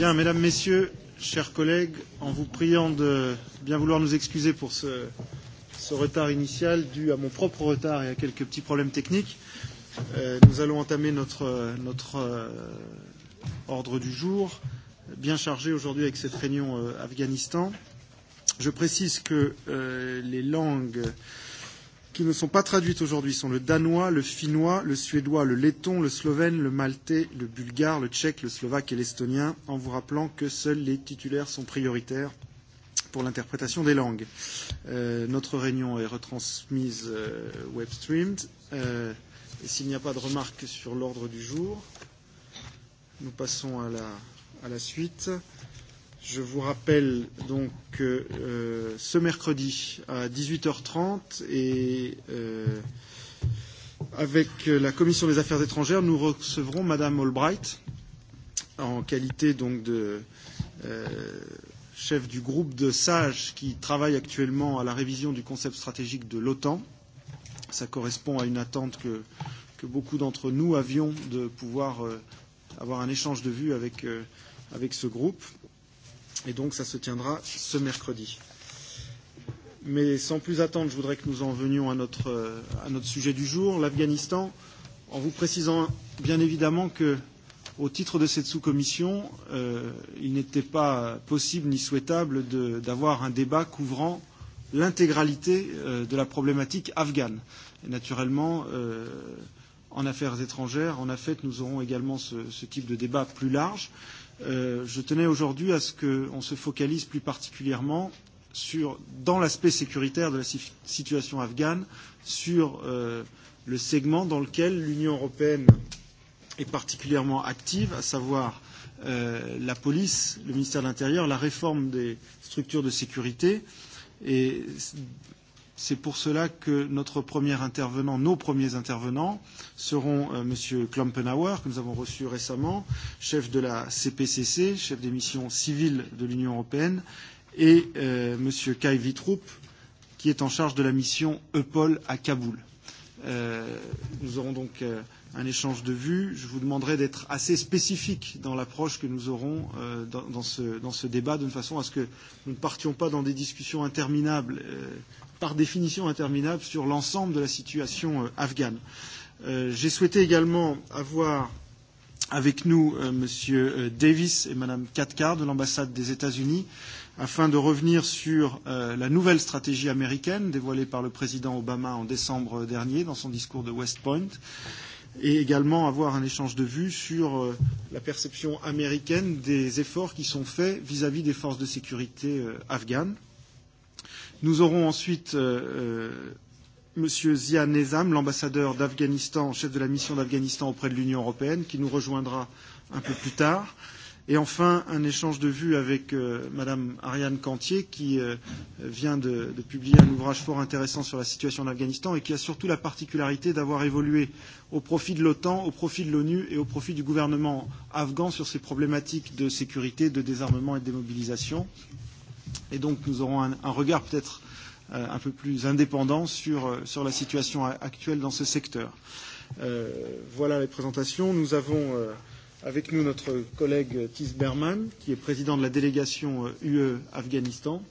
Bien, mesdames, messieurs, chers collègues, en vous priant de bien vouloir nous excuser pour ce, ce retard initial dû à mon propre retard et à quelques petits problèmes techniques, euh, nous allons entamer notre, notre euh, ordre du jour, bien chargé aujourd'hui avec cette réunion euh, Afghanistan. Je précise que euh, les langues euh, qui ne sont pas traduites aujourd'hui sont le danois, le finnois, le suédois, le letton, le slovène, le maltais, le bulgare, le tchèque, le slovaque et l'estonien, en vous rappelant que seuls les titulaires sont prioritaires pour l'interprétation des langues. Euh, notre réunion est retransmise euh, webstreamed. Euh, et s'il n'y a pas de remarques sur l'ordre du jour, nous passons à la, à la suite. Je vous rappelle donc que euh, ce mercredi à 18h30 et euh, avec la commission des affaires étrangères, nous recevrons Madame Albright en qualité donc de euh, chef du groupe de SAGE qui travaille actuellement à la révision du concept stratégique de l'OTAN. Ça correspond à une attente que, que beaucoup d'entre nous avions de pouvoir euh, avoir un échange de vues avec, euh, avec ce groupe. Et donc ça se tiendra ce mercredi. Mais sans plus attendre, je voudrais que nous en venions à notre, euh, à notre sujet du jour, l'Afghanistan, en vous précisant bien évidemment que, au titre de cette sous-commission, euh, il n'était pas possible ni souhaitable d'avoir un débat couvrant l'intégralité euh, de la problématique afghane. Et naturellement, euh, en affaires étrangères, en affaires, nous aurons également ce, ce type de débat plus large. Euh, Euh, je tenais aujourd'hui à ce qu'on se focalise plus particulièrement sur, dans l'aspect sécuritaire de la situation afghane, sur euh, le segment dans lequel l'Union européenne est particulièrement active, à savoir euh, la police, le ministère de l'Intérieur, la réforme des structures de sécurité. Et C'est pour cela que notre premier intervenant, nos premiers intervenants seront euh, M. Klompenauer, que nous avons reçu récemment, chef de la CPCC, chef des missions civiles de l'Union européenne, et euh, M. Kai Vitroup, qui est en charge de la mission EPOL à Kaboul. Euh, nous aurons donc euh, un échange de vues. Je vous demanderai d'être assez spécifique dans l'approche que nous aurons euh, dans, dans, ce, dans ce débat, de façon à ce que nous ne partions pas dans des discussions interminables. Euh, par définition interminable sur l'ensemble de la situation euh, afghane. Euh, J'ai souhaité également avoir avec nous euh, Monsieur euh, Davis et Madame Katkar de l'ambassade des États-Unis afin de revenir sur euh, la nouvelle stratégie américaine dévoilée par le président Obama en décembre dernier dans son discours de West Point et également avoir un échange de vues sur euh, la perception américaine des efforts qui sont faits vis-à-vis -vis des forces de sécurité euh, afghanes. Nous aurons ensuite euh, euh, Monsieur Zia Nezam, l'ambassadeur d'Afghanistan, chef de la mission d'Afghanistan auprès de l'Union européenne, qui nous rejoindra un peu plus tard. Et enfin, un échange de vues avec euh, Madame Ariane Cantier, qui euh, vient de, de publier un ouvrage fort intéressant sur la situation en Afghanistan et qui a surtout la particularité d'avoir évolué au profit de l'OTAN, au profit de l'ONU et au profit du gouvernement afghan sur ces problématiques de sécurité, de désarmement et de démobilisation. Euh, Et donc nous aurons un, un regard peut-être euh, un peu plus indépendant sur, euh, sur la situation actuelle dans ce secteur. Euh, voilà les présentations. Nous avons euh, avec nous notre collègue Thys Berman, qui est président de la délégation euh, UE Afghanistan.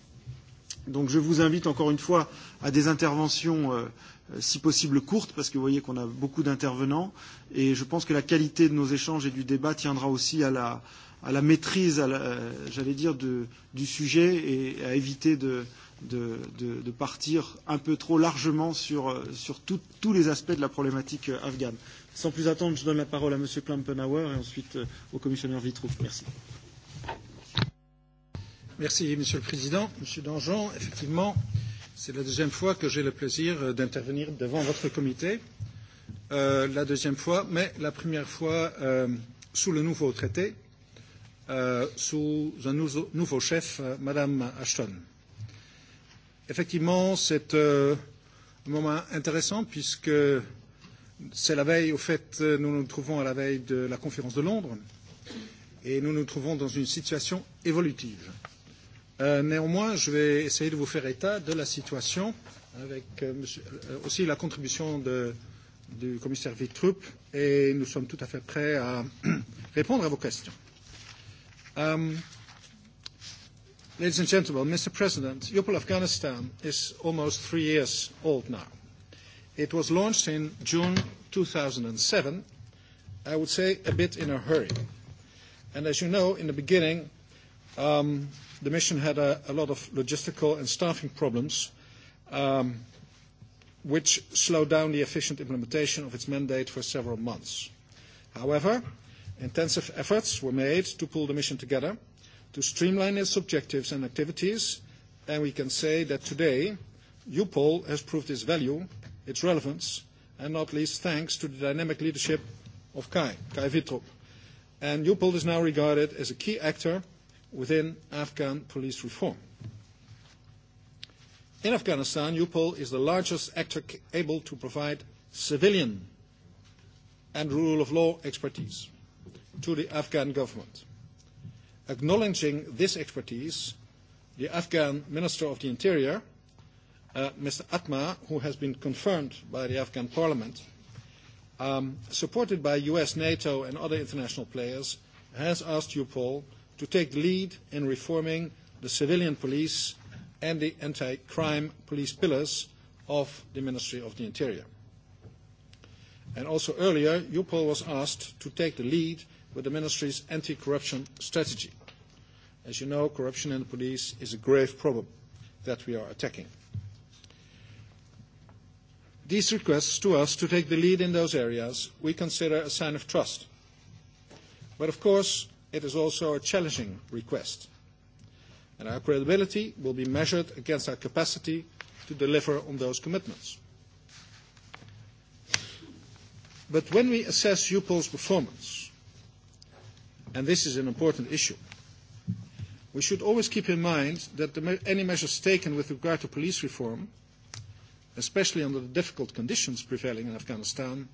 Donc je vous invite encore une fois à des interventions euh, euh, si possible courtes, parce que vous voyez qu'on a beaucoup d'intervenants, et je pense que la qualité de nos échanges et du débat tiendra aussi à la, euh, à la maîtrise, euh, j'allais dire, de, du sujet et à éviter de, de, de, de partir un peu trop largement sur, euh, sur tout, tous les aspects de la problématique euh, afghane. Sans plus attendre, je donne la parole à M. Klampenauer et ensuite au commissionnaire Vitroux. Merci. Merci, M. le Président. M. Dangean, effectivement, c'est la deuxième fois que j'ai le plaisir d'intervenir devant votre comité. Euh, la deuxième fois, mais la première fois euh, sous le nouveau traité, Euh, sous un nou nouveau chef, euh, Madame Ashton. Effectivement, c'est euh, un moment intéressant puisque c'est la veille, au fait, euh, nous nous trouvons à la veille de la conférence de Londres et nous nous trouvons dans une situation évolutive. Euh, néanmoins, je vais essayer de vous faire état de la situation avec euh, monsieur, euh, aussi la contribution de, du commissaire Wittrup et nous sommes tout à fait prêts à répondre à vos questions. Um, ladies and gentlemen, Mr. President, Yopal Afghanistan is almost three years old now. It was launched in June 2007, I would say a bit in a hurry. And as you know, in the beginning, um, the mission had a, a lot of logistical and staffing problems, um, which slowed down the efficient implementation of its mandate for several months. However, Intensive efforts were made to pull the mission together, to streamline its objectives and activities, and we can say that today, EUPOL has proved its value, its relevance, and not least thanks to the dynamic leadership of Kai, Kai Wittrup. And EUPOL is now regarded as a key actor within Afghan police reform. In Afghanistan, EUPOL is the largest actor able to provide civilian and rule of law expertise to the Afghan government. Acknowledging this expertise, the Afghan Minister of the Interior, uh, Mr. Atma, who has been confirmed by the Afghan parliament, um, supported by US, NATO, and other international players, has asked UPOL to take the lead in reforming the civilian police and the anti-crime police pillars of the Ministry of the Interior. And also earlier, UPOL was asked to take the lead with the Ministry's anti-corruption strategy. As you know, corruption in the police is a grave problem that we are attacking. These requests to us to take the lead in those areas we consider a sign of trust. But of course, it is also a challenging request. And our credibility will be measured against our capacity to deliver on those commitments. But when we assess UPOL's performance, and this is an important issue. We should always keep in mind that the, any measures taken with regard to police reform, especially under the difficult conditions prevailing in Afghanistan,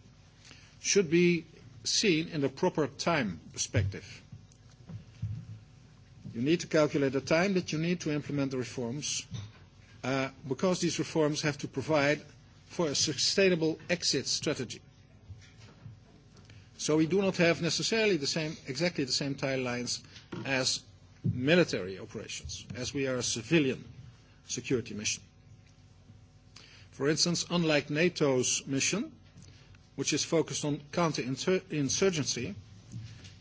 should be seen in the proper time perspective. You need to calculate the time that you need to implement the reforms, uh, because these reforms have to provide for a sustainable exit strategy. So we do not have necessarily the same, exactly the same timelines as military operations, as we are a civilian security mission. For instance, unlike NATO's mission, which is focused on counterinsurgency,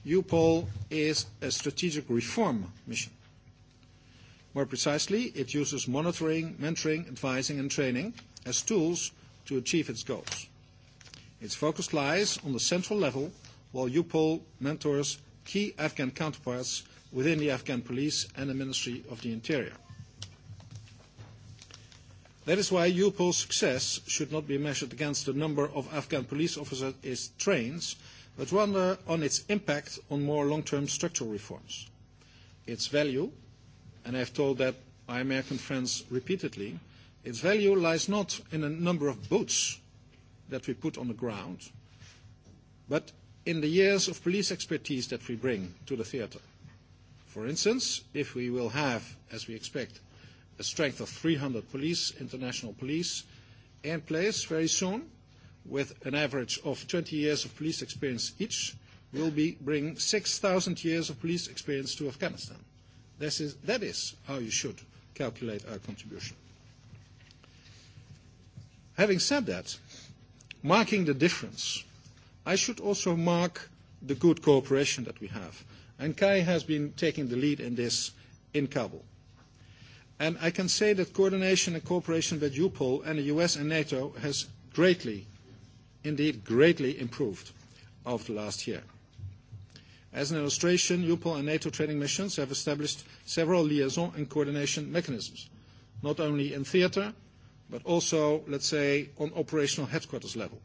EUPOL is a strategic reform mission. More precisely, it uses monitoring, mentoring, advising, and training as tools to achieve its goals. Its focus lies on the central level, while UPOL mentors key Afghan counterparts within the Afghan police and the Ministry of the Interior. That is why UPOL's success should not be measured against the number of Afghan police officers it trains, but rather on its impact on more long-term structural reforms. Its value, and I have told that my American friends repeatedly, its value lies not in the number of boots that we put on the ground, but in the years of police expertise that we bring to the theatre. For instance, if we will have, as we expect, a strength of 300 police, international police, in place very soon, with an average of 20 years of police experience each, will be bring 6,000 years of police experience to Afghanistan. This is, that is how you should calculate our contribution. Having said that, Marking the difference, I should also mark the good cooperation that we have. And Kai has been taking the lead in this in Kabul. And I can say that coordination and cooperation with UPOL and the US and NATO has greatly, indeed greatly improved over the last year. As an illustration, UPOL and NATO training missions have established several liaison and coordination mechanisms, not only in theater, but also, let's say, on operational headquarters level.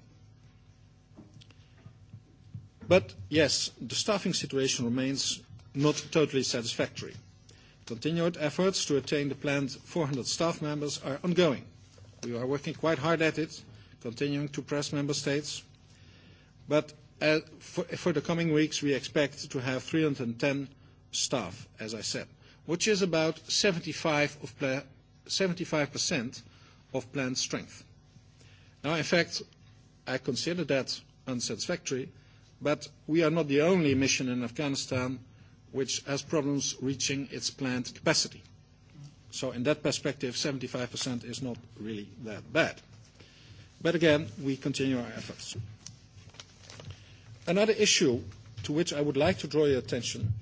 But yes, the staffing situation remains not totally satisfactory. Continued efforts to attain the planned 400 staff members are ongoing. We are working quite hard at it, continuing to press member states. But uh, for, for the coming weeks, we expect to have 310 staff, as I said, which is about 75 of 75% of planned strength. Now, in fact, I consider that unsatisfactory, but we are not the only mission in Afghanistan which has problems reaching its planned capacity. So in that perspective, 75% is not really that bad. But again, we continue our efforts. Another issue to which I would like to draw your attention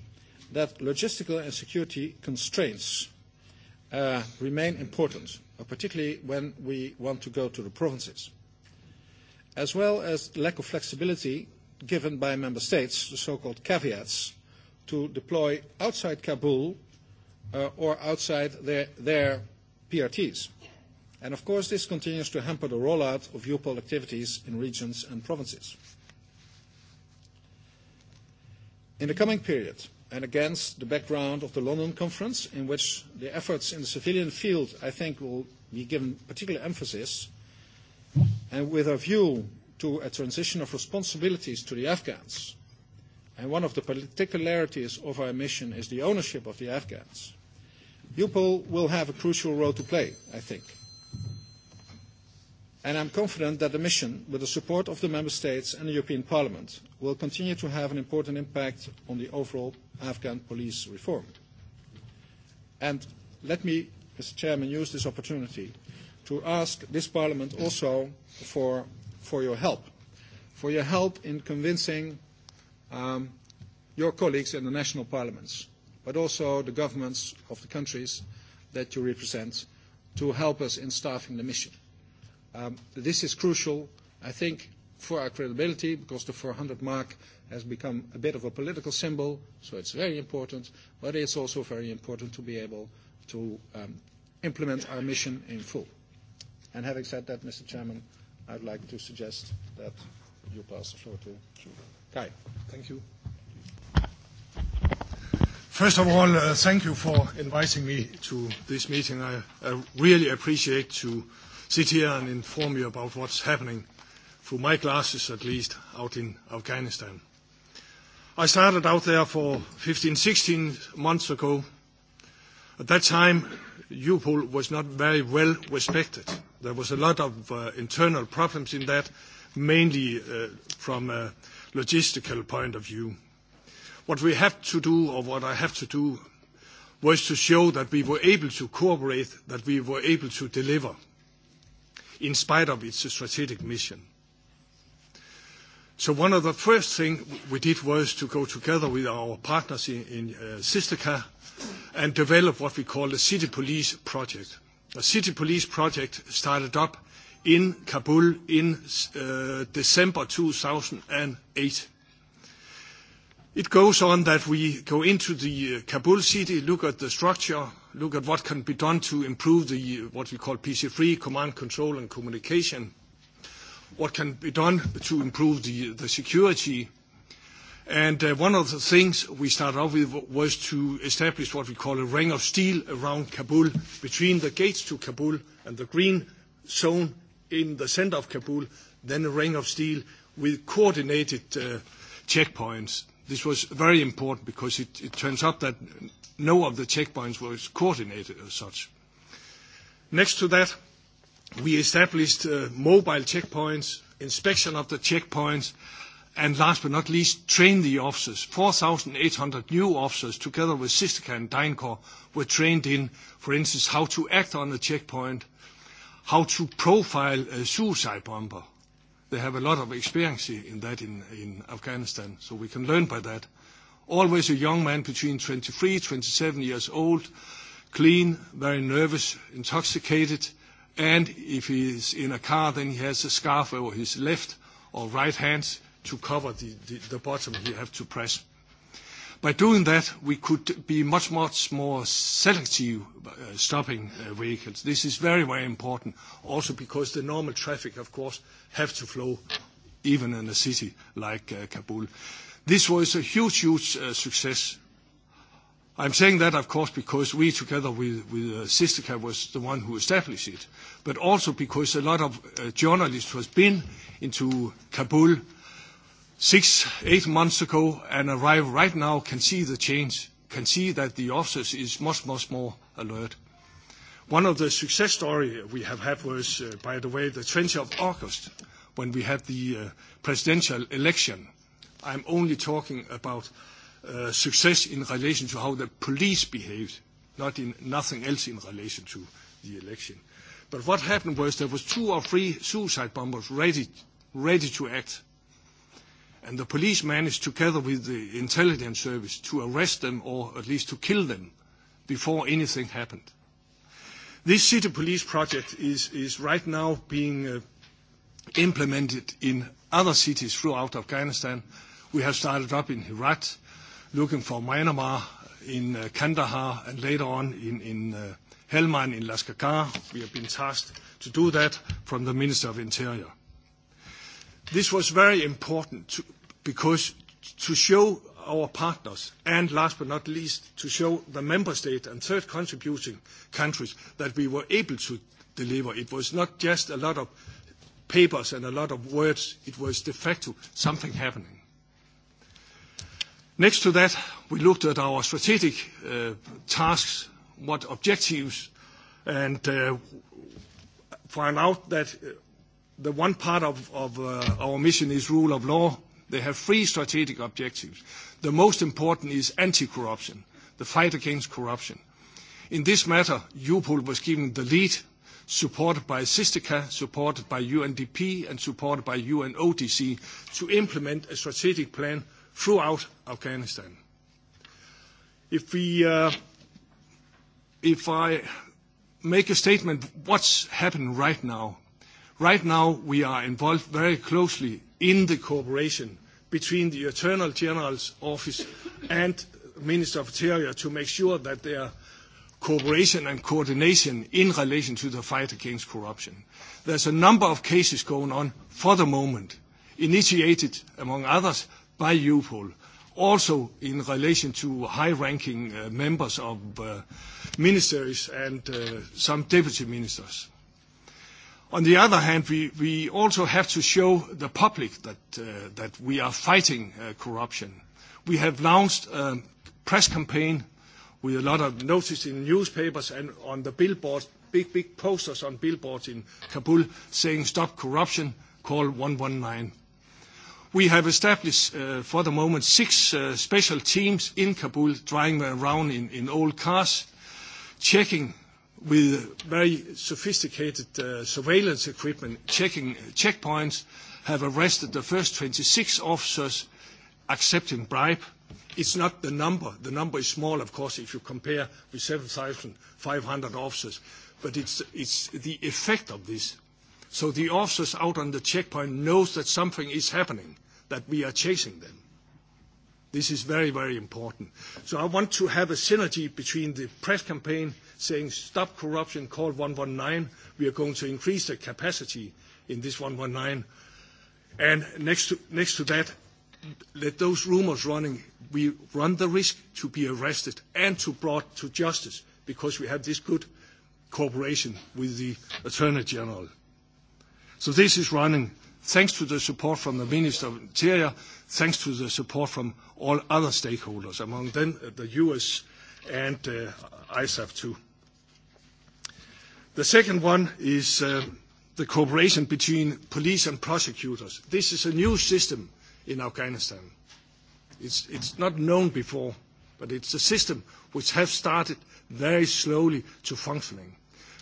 that logistical and security constraints uh, remain important, uh, particularly when we want to go to the provinces, as well as lack of flexibility given by member states, the so-called caveats, to deploy outside Kabul uh, or outside their, their PRTs. And of course, this continues to hamper the rollout of EUPOL activities in regions and provinces. In the coming period, and against the background of the London conference, in which the efforts in the civilian field, I think, will be given particular emphasis, and with a view to a transition of responsibilities to the Afghans. And one of the particularities of our mission is the ownership of the Afghans. UPOL will have a crucial role to play, I think and I'm confident that the mission, with the support of the Member States and the European Parliament, will continue to have an important impact on the overall Afghan police reform. And let me, Mr. Chairman, use this opportunity to ask this Parliament also for, for your help, for your help in convincing um, your colleagues in the national parliaments, but also the governments of the countries that you represent, to help us in staffing the mission Um, this is crucial, I think, for our credibility because the 400 mark has become a bit of a political symbol, so it's very important, but it's also very important to be able to um, implement our mission in full. And having said that, Mr. Chairman, I'd like to suggest that you pass the floor to Kai. Thank you. First of all, uh, thank you for inviting me to this meeting. I, I really appreciate to sit here and inform you about what's happening, through my glasses at least, out in Afghanistan. I started out there for 15, 16 months ago. At that time, UPOL was not very well respected. There was a lot of uh, internal problems in that, mainly uh, from a logistical point of view. What we have to do, or what I have to do, was to show that we were able to cooperate, that we were able to deliver in spite of its strategic mission. So one of the first thing we did was to go together with our partners in, in uh, Sistercar and develop what we call the City Police Project. The City Police Project started up in Kabul in uh, December 2008. It goes on that we go into the uh, Kabul city, look at the structure, look at what can be done to improve the what we call PC3 command control and communication. What can be done to improve the, the security. And uh, one of the things we started off with was to establish what we call a ring of steel around Kabul, between the gates to Kabul and the green zone in the center of Kabul, then a ring of steel with coordinated uh, checkpoints. This was very important because it, it turns out that no of the checkpoints was coordinated as such. Next to that, we established uh, mobile checkpoints, inspection of the checkpoints, and last but not least, trained the officers. 4,800 new officers, together with Sisterca and DynCorp, were trained in, for instance, how to act on the checkpoint, how to profile a suicide bomber, They have a lot of experience in that in, in Afghanistan, so we can learn by that. Always a young man between 23, 27 years old, clean, very nervous, intoxicated, and if he is in a car, then he has a scarf over his left or right hand to cover the, the, the bottom he have to press. By doing that, we could be much, much more selective uh, stopping uh, vehicles. This is very, very important, also because the normal traffic, of course, have to flow even in a city like uh, Kabul. This was a huge, huge success. I'm saying that, of course, because we, together with, with was the one who established it, but also because a lot of journalists journalists has been into Kabul six, eight months ago and arrive right now can see the change, can see that the officers is much, much more alert. One of the success story we have had was, uh, by the way, the 20th of August, when we had the uh, presidential election. I'm only talking about uh, success in relation to how the police behaved, not in nothing else in relation to the election. But what happened was there was two or three suicide bombers ready, ready to act And the police managed, together with the intelligence service, to arrest them or at least to kill them before anything happened. This city police project is, is right now being uh, implemented in other cities throughout Afghanistan. We have started up in Herat, looking for Myanmar, in uh, Kandahar, and later on in, in uh, Helmand in Lashkar. We have been tasked to do that from the Minister of Interior. This was very important to, because to show our partners, and last but not least, to show the member state and third contributing countries that we were able to deliver. It was not just a lot of papers and a lot of words. It was de facto something happening. Next to that, we looked at our strategic uh, tasks, what objectives, and uh, found out that uh, the one part of, of uh, our mission is rule of law, They have three strategic objectives. The most important is anti-corruption, the fight against corruption. In this matter, Europol was given the lead, supported by SISTICA, supported by UNDP, and supported by UNODC, to implement a strategic plan throughout Afghanistan. If, we, uh, if I make a statement, what's happened right now? Right now, we are involved very closely in the cooperation between the Attorney General's office and Minister of Interior to make sure that there are cooperation and coordination in relation to the fight against corruption. There's a number of cases going on for the moment, initiated, among others, by UPOL, also in relation to high-ranking uh, members of uh, ministries and uh, some deputy ministers. On the other hand, we, we also have to show the public that, uh, that we are fighting uh, corruption. We have launched a press campaign with a lot of notices in newspapers and on the billboards, big, big posters on billboards in Kabul saying, "Stop corruption, call 119." We have established, uh, for the moment, six uh, special teams in Kabul, driving around in, in old cars, checking with very sophisticated uh, surveillance equipment checking checkpoints have arrested the first 26 officers accepting bribe. It's not the number. The number is small, of course, if you compare with 7,500 officers. But it's, it's the effect of this. So the officers out on the checkpoint knows that something is happening, that we are chasing them. This is very, very important. So I want to have a synergy between the press campaign – saying, stop corruption, call 119. We are going to increase the capacity in this 119. And next to, next to that, let those rumors running, we run the risk to be arrested and to brought to justice because we have this good cooperation with the Attorney General. So this is running thanks to the support from the Minister of Interior, thanks to the support from all other stakeholders, among them uh, the US and uh, ISAF too. The second one is uh, the cooperation between police and prosecutors. This is a new system in Afghanistan. It's, it's not known before, but it's a system which has started very slowly to functioning.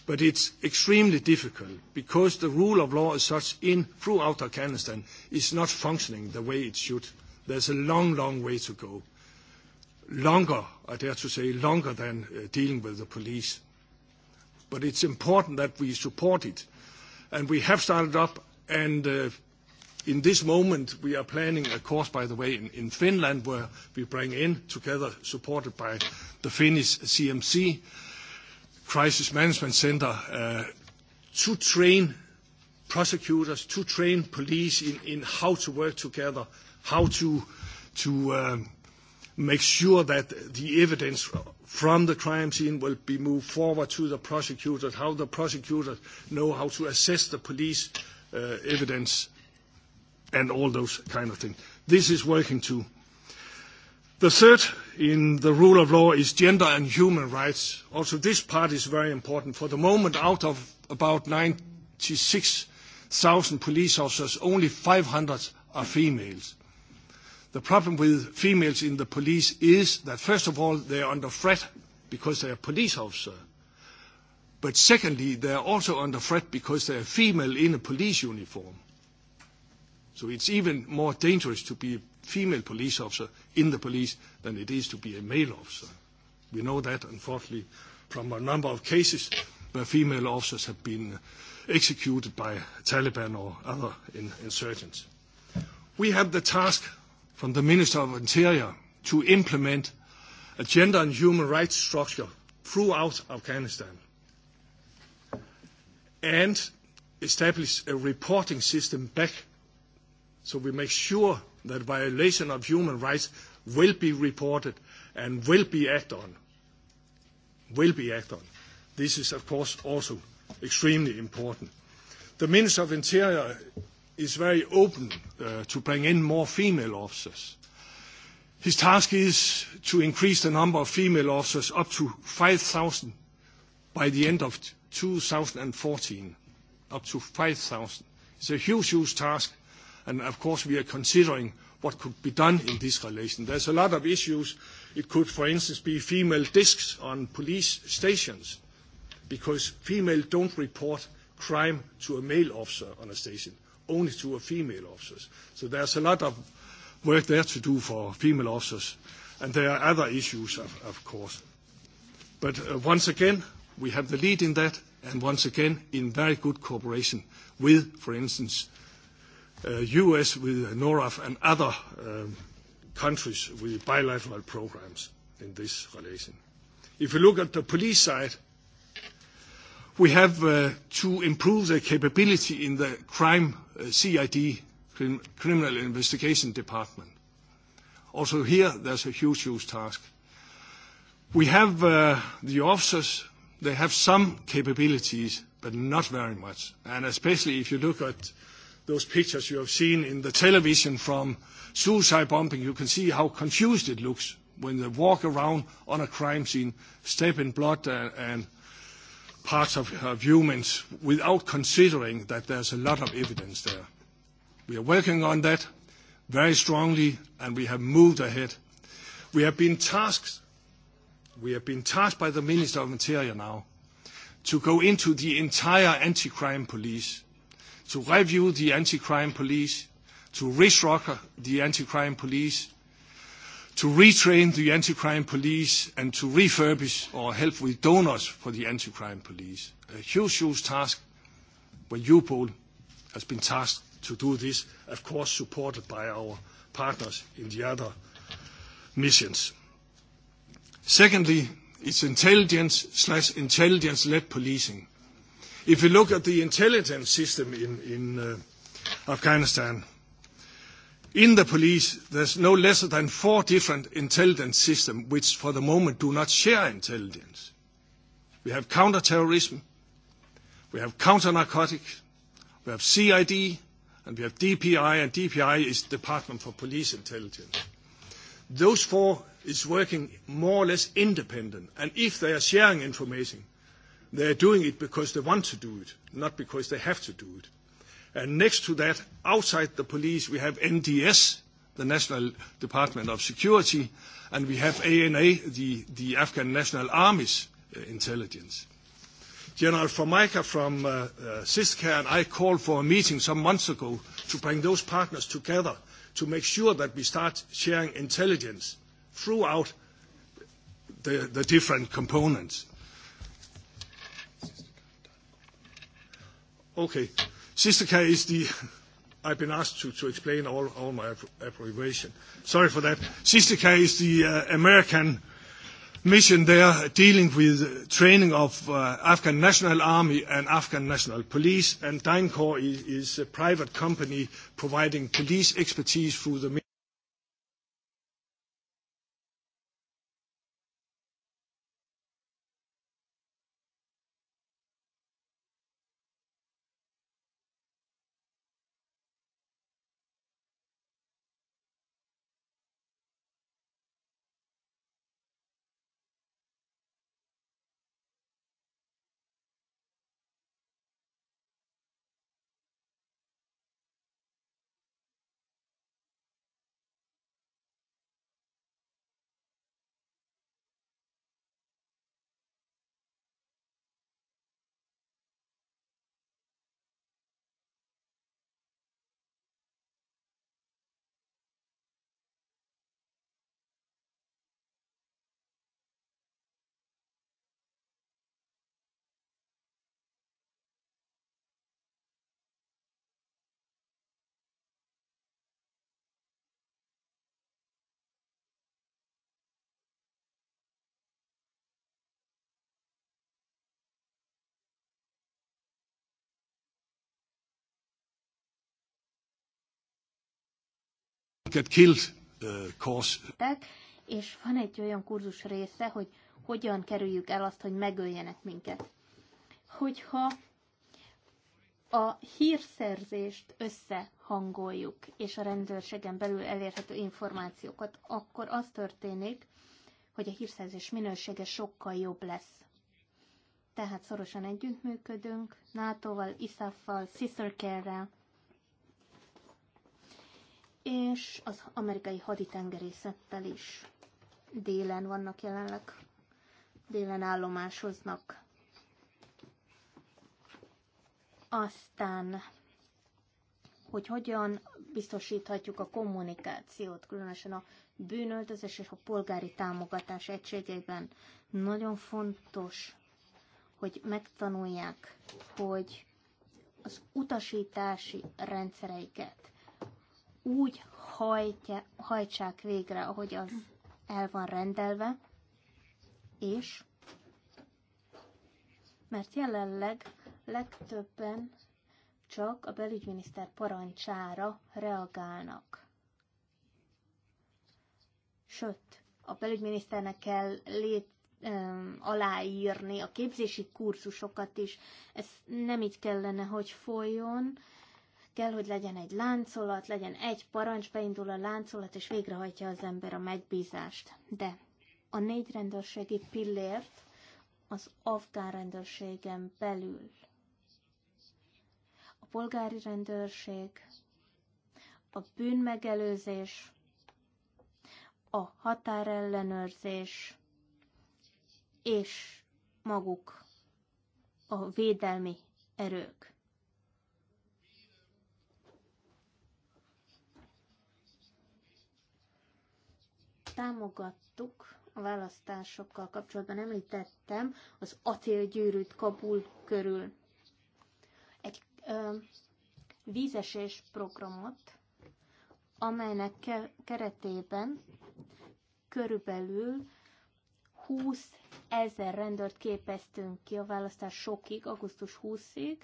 But it's extremely difficult because the rule of law as such in throughout Afghanistan is not functioning the way it should. There's a long, long way to go. Longer, I dare to say, longer than uh, dealing with the police but it's important that we support it. And we have started up, and uh, in this moment, we are planning a course, by the way, in, in Finland, where we bring in, together supported by the Finnish CMC Crisis Management Center, uh, to train prosecutors, to train police in, in how to work together, how to, to um, make sure that the evidence from the crime scene will be moved forward to the prosecutors, how the prosecutors know how to assess the police uh, evidence, and all those kind of things. This is working too. The third in the rule of law is gender and human rights. Also, this part is very important. For the moment, out of about 96,000 police officers, only 500 are females. The problem with females in the police is that, first of all, they are under threat because they are police officers. But secondly, they are also under threat because they are female in a police uniform. So it's even more dangerous to be a female police officer in the police than it is to be a male officer. We know that, unfortunately, from a number of cases where female officers have been executed by Taliban or other insurgents. We have the task from the Minister of Interior to implement a gender and human rights structure throughout Afghanistan and establish a reporting system back so we make sure that violation of human rights will be reported and will be acted on. Will be acted on. This is, of course, also extremely important. The Minister of Interior is very open uh, to bring in more female officers. His task is to increase the number of female officers up to 5,000 by the end of 2014. Up to 5,000. It's a huge, huge task, and of course we are considering what could be done in this relation. There's a lot of issues. It could, for instance, be female discs on police stations, because female don't report crime to a male officer on a station only to our female officers. So there's a lot of work there to do for female officers, and there are other issues, of, of course. But uh, once again, we have the lead in that, and once again, in very good cooperation with, for instance, uh, U.S., with NORAF, and other um, countries with bilateral programs in this relation. If you look at the police side, We have uh, to improve the capability in the crime uh, CID, Criminal Investigation Department. Also here, there's a huge, huge task. We have uh, the officers, they have some capabilities, but not very much. And especially if you look at those pictures you have seen in the television from suicide bombing, you can see how confused it looks when they walk around on a crime scene, step in blood and parts of, of humans without considering that there's a lot of evidence there. We are working on that very strongly, and we have moved ahead. We have been tasked, we have been tasked by the Minister of Interior now to go into the entire anti-crime police, to review the anti-crime police, to restructure the anti-crime police, to retrain the anti-crime police and to refurbish or help with donors for the anti-crime police. A huge, huge task where Europol has been tasked to do this, of course supported by our partners in the other missions. Secondly, it's intelligence slash intelligence-led policing. If you look at the intelligence system in, in uh, Afghanistan, In the police, there's no less than four different intelligence systems which for the moment do not share intelligence. We have counterterrorism, we have counter-narcotics, we have CID, and we have DPI, and DPI is Department for Police Intelligence. Those four is working more or less independent, and if they are sharing information, they are doing it because they want to do it, not because they have to do it. And next to that, outside the police, we have NDS, the National Department of Security, and we have ANA, the, the Afghan National Army's uh, intelligence. General Formica from uh, uh, and I called for a meeting some months ago to bring those partners together to make sure that we start sharing intelligence throughout the, the different components. Okay. Sister is the I've been asked to, to explain all, all my abbreviation. Sorry for that. Sister is the uh, American mission there dealing with training of uh, Afghan National Army and Afghan National Police, and DynCorp is, is a private company providing police expertise through the get killed uh, cause. És van egy olyan kurzus része, hogy hogyan kerüljük el azt, hogy megöljenek minket. Hogyha a hírszerzést összehangoljuk, és a rendőrségen belül elérhető információkat, akkor az történik, hogy a hírszerzés minősége sokkal jobb lesz. Tehát szorosan együttműködünk NATO-val, ISAF-val, rel és az amerikai haditengerészettel is. Délen vannak jelenleg, délen állomásoznak. Aztán, hogy hogyan biztosíthatjuk a kommunikációt, különösen a bűnöltözés és a polgári támogatás egységeiben. Nagyon fontos, hogy megtanulják, hogy az utasítási rendszereiket úgy hajtja, hajtsák végre, ahogy az el van rendelve, és mert jelenleg legtöbben csak a belügyminiszter parancsára reagálnak. Sőt, a belügyminiszternek kell lét, um, aláírni a képzési kurzusokat is. Ez nem így kellene, hogy folyjon kell, hogy legyen egy láncolat, legyen egy parancs, beindul a láncolat, és végrehajtja az ember a megbízást. De a négy rendőrségi pillért az afgán rendőrségen belül a polgári rendőrség, a bűnmegelőzés, a határellenőrzés, és maguk a védelmi erők. támogattuk a választásokkal kapcsolatban említettem az acélgyűrűt Kabul körül. Egy ö, vízesés programot, amelynek ke- keretében körülbelül 20 ezer rendőrt képeztünk ki a választás sokig, augusztus 20-ig,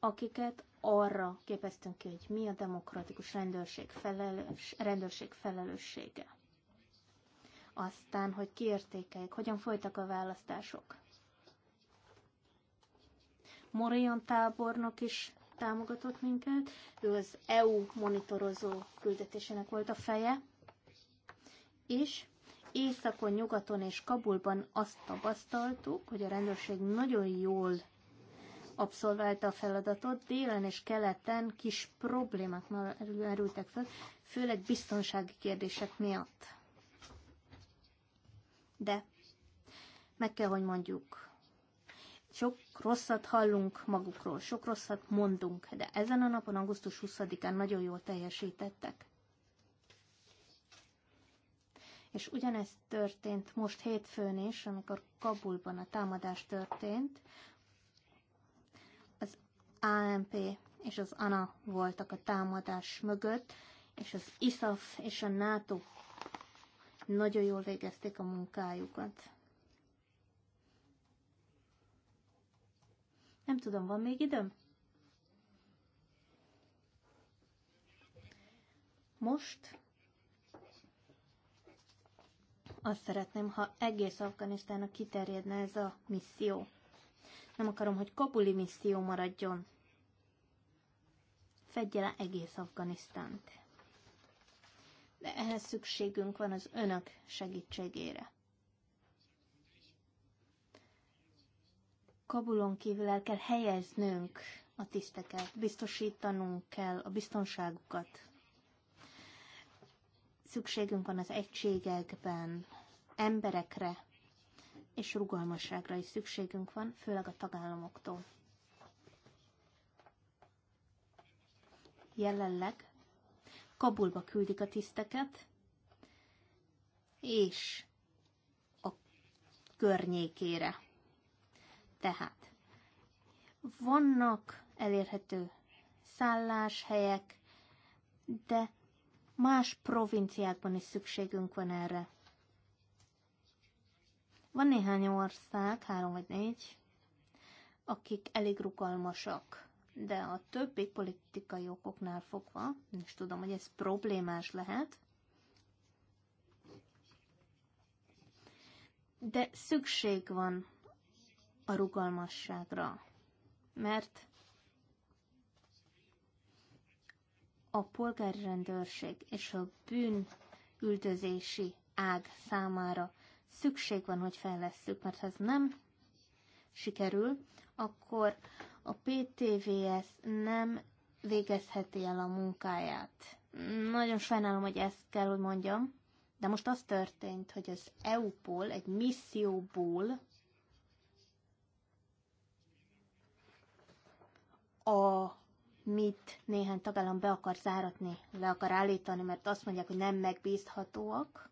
akiket arra képeztünk ki, hogy mi a demokratikus rendőrség, felelős, rendőrség felelőssége aztán, hogy kiértékeljük, hogyan folytak a választások. Morion tábornok is támogatott minket, ő az EU monitorozó küldetésének volt a feje, és északon, nyugaton és Kabulban azt tapasztaltuk, hogy a rendőrség nagyon jól abszolválta a feladatot, délen és keleten kis problémák merültek fel, főleg biztonsági kérdések miatt de meg kell, hogy mondjuk, sok rosszat hallunk magukról, sok rosszat mondunk, de ezen a napon, augusztus 20-án nagyon jól teljesítettek. És ugyanezt történt most hétfőn is, amikor Kabulban a támadás történt. Az AMP és az ANA voltak a támadás mögött, és az ISAF és a NATO nagyon jól végezték a munkájukat. Nem tudom, van még időm? Most azt szeretném, ha egész Afganisztának kiterjedne ez a misszió. Nem akarom, hogy kabuli misszió maradjon. Fedje le egész Afganisztánt de ehhez szükségünk van az önök segítségére. Kabulon kívül el kell helyeznünk a tiszteket, biztosítanunk kell a biztonságukat. Szükségünk van az egységekben, emberekre, és rugalmasságra is szükségünk van, főleg a tagállamoktól. Jelenleg Kabulba küldik a tiszteket, és a környékére. Tehát vannak elérhető szálláshelyek, de más provinciákban is szükségünk van erre. Van néhány ország, három vagy négy, akik elég rugalmasak de a többi politikai okoknál fogva, és tudom, hogy ez problémás lehet, de szükség van a rugalmasságra, mert a polgári rendőrség és a bűnüldözési ág számára szükség van, hogy fejlesszük, mert ha ez nem sikerül, akkor a PTVS nem végezheti el a munkáját. Nagyon sajnálom, hogy ezt kell, hogy mondjam, de most az történt, hogy az EU-ból, egy misszióból a mit néhány tagállam be akar záratni, le akar állítani, mert azt mondják, hogy nem megbízhatóak,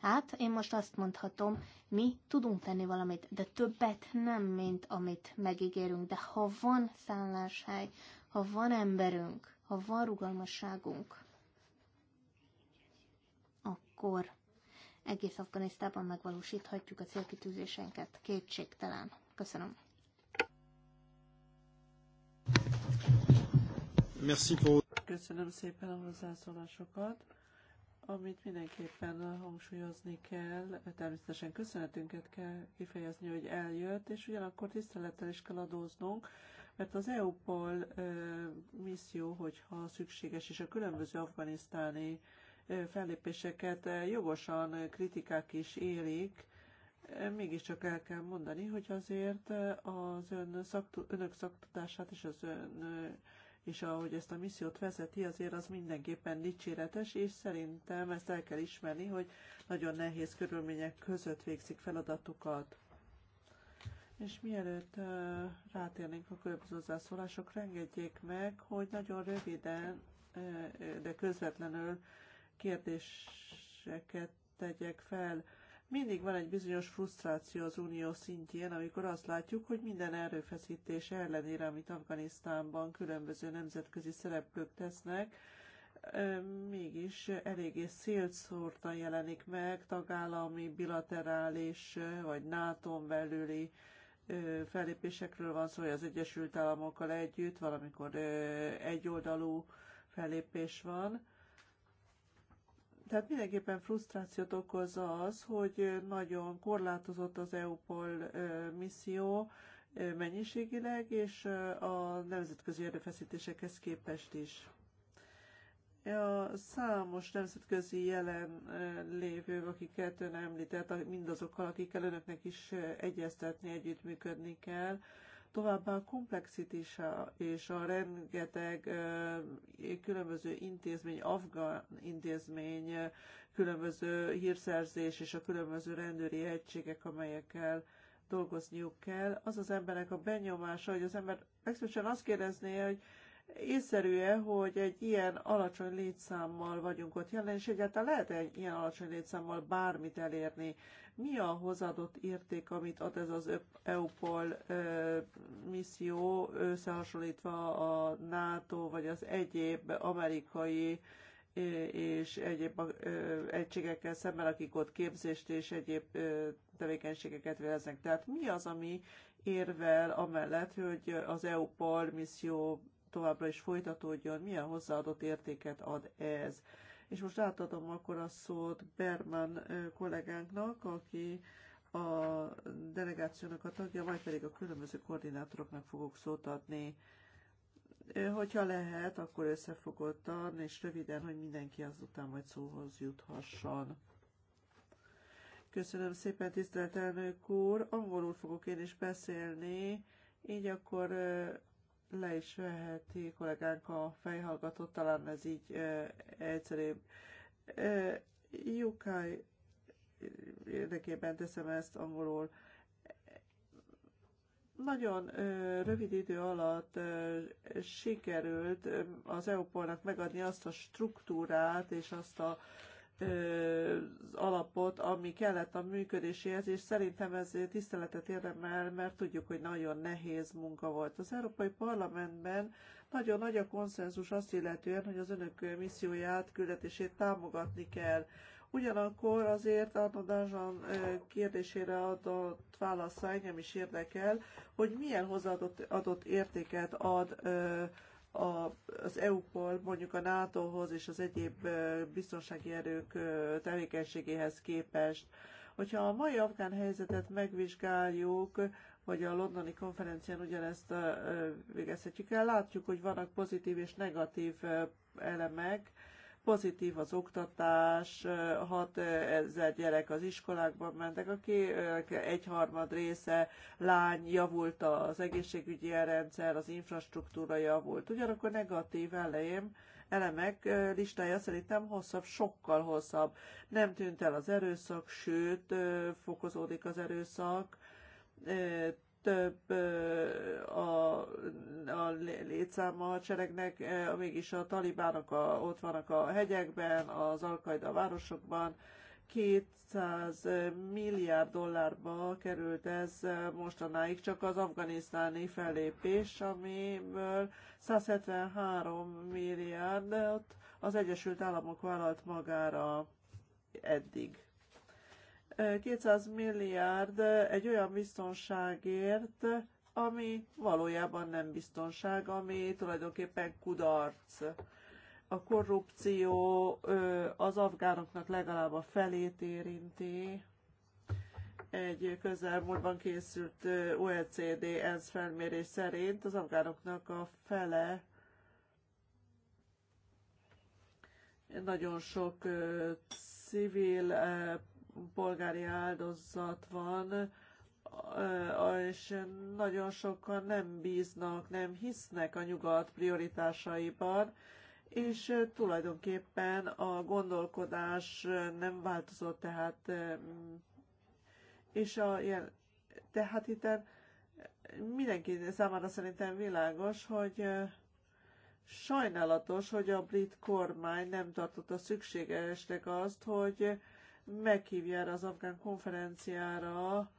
Hát, én most azt mondhatom, mi tudunk tenni valamit, de többet nem, mint amit megígérünk. De ha van szálláshely, ha van emberünk, ha van rugalmasságunk, akkor egész Afganisztában megvalósíthatjuk a célkitűzéseinket, kétségtelen. Köszönöm. Köszönöm szépen a hozzászólásokat amit mindenképpen hangsúlyozni kell, természetesen köszönetünket kell kifejezni, hogy eljött, és ugyanakkor tisztelettel is kell adóznunk, mert az EU-pol misszió, hogyha szükséges, és a különböző afganisztáni fellépéseket jogosan kritikák is érik, mégiscsak el kell mondani, hogy azért az ön szaktu, önök szaktudását és az ön és ahogy ezt a missziót vezeti, azért az mindenképpen dicséretes, és szerintem ezt el kell ismerni, hogy nagyon nehéz körülmények között végzik feladatukat. És mielőtt uh, rátérnénk a különböző hozzászólásokra, engedjék meg, hogy nagyon röviden, uh, de közvetlenül kérdéseket tegyek fel. Mindig van egy bizonyos frusztráció az unió szintjén, amikor azt látjuk, hogy minden erőfeszítés ellenére, amit Afganisztánban különböző nemzetközi szereplők tesznek, mégis eléggé szélszórtan jelenik meg tagállami, bilaterális vagy nato belüli fellépésekről van szó, hogy az Egyesült Államokkal együtt, valamikor egyoldalú fellépés van tehát mindenképpen frusztrációt okoz az, hogy nagyon korlátozott az EUPOL misszió mennyiségileg, és a nemzetközi erőfeszítésekhez képest is. E a számos nemzetközi jelen lévők, akiket ön említett, mindazokkal, akikkel önöknek is egyeztetni, együttműködni kell, Továbbá a komplexitása és a rengeteg különböző intézmény, afgán intézmény, különböző hírszerzés és a különböző rendőri egységek, amelyekkel dolgozniuk kell, az az emberek a benyomása, hogy az ember legszívesen azt kérdezné, hogy észszerű-e, hogy egy ilyen alacsony létszámmal vagyunk ott jelen, és egyáltalán lehet egy ilyen alacsony létszámmal bármit elérni? Mi a hozadott érték, amit ad ez az EUPOL misszió, összehasonlítva a NATO vagy az egyéb amerikai és egyéb egységekkel szemben, akik ott képzést és egyéb tevékenységeket végeznek. Tehát mi az, ami érvel amellett, hogy az EUPOL misszió továbbra is folytatódjon, milyen hozzáadott értéket ad ez. És most átadom akkor a szót Berman kollégánknak, aki a delegációnak a tagja, majd pedig a különböző koordinátoroknak fogok szót adni. Hogyha lehet, akkor összefogottan és röviden, hogy mindenki azután majd szóhoz juthasson. Köszönöm szépen, tisztelt elnök úr! Angolul fogok én is beszélni, így akkor le is veheti kollégánk a fejhallgatót, talán ez így e, egyszerűbb. E, Jukai érdekében teszem ezt angolul. Nagyon ö, rövid idő alatt ö, sikerült ö, az EUPOL-nak megadni azt a struktúrát és azt a ö, az alapot, ami kellett a működéséhez, és szerintem ez tiszteletet érdemel, mert tudjuk, hogy nagyon nehéz munka volt. Az Európai Parlamentben nagyon nagy a konszenzus azt illetően, hogy az önök misszióját, küldetését támogatni kell. Ugyanakkor azért Arno Dázsan kérdésére adott válasz engem is érdekel, hogy milyen hozzáadott adott értéket ad a, az EU-ból mondjuk a NATO-hoz és az egyéb biztonsági erők tevékenységéhez képest. Hogyha a mai afgán helyzetet megvizsgáljuk, vagy a londoni konferencián ugyanezt végezhetjük el, látjuk, hogy vannak pozitív és negatív elemek, pozitív az oktatás, 6 ezer gyerek az iskolákban mentek, aki egyharmad része lány, javult az egészségügyi rendszer, az infrastruktúra javult. Ugyanakkor negatív elején elemek listája szerintem hosszabb, sokkal hosszabb. Nem tűnt el az erőszak, sőt, fokozódik az erőszak, több a, a létszáma a hadseregnek, mégis a talibánok a, ott vannak a hegyekben, az alkaida városokban, 200 milliárd dollárba került ez mostanáig, csak az afganisztáni fellépés, amiből 173 milliárdot az Egyesült Államok vállalt magára eddig. 200 milliárd egy olyan biztonságért, ami valójában nem biztonság, ami tulajdonképpen kudarc. A korrupció az afgánoknak legalább a felét érinti. Egy közelmúltban készült OECD ENSZ felmérés szerint az afgánoknak a fele nagyon sok civil polgári áldozat van, és nagyon sokan nem bíznak, nem hisznek a nyugat prioritásaiban, és tulajdonképpen a gondolkodás nem változott, tehát és a ilyen, tehát itt mindenki számára szerintem világos, hogy sajnálatos, hogy a brit kormány nem tartotta szükségesnek azt, hogy meghívja erre az afgán konferenciára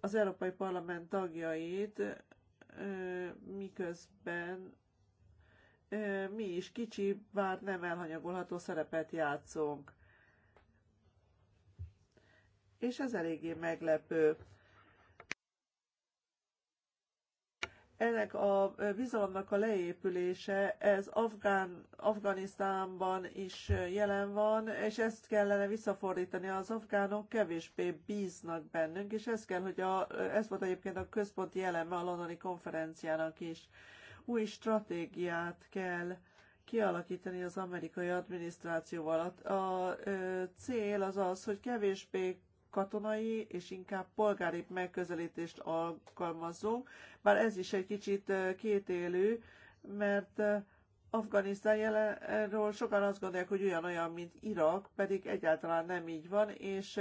az Európai Parlament tagjait, miközben mi is kicsi, bár nem elhanyagolható szerepet játszunk. És ez eléggé meglepő. ennek a bizalomnak a leépülése, ez Afgán, Afganisztánban is jelen van, és ezt kellene visszafordítani. Az afgánok kevésbé bíznak bennünk, és ez kell, hogy a, ez volt egyébként a központi eleme a londoni konferenciának is. Új stratégiát kell kialakítani az amerikai adminisztrációval. A, a, a cél az az, hogy kevésbé katonai és inkább polgári megközelítést alkalmazzunk, bár ez is egy kicsit kétélő, mert jelenről sokan azt gondolják, hogy olyan-olyan, mint Irak, pedig egyáltalán nem így van, és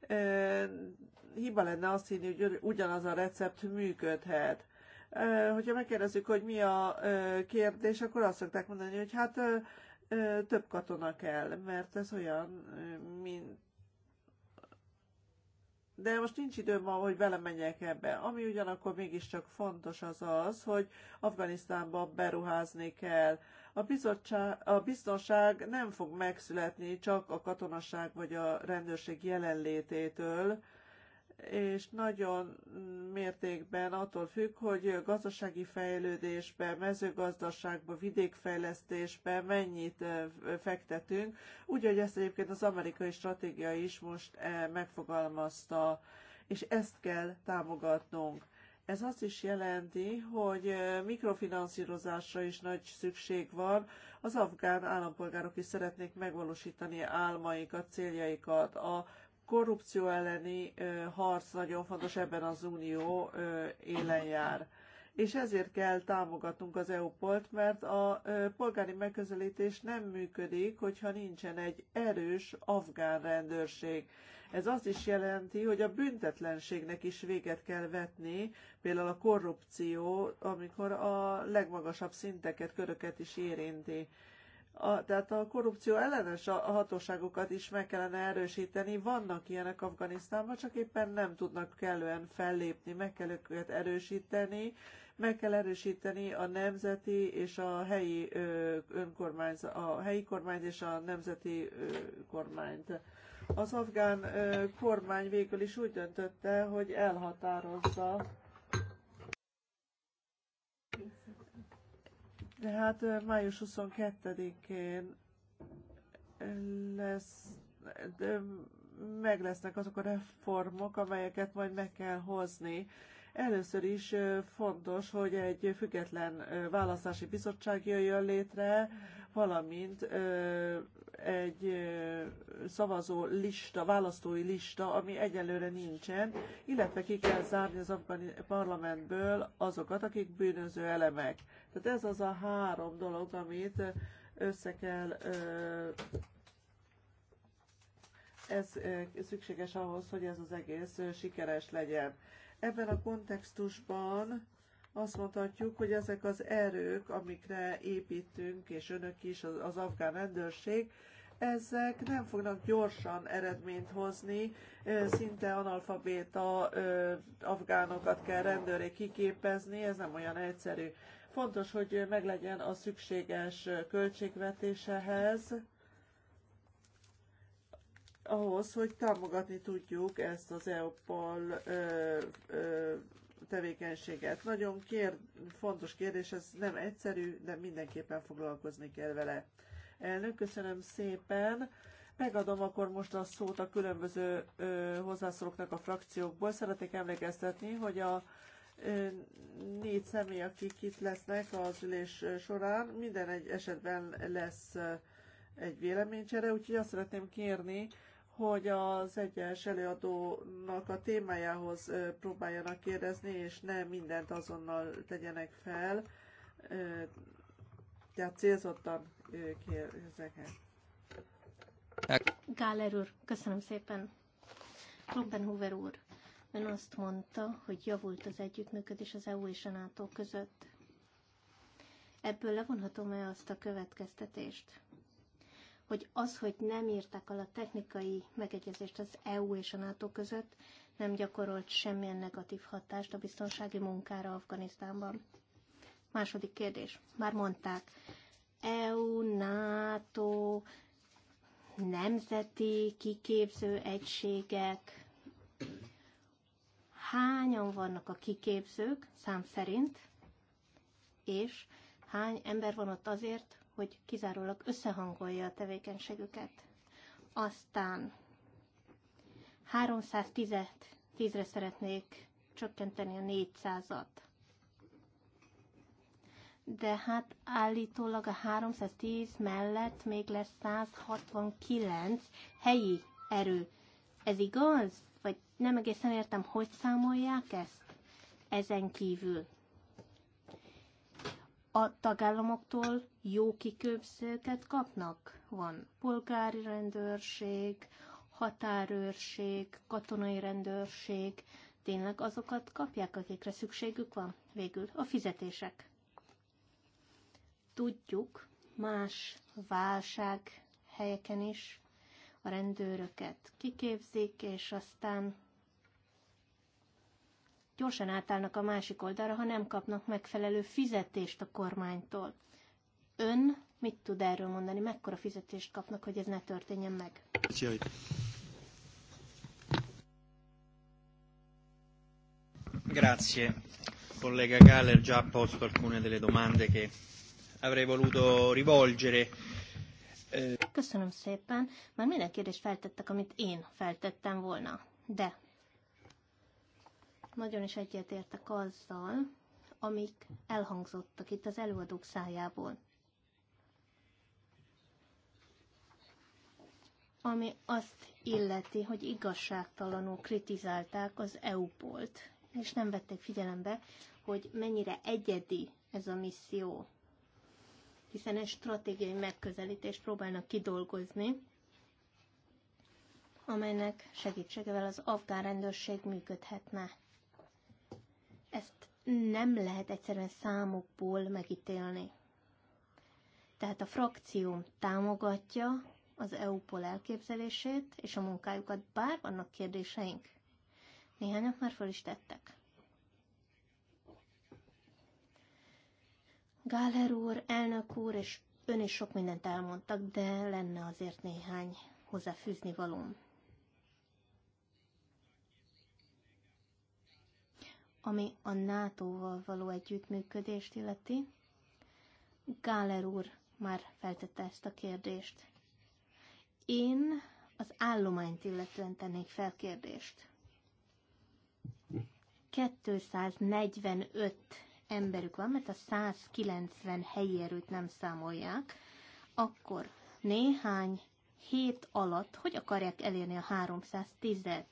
e, hiba lenne azt hinni, hogy ugyanaz a recept működhet. E, hogyha megkérdezzük, hogy mi a e, kérdés, akkor azt szokták mondani, hogy hát e, több katona kell, mert ez olyan, mint de most nincs időm ma, hogy belemenjek ebbe. Ami ugyanakkor mégiscsak fontos az az, hogy Afganisztánba beruházni kell. A, bizottság, a biztonság nem fog megszületni csak a katonaság vagy a rendőrség jelenlététől, és nagyon mértékben attól függ, hogy gazdasági fejlődésben mezőgazdaságba, vidékfejlesztésben mennyit fektetünk, úgy, hogy ezt egyébként az amerikai stratégia is most megfogalmazta, és ezt kell támogatnunk. Ez azt is jelenti, hogy mikrofinanszírozásra is nagy szükség van. Az afgán állampolgárok is szeretnék megvalósítani álmaikat, céljaikat. A korrupció elleni harc nagyon fontos, ebben az Unió élen jár. És ezért kell támogatnunk az EU-polt, mert a polgári megközelítés nem működik, hogyha nincsen egy erős afgán rendőrség. Ez azt is jelenti, hogy a büntetlenségnek is véget kell vetni, például a korrupció, amikor a legmagasabb szinteket, köröket is érinti a, tehát a korrupció ellenes a, a hatóságokat is meg kellene erősíteni. Vannak ilyenek Afganisztánban, csak éppen nem tudnak kellően fellépni, meg kell őket erősíteni, meg kell erősíteni a nemzeti és a helyi önkormányzat, a helyi kormányt és a nemzeti kormányt. Az afgán kormány végül is úgy döntötte, hogy elhatározza De hát május 22-én lesz, de meg lesznek azok a reformok, amelyeket majd meg kell hozni. Először is fontos, hogy egy független választási bizottság jöjjön létre, valamint egy szavazó lista, választói lista, ami egyelőre nincsen, illetve ki kell zárni az afgani parlamentből azokat, akik bűnöző elemek. Tehát ez az a három dolog, amit össze kell ez szükséges ahhoz, hogy ez az egész sikeres legyen. Ebben a kontextusban azt mondhatjuk, hogy ezek az erők, amikre építünk, és önök is, az, az afgán rendőrség, ezek nem fognak gyorsan eredményt hozni, szinte analfabéta afgánokat kell rendőré kiképezni, ez nem olyan egyszerű. Fontos, hogy meglegyen a szükséges költségvetésehez, ahhoz, hogy támogatni tudjuk ezt az eu tevékenységet. Nagyon kér, fontos kérdés, ez nem egyszerű, de mindenképpen foglalkozni kell vele. Elnök, köszönöm szépen. Megadom akkor most a szót a különböző ö, hozzászólóknak a frakciókból. Szeretnék emlékeztetni, hogy a négy személy, akik itt lesznek az ülés során, minden egy esetben lesz egy véleménycsere, úgyhogy azt szeretném kérni, hogy az egyes előadónak a témájához próbáljanak kérdezni, és ne mindent azonnal tegyenek fel, tehát célzottan kérdezeket. Gáler úr, köszönöm szépen. Robben Hoover úr, Ön azt mondta, hogy javult az együttműködés az EU és a NATO között. Ebből levonhatom-e azt a következtetést, hogy az, hogy nem írták alá technikai megegyezést az EU és a NATO között, nem gyakorolt semmilyen negatív hatást a biztonsági munkára Afganisztánban? Második kérdés. Már mondták. EU, NATO, nemzeti kiképző egységek, hányan vannak a kiképzők szám szerint, és hány ember van ott azért, hogy kizárólag összehangolja a tevékenységüket. Aztán 310 re szeretnék csökkenteni a 400-at. De hát állítólag a 310 mellett még lesz 169 helyi erő. Ez igaz? nem egészen értem, hogy számolják ezt ezen kívül. A tagállamoktól jó kiképzőket kapnak? Van polgári rendőrség, határőrség, katonai rendőrség. Tényleg azokat kapják, akikre szükségük van? Végül a fizetések. Tudjuk más válság helyeken is, a rendőröket kiképzik, és aztán gyorsan átállnak a másik oldalra, ha nem kapnak megfelelő fizetést a kormánytól. Ön mit tud erről mondani? Mekkora fizetést kapnak, hogy ez ne történjen meg? Grazie. collega Galler già ha posto alcune delle domande che avrei voluto rivolgere. Eh, Köszönöm szépen. mert minden kérdést feltettek, amit én feltettem volna. De nagyon is egyetértek azzal, amik elhangzottak itt az előadók szájából. Ami azt illeti, hogy igazságtalanul kritizálták az eu polt és nem vették figyelembe, hogy mennyire egyedi ez a misszió, hiszen egy stratégiai megközelítést próbálnak kidolgozni, amelynek segítségevel az afgán rendőrség működhetne nem lehet egyszerűen számokból megítélni. Tehát a frakcióm támogatja az EU-pol elképzelését és a munkájukat, bár vannak kérdéseink. Néhányat már föl is tettek. Gáler úr, elnök úr és ön is sok mindent elmondtak, de lenne azért néhány hozzáfűzni valóm. ami a NATO-val való együttműködést illeti. Gáler úr már feltette ezt a kérdést. Én az állományt illetően tennék fel kérdést. 245 emberük van, mert a 190 helyi erőt nem számolják, akkor néhány hét alatt hogy akarják elérni a 310-et?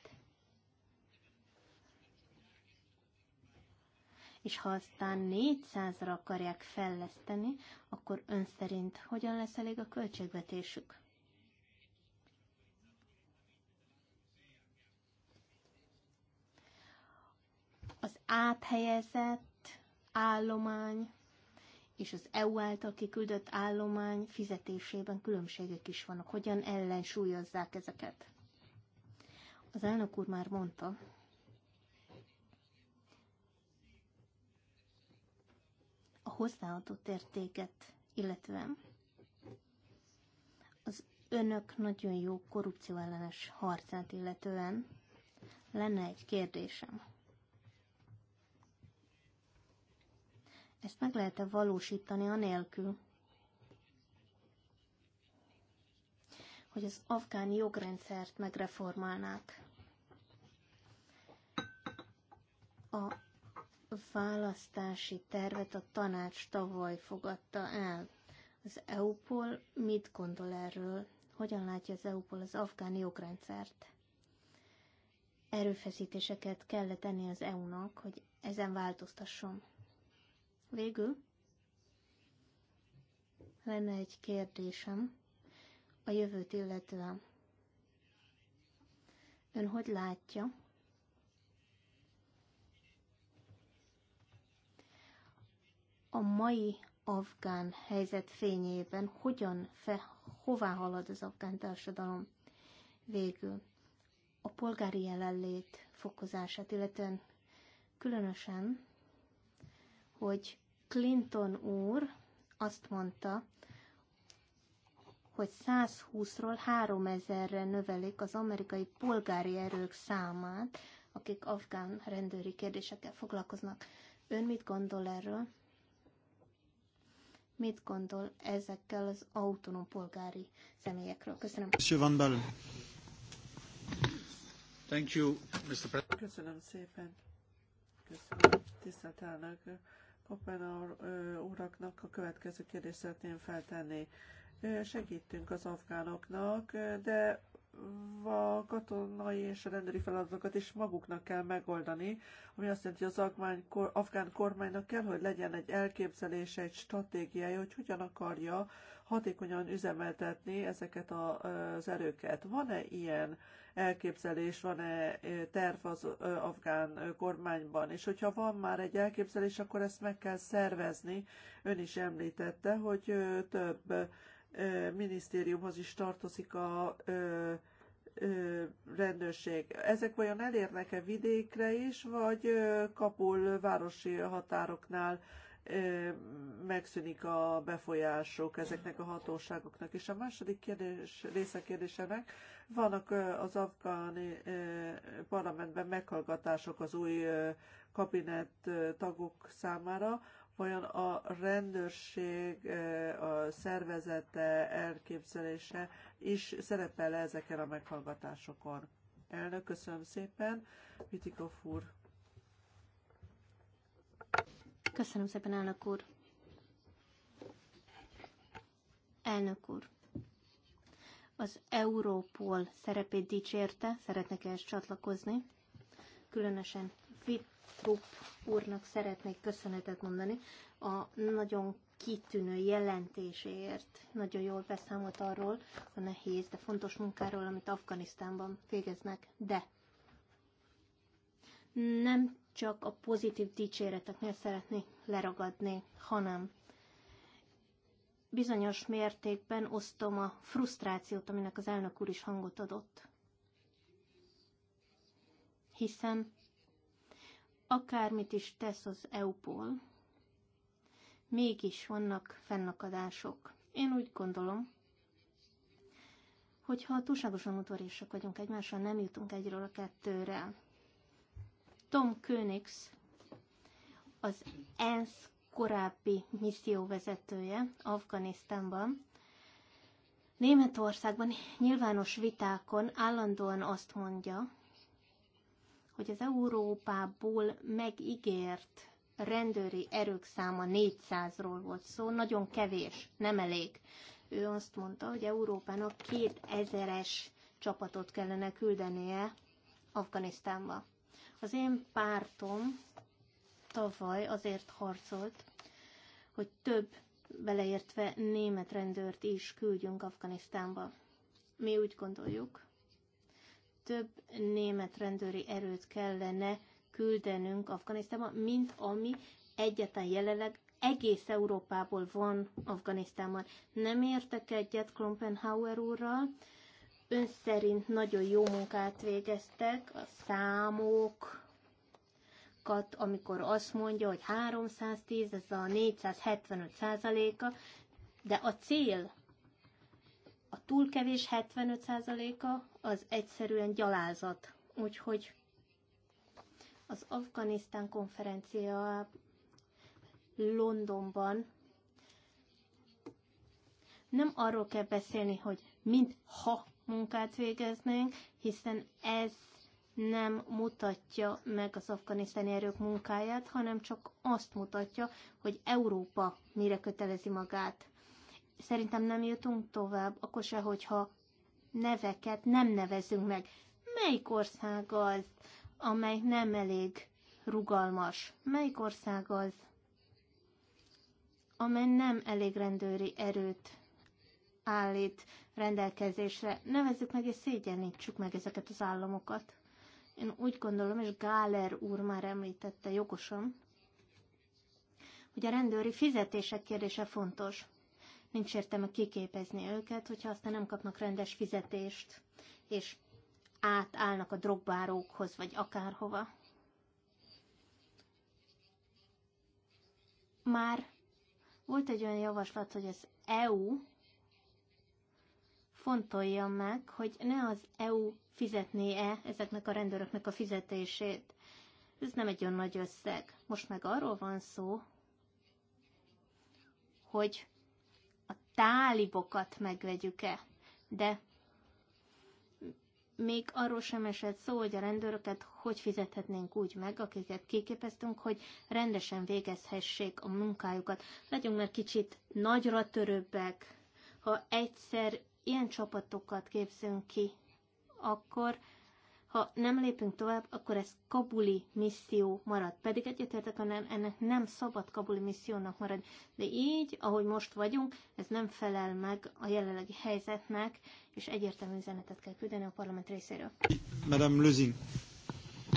és ha aztán 400-ra akarják felleszteni, akkor ön szerint hogyan lesz elég a költségvetésük? Az áthelyezett állomány és az EU által kiküldött állomány fizetésében különbségek is vannak. Hogyan ellensúlyozzák ezeket? Az elnök úr már mondta, hozzáadott értéket, illetve az önök nagyon jó korrupcióellenes harcát illetően lenne egy kérdésem. Ezt meg lehet-e valósítani anélkül, hogy az afgán jogrendszert megreformálnák? A választási tervet a tanács tavaly fogadta el. Az EUPOL mit gondol erről? Hogyan látja az EUPOL az afgán jogrendszert? Erőfeszítéseket kell tenni az EU-nak, hogy ezen változtasson. Végül lenne egy kérdésem a jövőt illetően. Ön hogy látja, a mai afgán helyzet fényében hogyan, fe, hová halad az afgán társadalom végül. A polgári jelenlét fokozását, illetően különösen, hogy Clinton úr azt mondta, hogy 120-ról 3000-re növelik az amerikai polgári erők számát, akik afgán rendőri kérdésekkel foglalkoznak. Ön mit gondol erről? mit gondol ezekkel az autonóm polgári személyekről. Köszönöm. Van Bellen. Thank you, Mr. President. Köszönöm szépen. Köszönöm. Tisztelt elnök. Kopenauer uraknak a következő kérdést szeretném feltenni. Segítünk az afgánoknak, de a katonai és a rendőri feladatokat is maguknak kell megoldani, ami azt jelenti, hogy az afgán, kor, afgán kormánynak kell, hogy legyen egy elképzelése, egy stratégiája, hogy hogyan akarja hatékonyan üzemeltetni ezeket a, az erőket. Van-e ilyen elképzelés, van-e terv az afgán kormányban? És hogyha van már egy elképzelés, akkor ezt meg kell szervezni. Ön is említette, hogy több minisztériumhoz is tartozik a rendőrség. Ezek vajon elérnek-e vidékre is, vagy kapul városi határoknál megszűnik a befolyások ezeknek a hatóságoknak. És a második kérdés, része kérdésenek, vannak az afgáni parlamentben meghallgatások az új kabinet tagok számára, olyan a rendőrség e, a szervezete, elképzelése is szerepel ezeken a meghallgatásokon. Elnök, köszönöm szépen. Vitikov úr. Köszönöm szépen, elnök úr. Elnök úr, az Európol szerepét dicsérte, szeretnék ehhez csatlakozni, különösen Krupp úrnak szeretnék köszönetet mondani a nagyon kitűnő jelentéséért. Nagyon jól beszámolt arról a nehéz, de fontos munkáról, amit Afganisztánban végeznek. De nem csak a pozitív dicséreteknél szeretnék leragadni, hanem bizonyos mértékben osztom a frusztrációt, aminek az elnök úr is hangot adott. Hiszen akármit is tesz az EU-ból, mégis vannak fennakadások. Én úgy gondolom, hogy ha túlságosan udvariasak vagyunk egymással, nem jutunk egyről a kettőre. Tom Königs, az ENSZ korábbi misszióvezetője Afganisztánban, Németországban nyilvános vitákon állandóan azt mondja, hogy az Európából megígért rendőri erők száma 400-ról volt szó, nagyon kevés, nem elég. Ő azt mondta, hogy Európának 2000-es csapatot kellene küldenie Afganisztánba. Az én pártom tavaly azért harcolt, hogy több, beleértve német rendőrt is küldjünk Afganisztánba. Mi úgy gondoljuk, több német rendőri erőt kellene küldenünk Afganisztánba, mint ami egyetlen jelenleg egész Európából van Afganisztánban. Nem értek egyet Klompenhauer úrral, ön szerint nagyon jó munkát végeztek, a számokat, amikor azt mondja, hogy 310, ez a 475 százaléka, de a cél a túl kevés 75%-a az egyszerűen gyalázat. Úgyhogy az Afganisztán konferencia Londonban nem arról kell beszélni, hogy mint ha munkát végeznénk, hiszen ez nem mutatja meg az afganisztáni erők munkáját, hanem csak azt mutatja, hogy Európa mire kötelezi magát. Szerintem nem jutunk tovább, akkor se, hogyha neveket nem nevezünk meg. Melyik ország az, amely nem elég rugalmas? Melyik ország az, amely nem elég rendőri erőt állít rendelkezésre? Nevezzük meg és szégyenítsük meg ezeket az államokat. Én úgy gondolom, és Gáler úr már említette jogosan, hogy a rendőri fizetések kérdése fontos. Nincs értelme kiképezni őket, hogyha aztán nem kapnak rendes fizetést, és átállnak a drogbárókhoz, vagy akárhova. Már volt egy olyan javaslat, hogy az EU fontolja meg, hogy ne az EU fizetné-e ezeknek a rendőröknek a fizetését. Ez nem egy olyan nagy összeg. Most meg arról van szó, hogy tálibokat megvegyük-e. De még arról sem esett szó, hogy a rendőröket hogy fizethetnénk úgy meg, akiket kiképeztünk, hogy rendesen végezhessék a munkájukat. Legyünk már kicsit nagyra törőbbek. Ha egyszer ilyen csapatokat képzünk ki, akkor ha nem lépünk tovább, akkor ez kabuli misszió marad. Pedig egyetértek, hanem ennek nem szabad kabuli missziónak marad. De így, ahogy most vagyunk, ez nem felel meg a jelenlegi helyzetnek, és egyértelmű üzenetet kell küldeni a parlament részéről. Madame Lözing.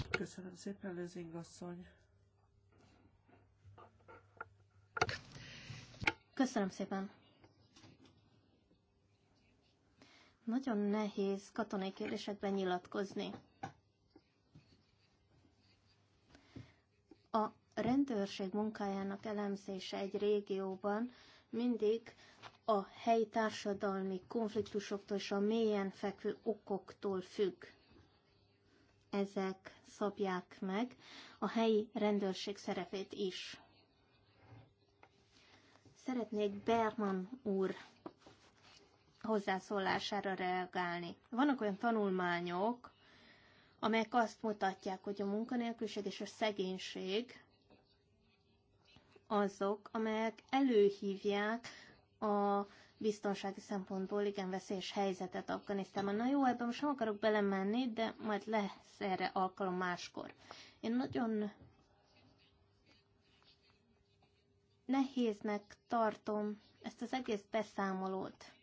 Köszönöm szépen, Lözing asszony. Köszönöm szépen. Nagyon nehéz katonai kérdésekben nyilatkozni. A rendőrség munkájának elemzése egy régióban mindig a helyi társadalmi konfliktusoktól és a mélyen fekvő okoktól függ. Ezek szabják meg a helyi rendőrség szerepét is. Szeretnék Berman úr hozzászólására reagálni. Vannak olyan tanulmányok, amelyek azt mutatják, hogy a munkanélküliség és a szegénység azok, amelyek előhívják a biztonsági szempontból igen veszélyes helyzetet Afganisztánban. Na jó, ebben most nem akarok belemenni, de majd lesz erre alkalom máskor. Én nagyon nehéznek tartom ezt az egész beszámolót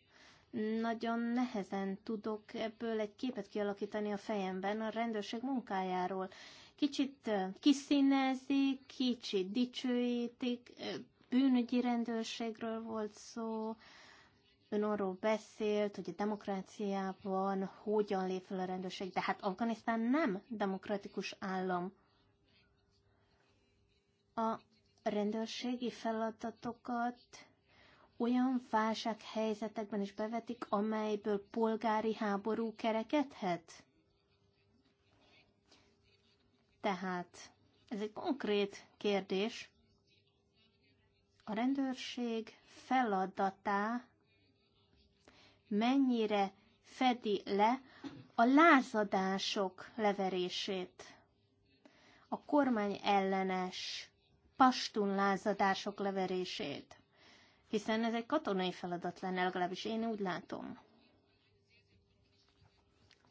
nagyon nehezen tudok ebből egy képet kialakítani a fejemben a rendőrség munkájáról. Kicsit kiszínezik, kicsit dicsőítik, bűnügyi rendőrségről volt szó, ön arról beszélt, hogy a demokráciában hogyan lép fel a rendőrség, de hát Afganisztán nem demokratikus állam. A rendőrségi feladatokat olyan helyzetekben is bevetik, amelyből polgári háború kerekedhet? Tehát ez egy konkrét kérdés. A rendőrség feladatá mennyire fedi le a lázadások leverését, a kormány ellenes pastun lázadások leverését hiszen ez egy katonai feladat lenne, legalábbis én úgy látom.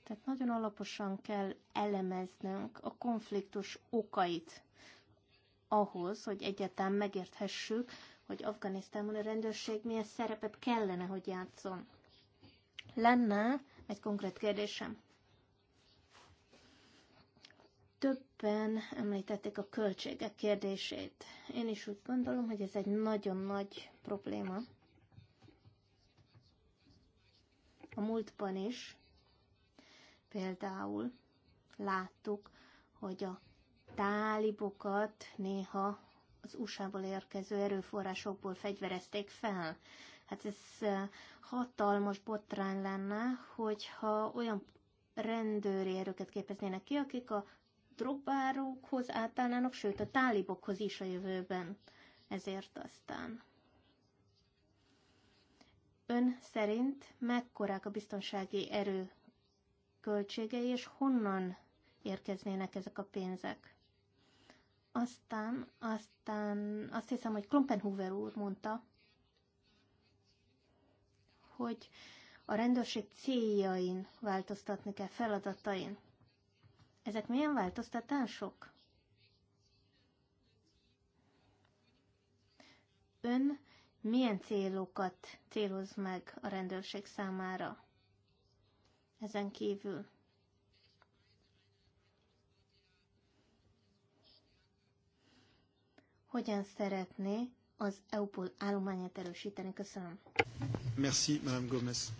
Tehát nagyon alaposan kell elemeznünk a konfliktus okait ahhoz, hogy egyáltalán megérthessük, hogy Afganisztánban a rendőrség milyen szerepet kellene, hogy játszon. Lenne egy konkrét kérdésem. éppen említették a költségek kérdését. Én is úgy gondolom, hogy ez egy nagyon nagy probléma. A múltban is például láttuk, hogy a tálibokat néha az USA-ból érkező erőforrásokból fegyverezték fel. Hát ez hatalmas botrány lenne, hogyha olyan rendőri erőket képeznének ki, akik a drogbárókhoz átállnának, sőt a tálibokhoz is a jövőben. Ezért aztán. Ön szerint mekkorák a biztonsági erő költségei, és honnan érkeznének ezek a pénzek? Aztán, aztán azt hiszem, hogy Klumpenhuver úr mondta, hogy a rendőrség céljain változtatni kell, feladatain. Ezek milyen változtatások? Ön milyen célokat céloz meg a rendőrség számára ezen kívül? Hogyan szeretné az EUPOL állományát erősíteni? Köszönöm. Merci, Madame Gomez.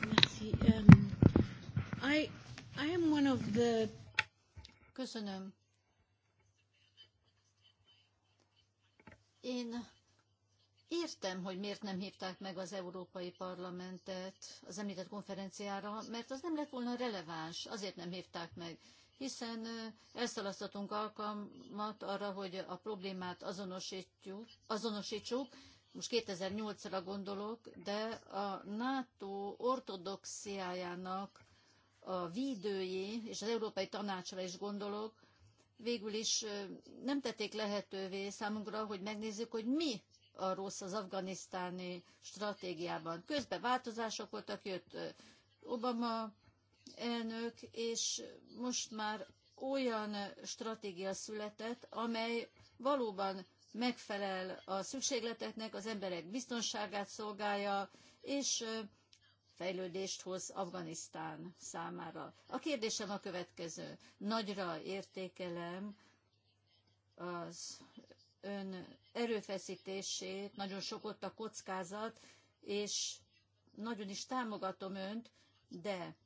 Merci. Um of the... Köszönöm. Én értem, hogy miért nem hívták meg az Európai Parlamentet az említett konferenciára, mert az nem lett volna releváns, azért nem hívták meg hiszen elszalasztatunk alkalmat arra, hogy a problémát azonosítjuk, azonosítsuk. Most 2008-ra gondolok, de a NATO ortodoxiájának a védőjé, és az Európai Tanácsra is gondolok, végül is nem tették lehetővé számunkra, hogy megnézzük, hogy mi a rossz az afganisztáni stratégiában. Közben változások voltak, jött Obama elnök, és most már olyan stratégia született, amely valóban megfelel a szükségleteknek, az emberek biztonságát szolgálja, és fejlődést hoz Afganisztán számára. A kérdésem a következő. Nagyra értékelem az ön erőfeszítését, nagyon sok ott a kockázat, és nagyon is támogatom önt, de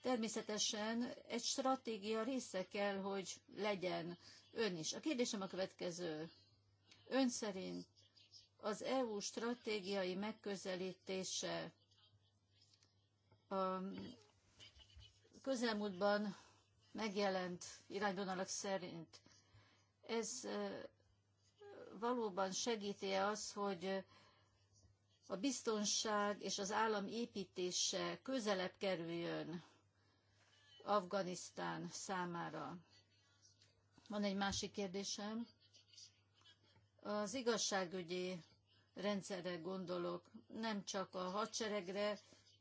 természetesen egy stratégia része kell, hogy legyen ön is. A kérdésem a következő. Ön szerint az EU stratégiai megközelítése a közelmúltban megjelent irányvonalak szerint. Ez valóban segíti -e az, hogy a biztonság és az állam építése közelebb kerüljön Afganisztán számára. Van egy másik kérdésem. Az igazságügyi rendszerre gondolok, nem csak a hadseregre,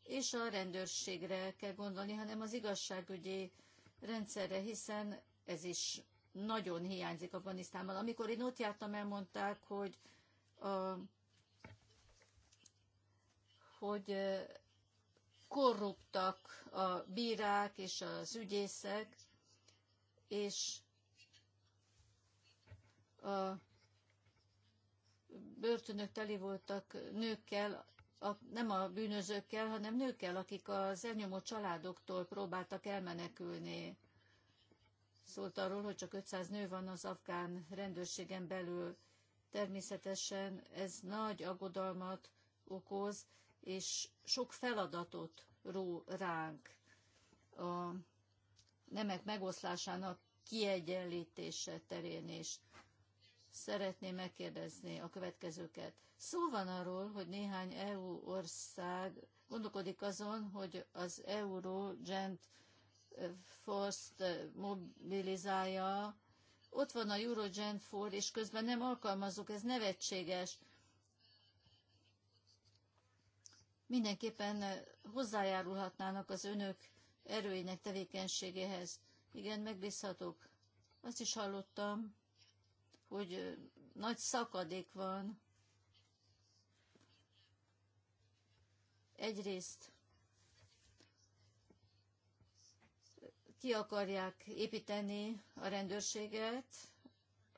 és a rendőrségre kell gondolni, hanem az igazságügyi rendszerre, hiszen ez is nagyon hiányzik Afganisztánban. Amikor én ott jártam, elmondták, hogy a, hogy korruptak a bírák és az ügyészek, és a börtönök teli voltak nőkkel, a, nem a bűnözőkkel, hanem nőkkel, akik az elnyomó családoktól próbáltak elmenekülni. Szólt arról, hogy csak 500 nő van az afgán rendőrségen belül. Természetesen ez nagy aggodalmat okoz, és sok feladatot ró ránk. A nemek megoszlásának kiegyenlítése terén is szeretném megkérdezni a következőket. Szó van arról, hogy néhány EU ország gondolkodik azon, hogy az Euro Gent Force-t mobilizálja. Ott van a gent For, és közben nem alkalmazzuk, ez nevetséges. Mindenképpen hozzájárulhatnának az önök erőinek tevékenységéhez. Igen, megbízhatok. Azt is hallottam, hogy nagy szakadék van egyrészt ki akarják építeni a rendőrséget,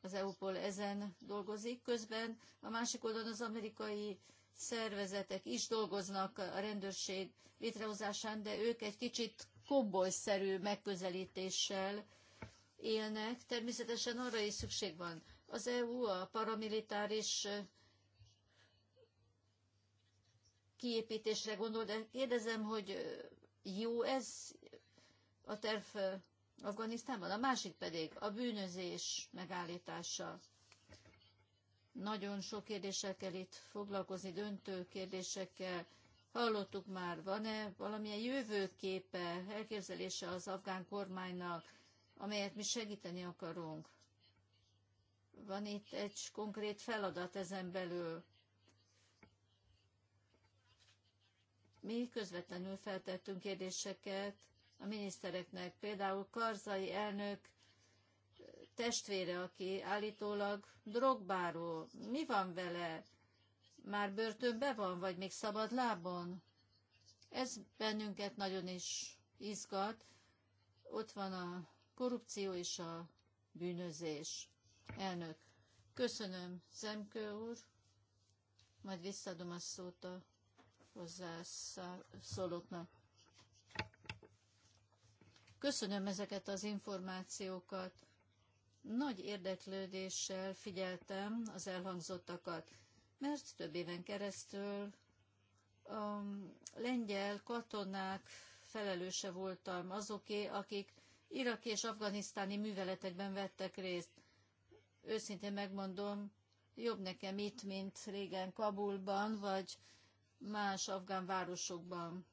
az EUPOL ezen dolgozik, közben a másik oldalon az amerikai szervezetek is dolgoznak a rendőrség létrehozásán, de ők egy kicsit kobbolyszerű megközelítéssel élnek. Természetesen arra is szükség van, az EU a paramilitáris kiépítésre gondol, de kérdezem, hogy jó ez a terv Afganisztánban? A másik pedig a bűnözés megállítása. Nagyon sok kérdéssel kell itt foglalkozni, döntő kérdésekkel. Hallottuk már, van-e valamilyen jövőképe, elképzelése az afgán kormánynak, amelyet mi segíteni akarunk? van itt egy konkrét feladat ezen belül. Mi közvetlenül feltettünk kérdéseket a minisztereknek. Például Karzai elnök testvére, aki állítólag drogbáró. Mi van vele? Már börtönbe van, vagy még szabad lábon? Ez bennünket nagyon is izgat. Ott van a korrupció és a bűnözés. Elnök, köszönöm, Zemkő úr, majd visszadom a szót a hozzászólóknak. Köszönöm ezeket az információkat. Nagy érdeklődéssel figyeltem az elhangzottakat, mert több éven keresztül a lengyel katonák felelőse voltam azoké, akik iraki és afganisztáni műveletekben vettek részt őszintén megmondom, jobb nekem itt, mint régen Kabulban, vagy más afgán városokban.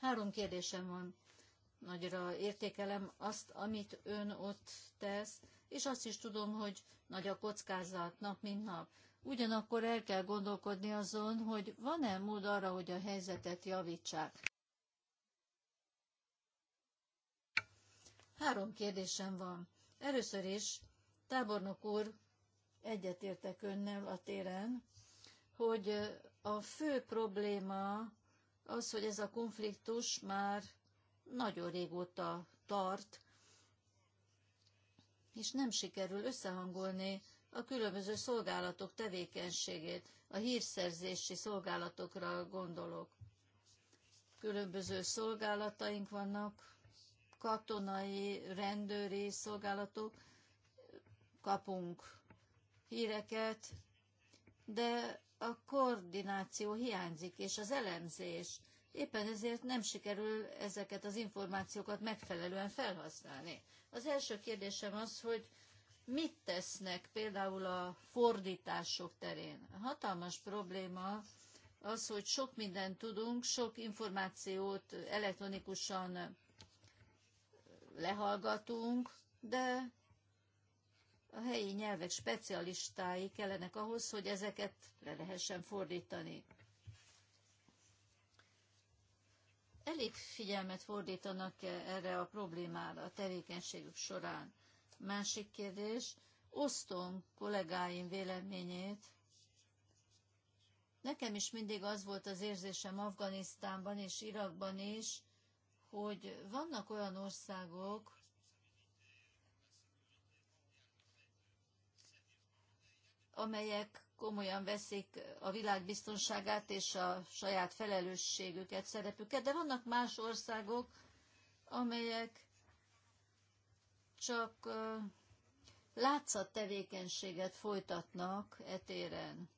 Három kérdésem van. Nagyra értékelem azt, amit ön ott tesz, és azt is tudom, hogy nagy a kockázat nap, mint nap. Ugyanakkor el kell gondolkodni azon, hogy van-e mód arra, hogy a helyzetet javítsák. Három kérdésem van. Először is, tábornok úr, egyetértek önnel a téren, hogy a fő probléma az, hogy ez a konfliktus már nagyon régóta tart, és nem sikerül összehangolni a különböző szolgálatok tevékenységét. A hírszerzési szolgálatokra gondolok. Különböző szolgálataink vannak, katonai, rendőri szolgálatok, kapunk híreket, de a koordináció hiányzik, és az elemzés. Éppen ezért nem sikerül ezeket az információkat megfelelően felhasználni. Az első kérdésem az, hogy mit tesznek például a fordítások terén. A hatalmas probléma az, hogy sok mindent tudunk, sok információt elektronikusan lehallgatunk, de a helyi nyelvek specialistái kellenek ahhoz, hogy ezeket le lehessen fordítani. Elég figyelmet fordítanak -e erre a problémára a tevékenységük során? Másik kérdés, osztom kollégáim véleményét. Nekem is mindig az volt az érzésem Afganisztánban és Irakban is, hogy vannak olyan országok, amelyek komolyan veszik a világ biztonságát és a saját felelősségüket, szerepüket, de vannak más országok, amelyek csak látszat tevékenységet folytatnak etéren.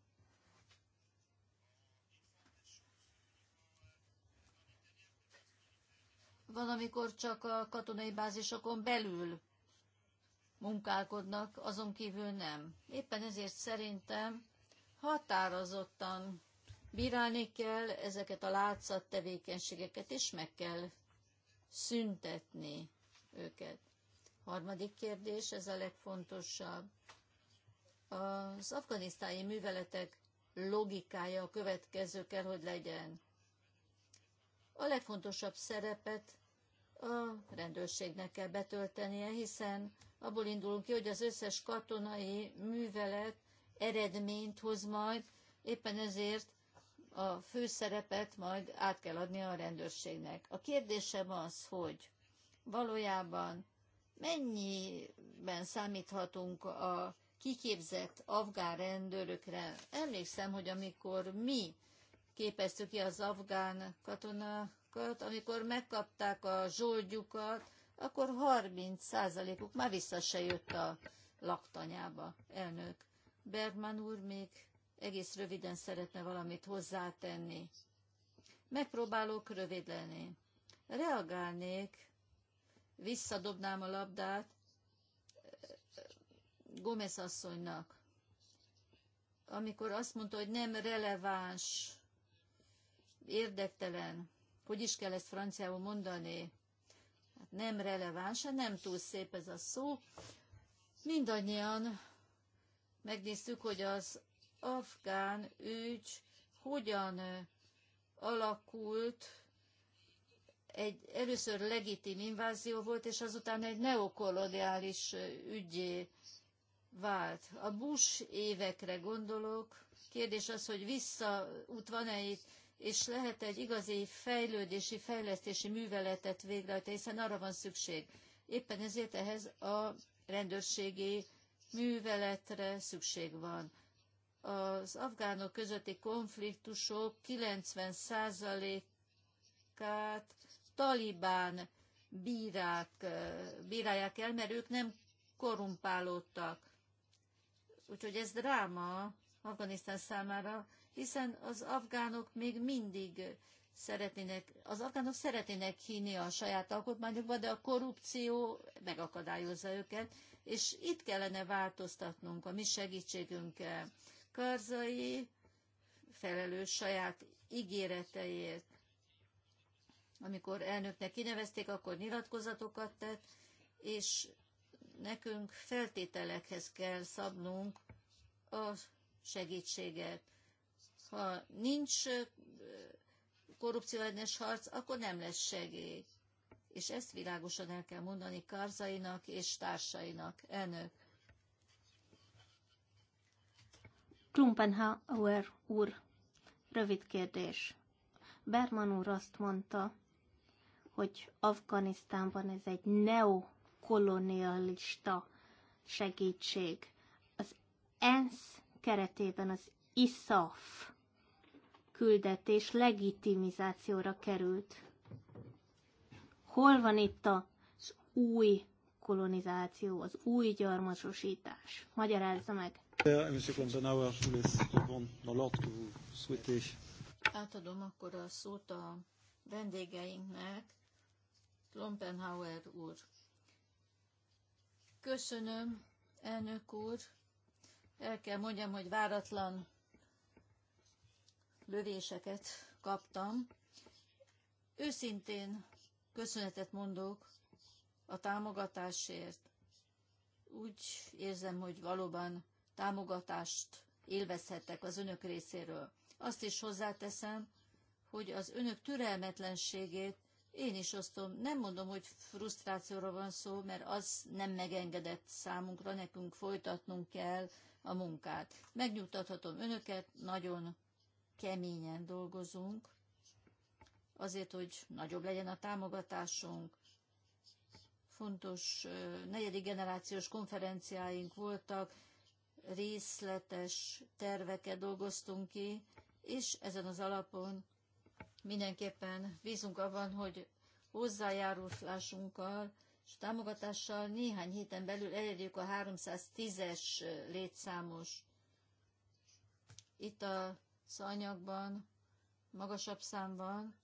Van amikor csak a katonai bázisokon belül munkálkodnak, azon kívül nem. Éppen ezért szerintem határozottan bírálni kell ezeket a látszat tevékenységeket, és meg kell szüntetni őket. Harmadik kérdés, ez a legfontosabb. Az afganisztáni műveletek logikája a következő kell, hogy legyen. A legfontosabb szerepet a rendőrségnek kell betöltenie, hiszen abból indulunk ki, hogy az összes katonai művelet eredményt hoz majd, éppen ezért a főszerepet majd át kell adni a rendőrségnek. A kérdésem az, hogy valójában mennyiben számíthatunk a kiképzett afgán rendőrökre. Emlékszem, hogy amikor mi képezte ki az afgán katonákat, amikor megkapták a zsoldjukat, akkor 30 százalékuk már vissza se jött a laktanyába, elnök. Bergman úr még egész röviden szeretne valamit hozzátenni. Megpróbálok rövid lenni. Reagálnék, visszadobnám a labdát Gomez asszonynak, amikor azt mondta, hogy nem releváns érdektelen, hogy is kell ezt franciául mondani, hát nem releváns, hát nem túl szép ez a szó. Mindannyian megnéztük, hogy az afgán ügy hogyan alakult, egy először legitim invázió volt, és azután egy neokoloniális ügyé vált. A Bush évekre gondolok, kérdés az, hogy visszaút van-e itt és lehet egy igazi fejlődési, fejlesztési műveletet végrehajtani, hiszen arra van szükség. Éppen ezért ehhez a rendőrségi műveletre szükség van. Az afgánok közötti konfliktusok 90%-át talibán bírák, bírálják el, mert ők nem korumpálódtak. Úgyhogy ez dráma Afganisztán számára, hiszen az afgánok még mindig szeretnének, az afgánok szeretnének hinni a saját alkotmányokba, de a korrupció megakadályozza őket, és itt kellene változtatnunk a mi segítségünkkel. Karzai felelős saját ígéreteért. Amikor elnöknek kinevezték, akkor nyilatkozatokat tett, és nekünk feltételekhez kell szabnunk a segítséget. Ha nincs korrupcióellenes harc, akkor nem lesz segély. És ezt világosan el kell mondani Karzainak és társainak. Elnök. Klumpenhauer úr, rövid kérdés. Berman úr azt mondta, hogy Afganisztánban ez egy neokolonialista segítség. Az ENSZ keretében az ISAF küldetés legitimizációra került. Hol van itt az új kolonizáció, az új gyarmatosítás? Magyarázza meg. Átadom akkor a szót a vendégeinknek. Klompenhauer úr. Köszönöm, elnök úr. El kell mondjam, hogy váratlan lövéseket kaptam. Őszintén köszönetet mondok a támogatásért. Úgy érzem, hogy valóban támogatást élvezhettek az önök részéről. Azt is hozzáteszem, hogy az önök türelmetlenségét én is osztom. Nem mondom, hogy frusztrációra van szó, mert az nem megengedett számunkra, nekünk folytatnunk kell a munkát. Megnyugtathatom önöket, nagyon keményen dolgozunk, azért, hogy nagyobb legyen a támogatásunk. Fontos negyedik generációs konferenciáink voltak, részletes terveket dolgoztunk ki, és ezen az alapon mindenképpen bízunk abban, hogy hozzájárulásunkkal és támogatással néhány héten belül elérjük a 310-es létszámos. Itt a szanyagban magasabb számban.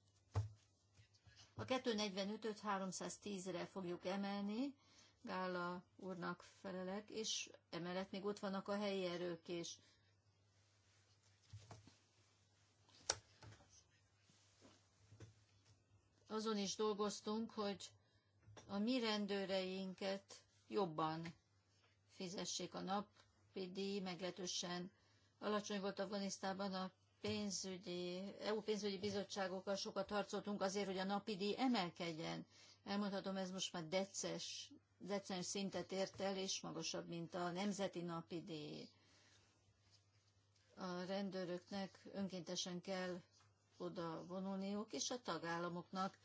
A 245-öt 310-re fogjuk emelni, Gála úrnak felelek, és emellett még ott vannak a helyi erők is. Azon is dolgoztunk, hogy a mi rendőreinket jobban fizessék a nap, díj, meglehetősen Alacsony volt Afganisztában a pénzügyi, EU pénzügyi bizottságokkal sokat harcoltunk azért, hogy a napi díj emelkedjen. Elmondhatom, ez most már deces, decens szintet ért el, és magasabb, mint a nemzeti napi díj. A rendőröknek önkéntesen kell oda vonulniuk, és a tagállamoknak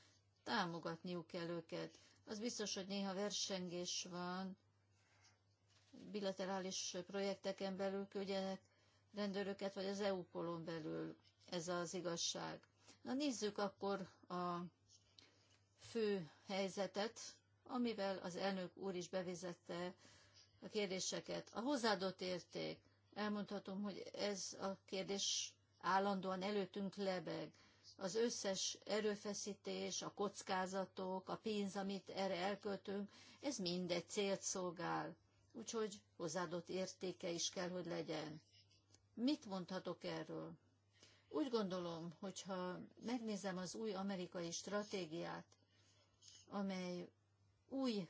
támogatniuk kell őket. Az biztos, hogy néha versengés van bilaterális projekteken belül, küldjenek rendőröket, vagy az EU-kolon belül ez az igazság. Na nézzük akkor a fő helyzetet, amivel az elnök úr is bevezette a kérdéseket. A hozzáadott érték. Elmondhatom, hogy ez a kérdés állandóan előttünk lebeg. Az összes erőfeszítés, a kockázatok, a pénz, amit erre elköltünk, ez mindegy célt szolgál. Úgyhogy hozzáadott értéke is kell, hogy legyen. Mit mondhatok erről? Úgy gondolom, hogyha megnézem az új amerikai stratégiát, amely új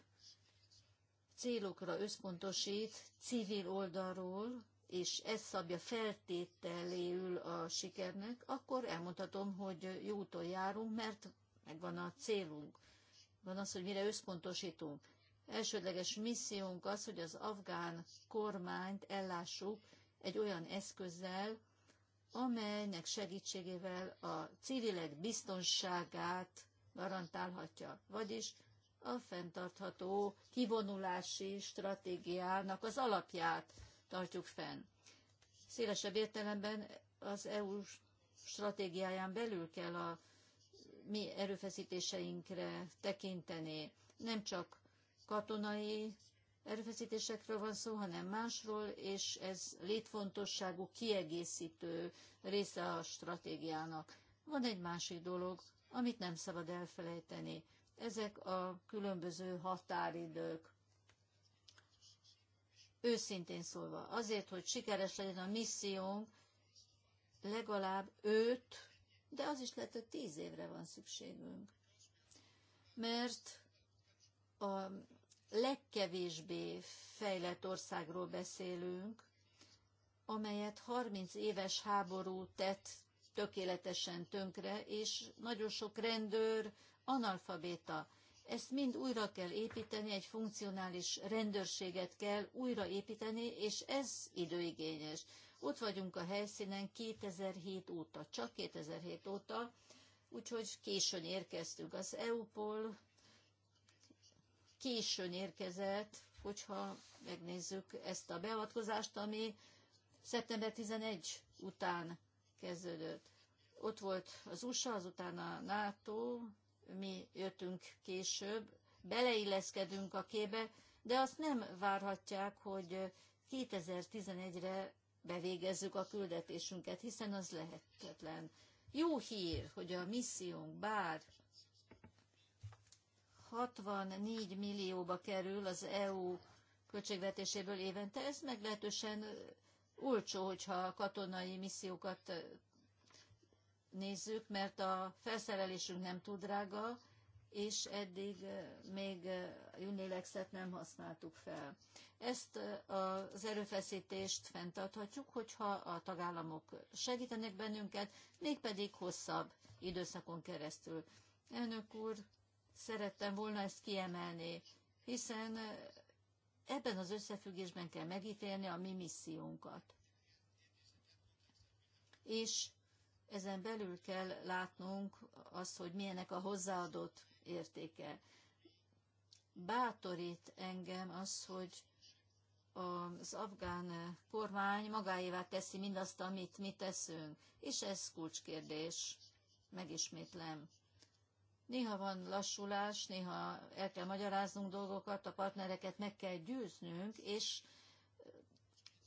célokra összpontosít civil oldalról, és ez szabja feltételéül a sikernek, akkor elmondhatom, hogy jó úton járunk, mert megvan a célunk. Van az, hogy mire összpontosítunk. Elsődleges missziónk az, hogy az afgán kormányt ellássuk egy olyan eszközzel, amelynek segítségével a civilek biztonságát garantálhatja, vagyis a fenntartható kivonulási stratégiának az alapját tartjuk fenn. Szélesebb értelemben az EU stratégiáján belül kell a mi erőfeszítéseinkre tekinteni, nem csak katonai erőfeszítésekről van szó, hanem másról, és ez létfontosságú kiegészítő része a stratégiának. Van egy másik dolog, amit nem szabad elfelejteni. Ezek a különböző határidők. Őszintén szólva, azért, hogy sikeres legyen a missziónk, legalább öt, de az is lehet, hogy tíz évre van szükségünk. Mert a legkevésbé fejlett országról beszélünk, amelyet 30 éves háború tett tökéletesen tönkre, és nagyon sok rendőr analfabéta. Ezt mind újra kell építeni, egy funkcionális rendőrséget kell újraépíteni, és ez időigényes. Ott vagyunk a helyszínen 2007 óta, csak 2007 óta, úgyhogy későn érkeztünk. Az EUPOL későn érkezett, hogyha megnézzük ezt a beavatkozást, ami szeptember 11 után kezdődött. Ott volt az USA, azután a NATO, mi jöttünk később, beleilleszkedünk a kébe, de azt nem várhatják, hogy 2011-re bevégezzük a küldetésünket, hiszen az lehetetlen. Jó hír, hogy a missziónk bár 64 millióba kerül az EU költségvetéséből évente. Ez meglehetősen olcsó, hogyha katonai missziókat nézzük, mert a felszerelésünk nem túl drága, és eddig még 1-et nem használtuk fel. Ezt az erőfeszítést fenntarthatjuk, hogyha a tagállamok segítenek bennünket, mégpedig hosszabb időszakon keresztül. Elnök úr, szerettem volna ezt kiemelni, hiszen ebben az összefüggésben kell megítélni a mi missziónkat. És ezen belül kell látnunk azt, hogy milyenek a hozzáadott értéke. Bátorít engem az, hogy az afgán kormány magáévá teszi mindazt, amit mi teszünk, és ez kulcskérdés, megismétlem. Néha van lassulás, néha el kell magyaráznunk dolgokat, a partnereket meg kell győznünk, és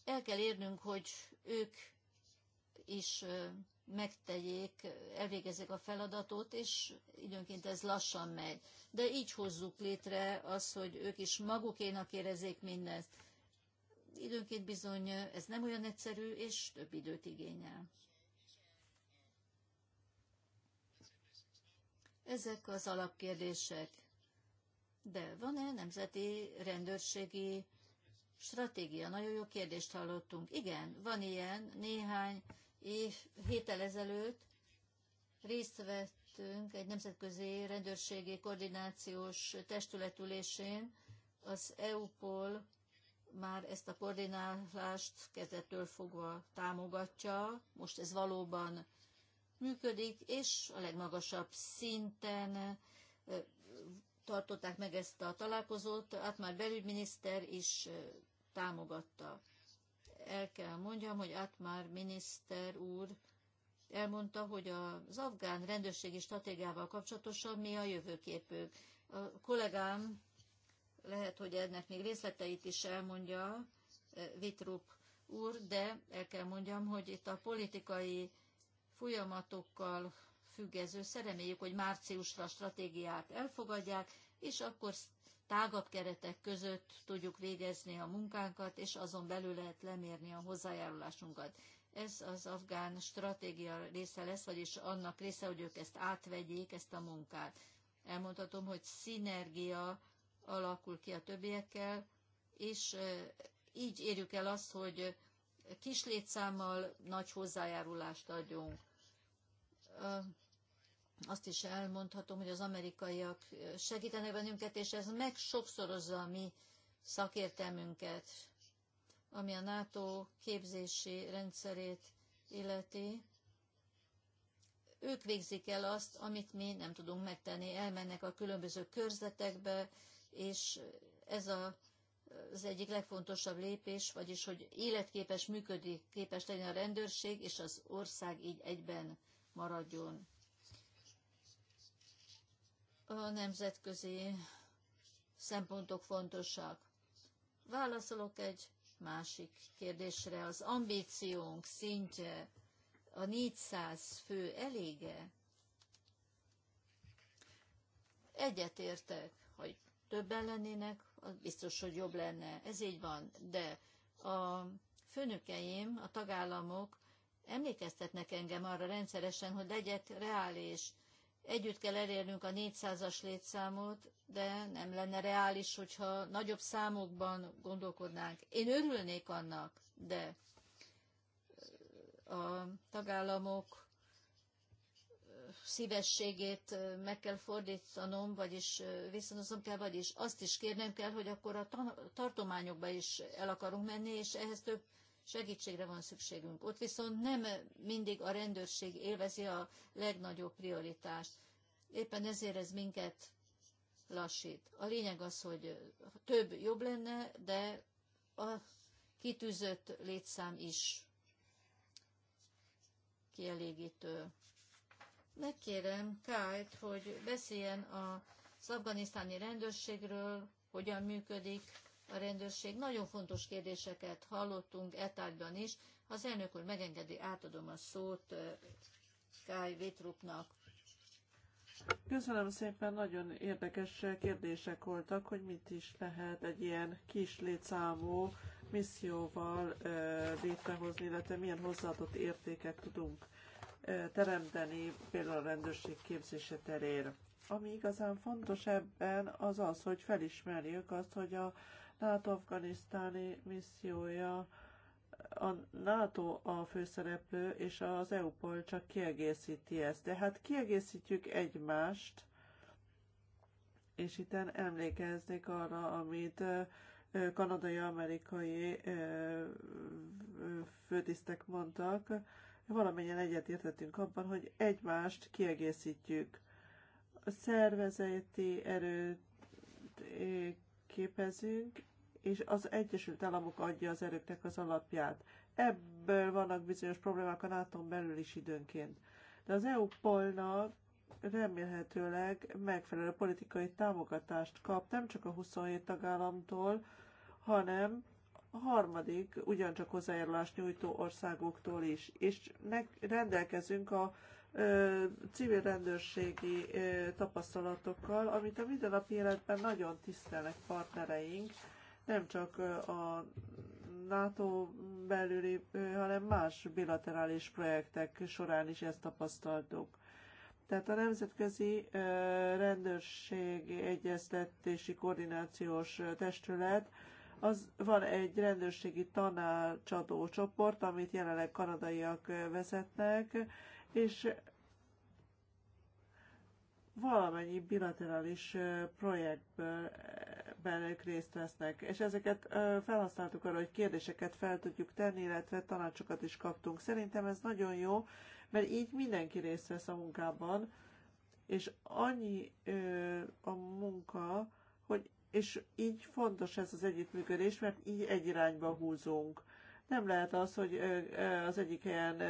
el kell érnünk, hogy ők is megtegyék, elvégezzék a feladatot, és időnként ez lassan megy. De így hozzuk létre az, hogy ők is magukénak érezzék mindezt. Időnként bizony ez nem olyan egyszerű, és több időt igényel. Ezek az alapkérdések. De van-e nemzeti rendőrségi stratégia? Nagyon jó kérdést hallottunk. Igen, van ilyen. Néhány év, héttel ezelőtt részt vettünk egy nemzetközi rendőrségi koordinációs testületülésén. Az EUPOL már ezt a koordinálást kezdettől fogva támogatja. Most ez valóban működik, és a legmagasabb szinten tartották meg ezt a találkozót, Atmar belügyminiszter is támogatta. El kell mondjam, hogy Atmar miniszter úr elmondta, hogy az afgán rendőrségi stratégiával kapcsolatosan mi a jövőképük. A kollégám lehet, hogy ennek még részleteit is elmondja Vitrup úr, de el kell mondjam, hogy itt a politikai folyamatokkal függ ez össze. Reméljük, hogy márciusra a stratégiát elfogadják, és akkor tágabb keretek között tudjuk végezni a munkánkat, és azon belül lehet lemérni a hozzájárulásunkat. Ez az afgán stratégia része lesz, vagyis annak része, hogy ők ezt átvegyék, ezt a munkát. Elmondhatom, hogy szinergia alakul ki a többiekkel, és így érjük el azt, hogy kis létszámmal nagy hozzájárulást adjunk azt is elmondhatom, hogy az amerikaiak segítenek bennünket, és ez meg sokszorozza a mi szakértelmünket, ami a NATO képzési rendszerét illeti. Ők végzik el azt, amit mi nem tudunk megtenni. Elmennek a különböző körzetekbe, és ez a, az egyik legfontosabb lépés, vagyis hogy életképes, működik, képes legyen a rendőrség, és az ország így egyben maradjon. A nemzetközi szempontok fontosak. Válaszolok egy másik kérdésre. Az ambíciónk szintje a 400 fő elége? Egyetértek, hogy többen lennének, az biztos, hogy jobb lenne. Ez így van. De a főnökeim, a tagállamok emlékeztetnek engem arra rendszeresen, hogy legyek reális. Együtt kell elérnünk a 400-as létszámot, de nem lenne reális, hogyha nagyobb számokban gondolkodnánk. Én örülnék annak, de a tagállamok szívességét meg kell fordítanom, vagyis viszonozom kell, vagyis azt is kérnem kell, hogy akkor a tartományokba is el akarunk menni, és ehhez több segítségre van szükségünk. Ott viszont nem mindig a rendőrség élvezi a legnagyobb prioritást. Éppen ezért ez minket lassít. A lényeg az, hogy több jobb lenne, de a kitűzött létszám is kielégítő. Megkérem Kájt, hogy beszéljen az afganisztáni rendőrségről, hogyan működik, a rendőrség. Nagyon fontos kérdéseket hallottunk etárgyban is. Ha az elnök úr megengedi, átadom a szót Kály Vitrupnak. Köszönöm szépen, nagyon érdekes kérdések voltak, hogy mit is lehet egy ilyen kis létszámú misszióval létrehozni, illetve milyen hozzáadott értéket tudunk teremteni, például a rendőrség képzése terén. Ami igazán fontos ebben az az, hogy felismerjük azt, hogy a tehát afganisztáni missziója a NATO a főszereplő, és az eu csak kiegészíti ezt. De hát kiegészítjük egymást, és itt emlékeznék arra, amit kanadai-amerikai főtisztek mondtak, valamennyien egyetértettünk abban, hogy egymást kiegészítjük. A szervezeti erőt képezünk, és az Egyesült Államok adja az erőknek az alapját. Ebből vannak bizonyos problémák a nato belül is időnként. De az EU-polnak remélhetőleg megfelelő politikai támogatást kap, nem csak a 27 tagállamtól, hanem a harmadik, ugyancsak hozzájárulást nyújtó országoktól is. És rendelkezünk a ö, civil rendőrségi ö, tapasztalatokkal, amit a mindennapi életben nagyon tisztelnek partnereink, nem csak a NATO belüli, hanem más bilaterális projektek során is ezt tapasztaltuk. Tehát a Nemzetközi Rendőrség Egyeztetési Koordinációs Testület, az van egy rendőrségi tanácsadó csoport, amit jelenleg kanadaiak vezetnek, és valamennyi bilaterális projektből amelyekben ők részt vesznek. És ezeket felhasználtuk arra, hogy kérdéseket fel tudjuk tenni, illetve tanácsokat is kaptunk. Szerintem ez nagyon jó, mert így mindenki részt vesz a munkában, és annyi a munka, hogy és így fontos ez az együttműködés, mert így egy irányba húzunk. Nem lehet az, hogy az egyik helyen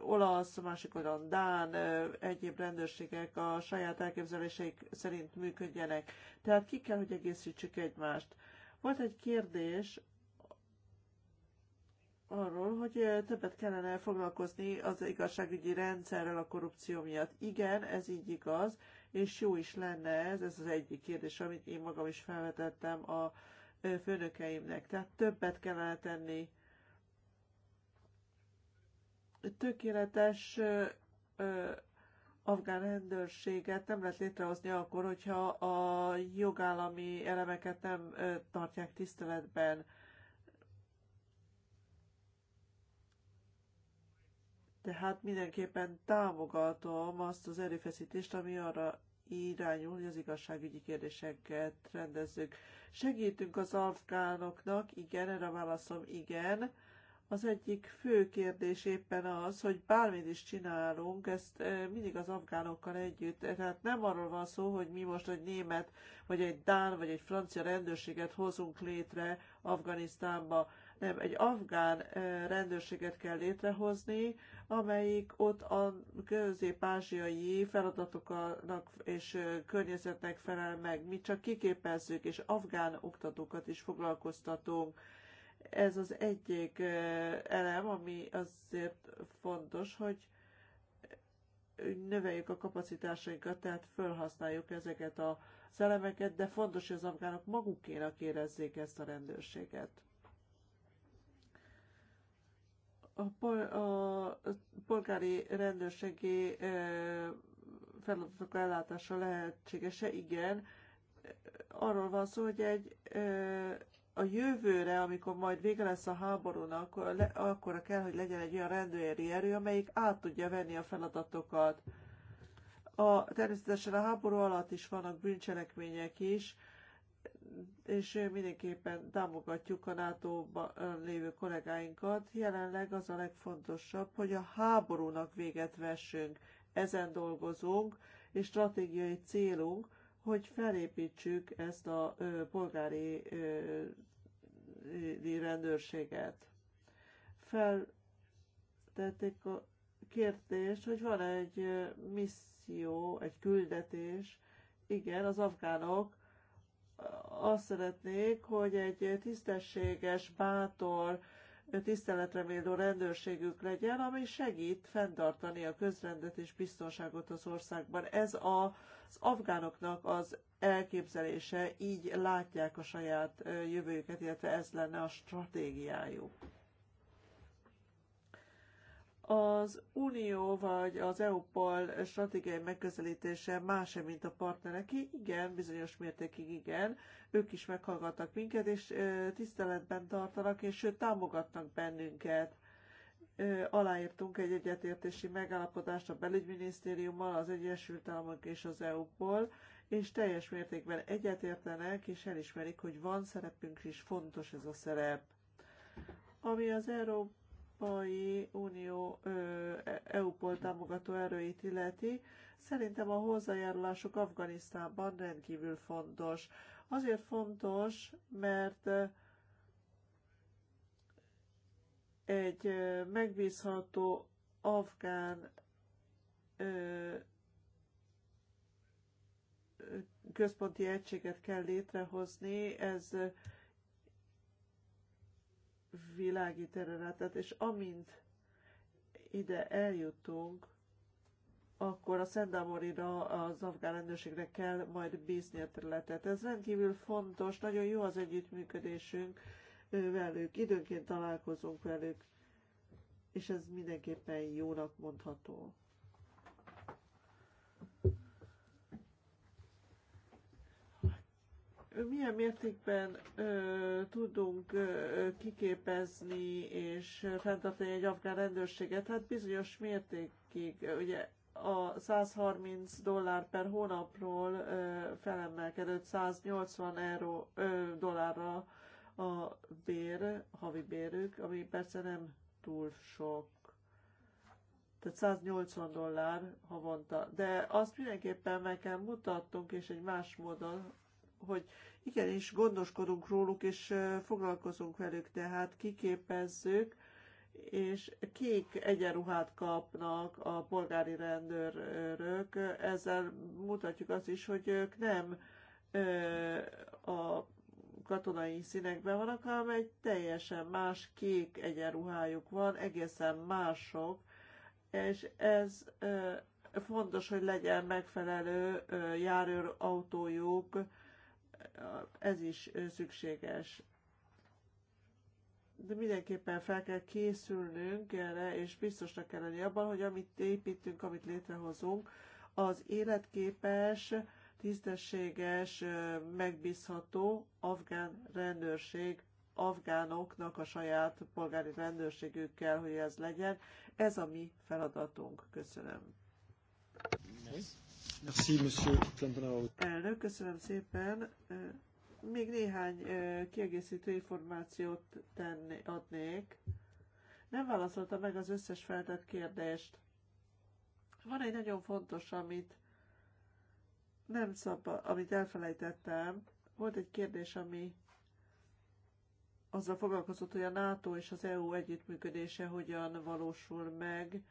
olasz, másik olyan dán, egyéb rendőrségek a saját elképzeléseik szerint működjenek. Tehát ki kell, hogy egészítsük egymást. Volt egy kérdés arról, hogy többet kellene foglalkozni az igazságügyi rendszerrel a korrupció miatt. Igen, ez így igaz, és jó is lenne ez, ez az egyik kérdés, amit én magam is felvetettem a főnökeimnek. Tehát többet kellene tenni. Tökéletes afgán rendőrséget nem lehet létrehozni akkor, hogyha a jogállami elemeket nem tartják tiszteletben. Tehát mindenképpen támogatom azt az erőfeszítést, ami arra irányul, hogy az igazságügyi kérdéseket rendezzük. Segítünk az afgánoknak, igen, erre válaszom igen. Az egyik fő kérdés éppen az, hogy bármit is csinálunk, ezt eh, mindig az afgánokkal együtt. Tehát nem arról van szó, hogy mi most egy német, vagy egy dán, vagy egy francia rendőrséget hozunk létre Afganisztánba nem, egy afgán rendőrséget kell létrehozni, amelyik ott a közép-ázsiai feladatoknak és környezetnek felel meg. Mi csak kiképezzük, és afgán oktatókat is foglalkoztatunk. Ez az egyik elem, ami azért fontos, hogy növeljük a kapacitásainkat, tehát felhasználjuk ezeket a elemeket, de fontos, hogy az afgánok magukénak érezzék ezt a rendőrséget. A, pol, a polgári rendőrségi feladatok ellátása lehetséges-e? Igen. Arról van szó, hogy egy a jövőre, amikor majd vége lesz a háborúnak, akkor kell, hogy legyen egy olyan rendőri erő, amelyik át tudja venni a feladatokat. A, természetesen a háború alatt is vannak bűncselekmények is, és mindenképpen támogatjuk a nato lévő kollégáinkat. Jelenleg az a legfontosabb, hogy a háborúnak véget vessünk, ezen dolgozunk, és stratégiai célunk, hogy felépítsük ezt a ö, polgári ö, rendőrséget. Feltették a kérdést, hogy van egy misszió, egy küldetés, igen, az afgánok azt szeretnék, hogy egy tisztességes, bátor, tiszteletre méltó rendőrségük legyen, ami segít fenntartani a közrendet és biztonságot az országban. Ez a, az afgánoknak az elképzelése, így látják a saját jövőjüket, illetve ez lenne a stratégiájuk. Az Unió vagy az EU-pal stratégiai megközelítése más, -e, mint a partnereké? Igen, bizonyos mértékig igen. Ők is meghallgattak minket, és tiszteletben tartanak, és sőt, támogatnak bennünket aláírtunk egy egyetértési megállapodást a belügyminisztériummal, az Egyesült Államok és az EU-ból, és teljes mértékben egyetértenek és elismerik, hogy van szerepünk és fontos ez a szerep. Ami az Európa Európai Unió e-, EU-pol támogató erőit illeti, szerintem a hozzájárulásuk Afganisztánban rendkívül fontos. Azért fontos, mert egy megbízható afgán központi egységet kell létrehozni, ez világi területet, és amint ide eljutunk, akkor a Szendámorira, az afgán rendőrségre kell majd bízni a területet. Ez rendkívül fontos, nagyon jó az együttműködésünk velük, időnként találkozunk velük, és ez mindenképpen jónak mondható. milyen mértékben ö, tudunk ö, kiképezni és fenntartani egy afgán rendőrséget? Hát bizonyos mértékig, ugye a 130 dollár per hónapról ö, felemelkedett 180 euró, ö, dollárra a bér, havi bérük, ami persze nem túl sok. Tehát 180 dollár havonta. De azt mindenképpen meg kell mutatnunk, és egy más módon hogy igenis gondoskodunk róluk, és foglalkozunk velük, tehát kiképezzük, és kék egyenruhát kapnak a polgári rendőrök. Ezzel mutatjuk azt is, hogy ők nem a katonai színekben vannak, hanem egy teljesen más kék egyenruhájuk van, egészen mások, és ez fontos, hogy legyen megfelelő járőr autójuk, ez is szükséges. De mindenképpen fel kell készülnünk erre, és biztosnak kell lenni abban, hogy amit építünk, amit létrehozunk, az életképes, tisztességes, megbízható afgán rendőrség afgánoknak a saját polgári rendőrségük kell, hogy ez legyen. Ez a mi feladatunk. Köszönöm. Merci, monsieur Elnök, köszönöm szépen. Még néhány kiegészítő információt tenni, adnék. Nem válaszolta meg az összes feltett kérdést. Van egy nagyon fontos, amit nem szabba, amit elfelejtettem. Volt egy kérdés, ami azzal foglalkozott, hogy a NATO és az EU együttműködése hogyan valósul meg,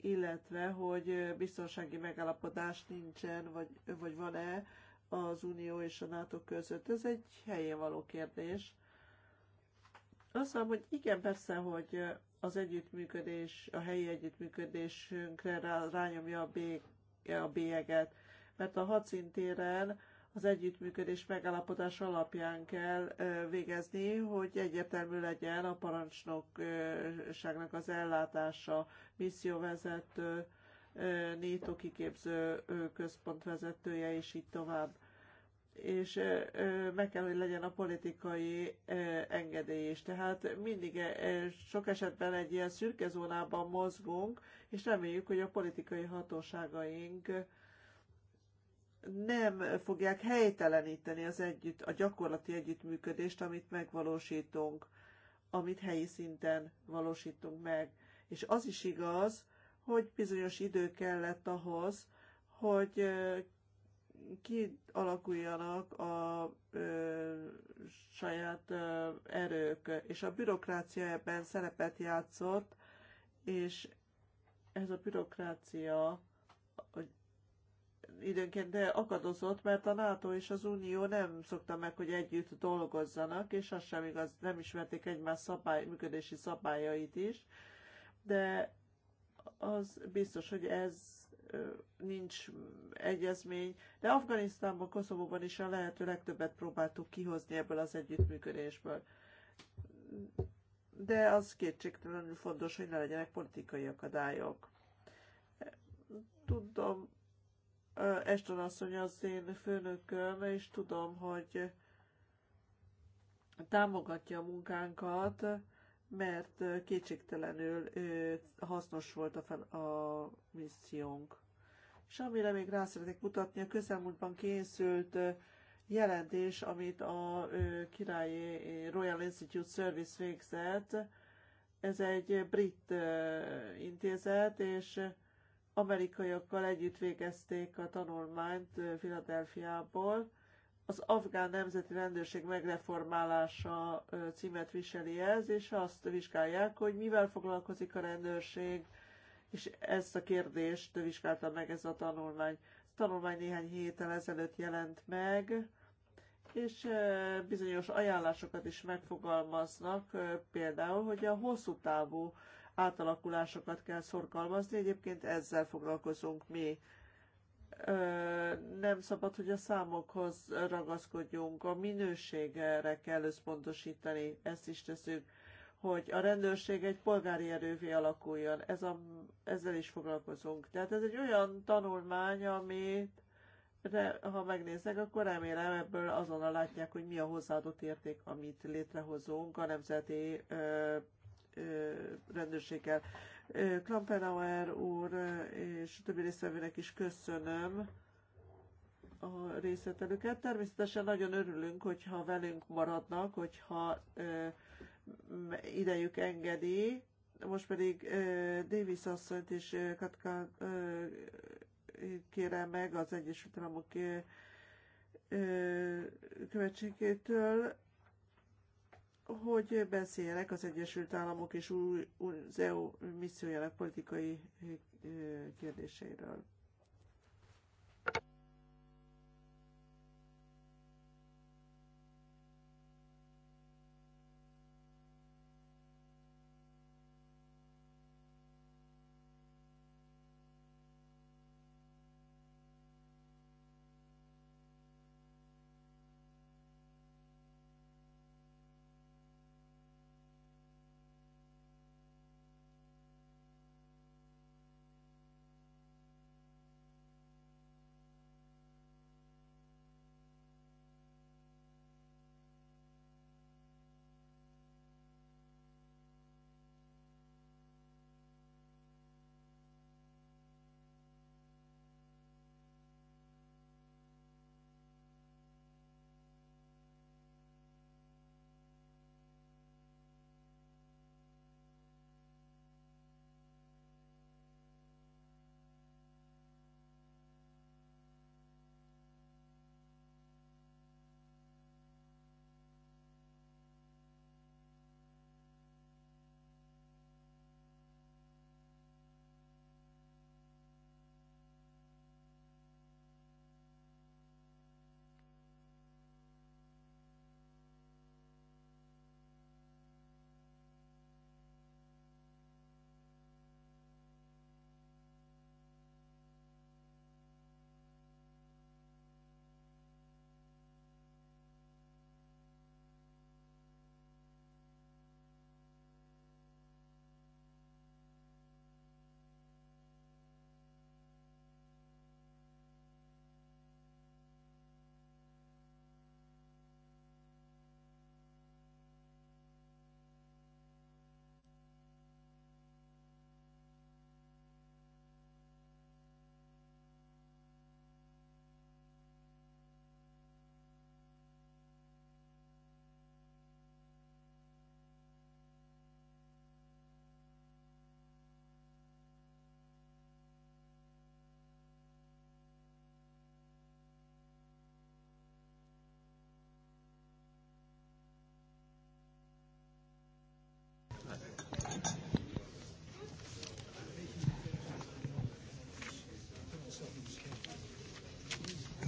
illetve hogy biztonsági megállapodás nincsen, vagy, vagy van-e az Unió és a NATO között. Ez egy helyén való kérdés. Azt mondom, hogy igen, persze, hogy az együttműködés, a helyi együttműködésünkre rá, rányomja a, bé, a bélyeget, mert a hadszintéren az együttműködés megállapodás alapján kell végezni, hogy egyértelmű legyen a parancsnokságnak az ellátása, misszióvezető, NATO kiképző központ vezetője, és így tovább és meg kell, hogy legyen a politikai engedély is. Tehát mindig sok esetben egy ilyen szürke zónában mozgunk, és reméljük, hogy a politikai hatóságaink nem fogják helyteleníteni az együtt, a gyakorlati együttműködést, amit megvalósítunk, amit helyi szinten valósítunk meg. És az is igaz, hogy bizonyos idő kellett ahhoz, hogy kialakuljanak a ö, saját ö, erők, és a bürokrácia ebben szerepet játszott, és ez a bürokrácia időnként akadozott, mert a NATO és az Unió nem szokta meg, hogy együtt dolgozzanak, és az sem igaz, nem ismerték egymás szabály, működési szabályait is, de az biztos, hogy ez nincs egyezmény, de Afganisztánban, Koszovóban is a lehető legtöbbet próbáltuk kihozni ebből az együttműködésből. De az kétségtelenül fontos, hogy ne legyenek politikai akadályok. Tudom, Eston asszony az én főnököm, és tudom, hogy támogatja a munkánkat, mert kétségtelenül hasznos volt a, fel, a missziónk. És amire még rá szeretnék mutatni, a közelmúltban készült jelentés, amit a királyi Royal Institute Service végzett. Ez egy brit intézet, és amerikaiakkal együtt végezték a tanulmányt Filadelfiából. Az afgán nemzeti rendőrség megreformálása címet viseli ez, és azt vizsgálják, hogy mivel foglalkozik a rendőrség, és ezt a kérdést vizsgálta meg ez a tanulmány. A tanulmány néhány héttel ezelőtt jelent meg, és bizonyos ajánlásokat is megfogalmaznak, például, hogy a hosszú távú átalakulásokat kell szorgalmazni. Egyébként ezzel foglalkozunk mi. Nem szabad, hogy a számokhoz ragaszkodjunk, a minőségre kell összpontosítani, ezt is teszünk, hogy a rendőrség egy polgári erővé alakuljon, ez a, ezzel is foglalkozunk. Tehát ez egy olyan tanulmány, amit de ha megnéznek, akkor remélem ebből azonnal látják, hogy mi a hozzáadott érték, amit létrehozunk a nemzeti ö, rendőrséggel. Klampenauer úr és többi részvevőnek is köszönöm a részletelőket. Természetesen nagyon örülünk, hogyha velünk maradnak, hogyha idejük engedi. Most pedig Davis asszonyt és Katka kérem meg az Egyesült Államok követségétől hogy beszéljenek az Egyesült Államok és az EU missziójának politikai eh, eh, kérdéseiről.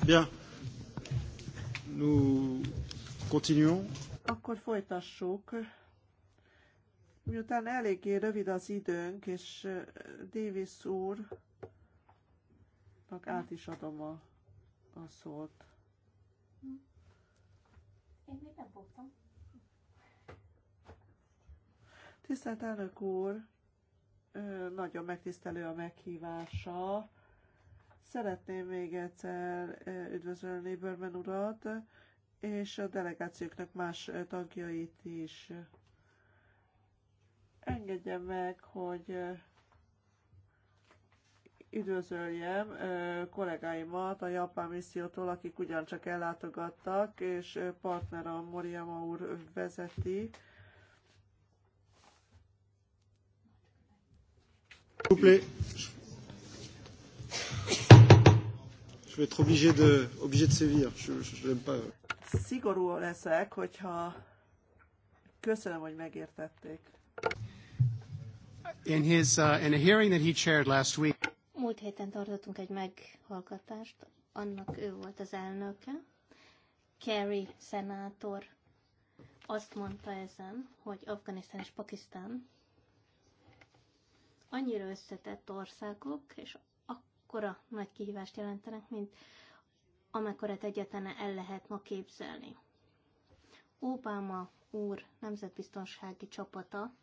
Bien. Nous continuons. Akkor folytassuk. Miután eléggé rövid az időnk, és Davis úrnak át is adom a, a szót. Én még nem fogtam. Tisztelt elnök úr, nagyon megtisztelő a meghívása Szeretném még egyszer üdvözölni Börben urat, és a delegációknak más tagjait is. Engedje meg, hogy üdvözöljem kollégáimat a japán missziótól, akik ugyancsak ellátogattak, és partnerem Moriyama úr vezeti. S'il vais être obligé de, obligé de sévir. Je, je, je pas. Euh. Szigorú leszek, hogyha köszönöm, hogy megértették. In his uh, in a hearing that he chaired last week. Múlt héten tartottunk egy meghallgatást, annak ő volt az elnöke. Kerry szenátor azt mondta ezen, hogy Afganisztán és Pakisztán annyira összetett országok, és akkora nagy kihívást jelentenek, mint amekkorat egyetlen el lehet ma képzelni. Obama úr nemzetbiztonsági csapata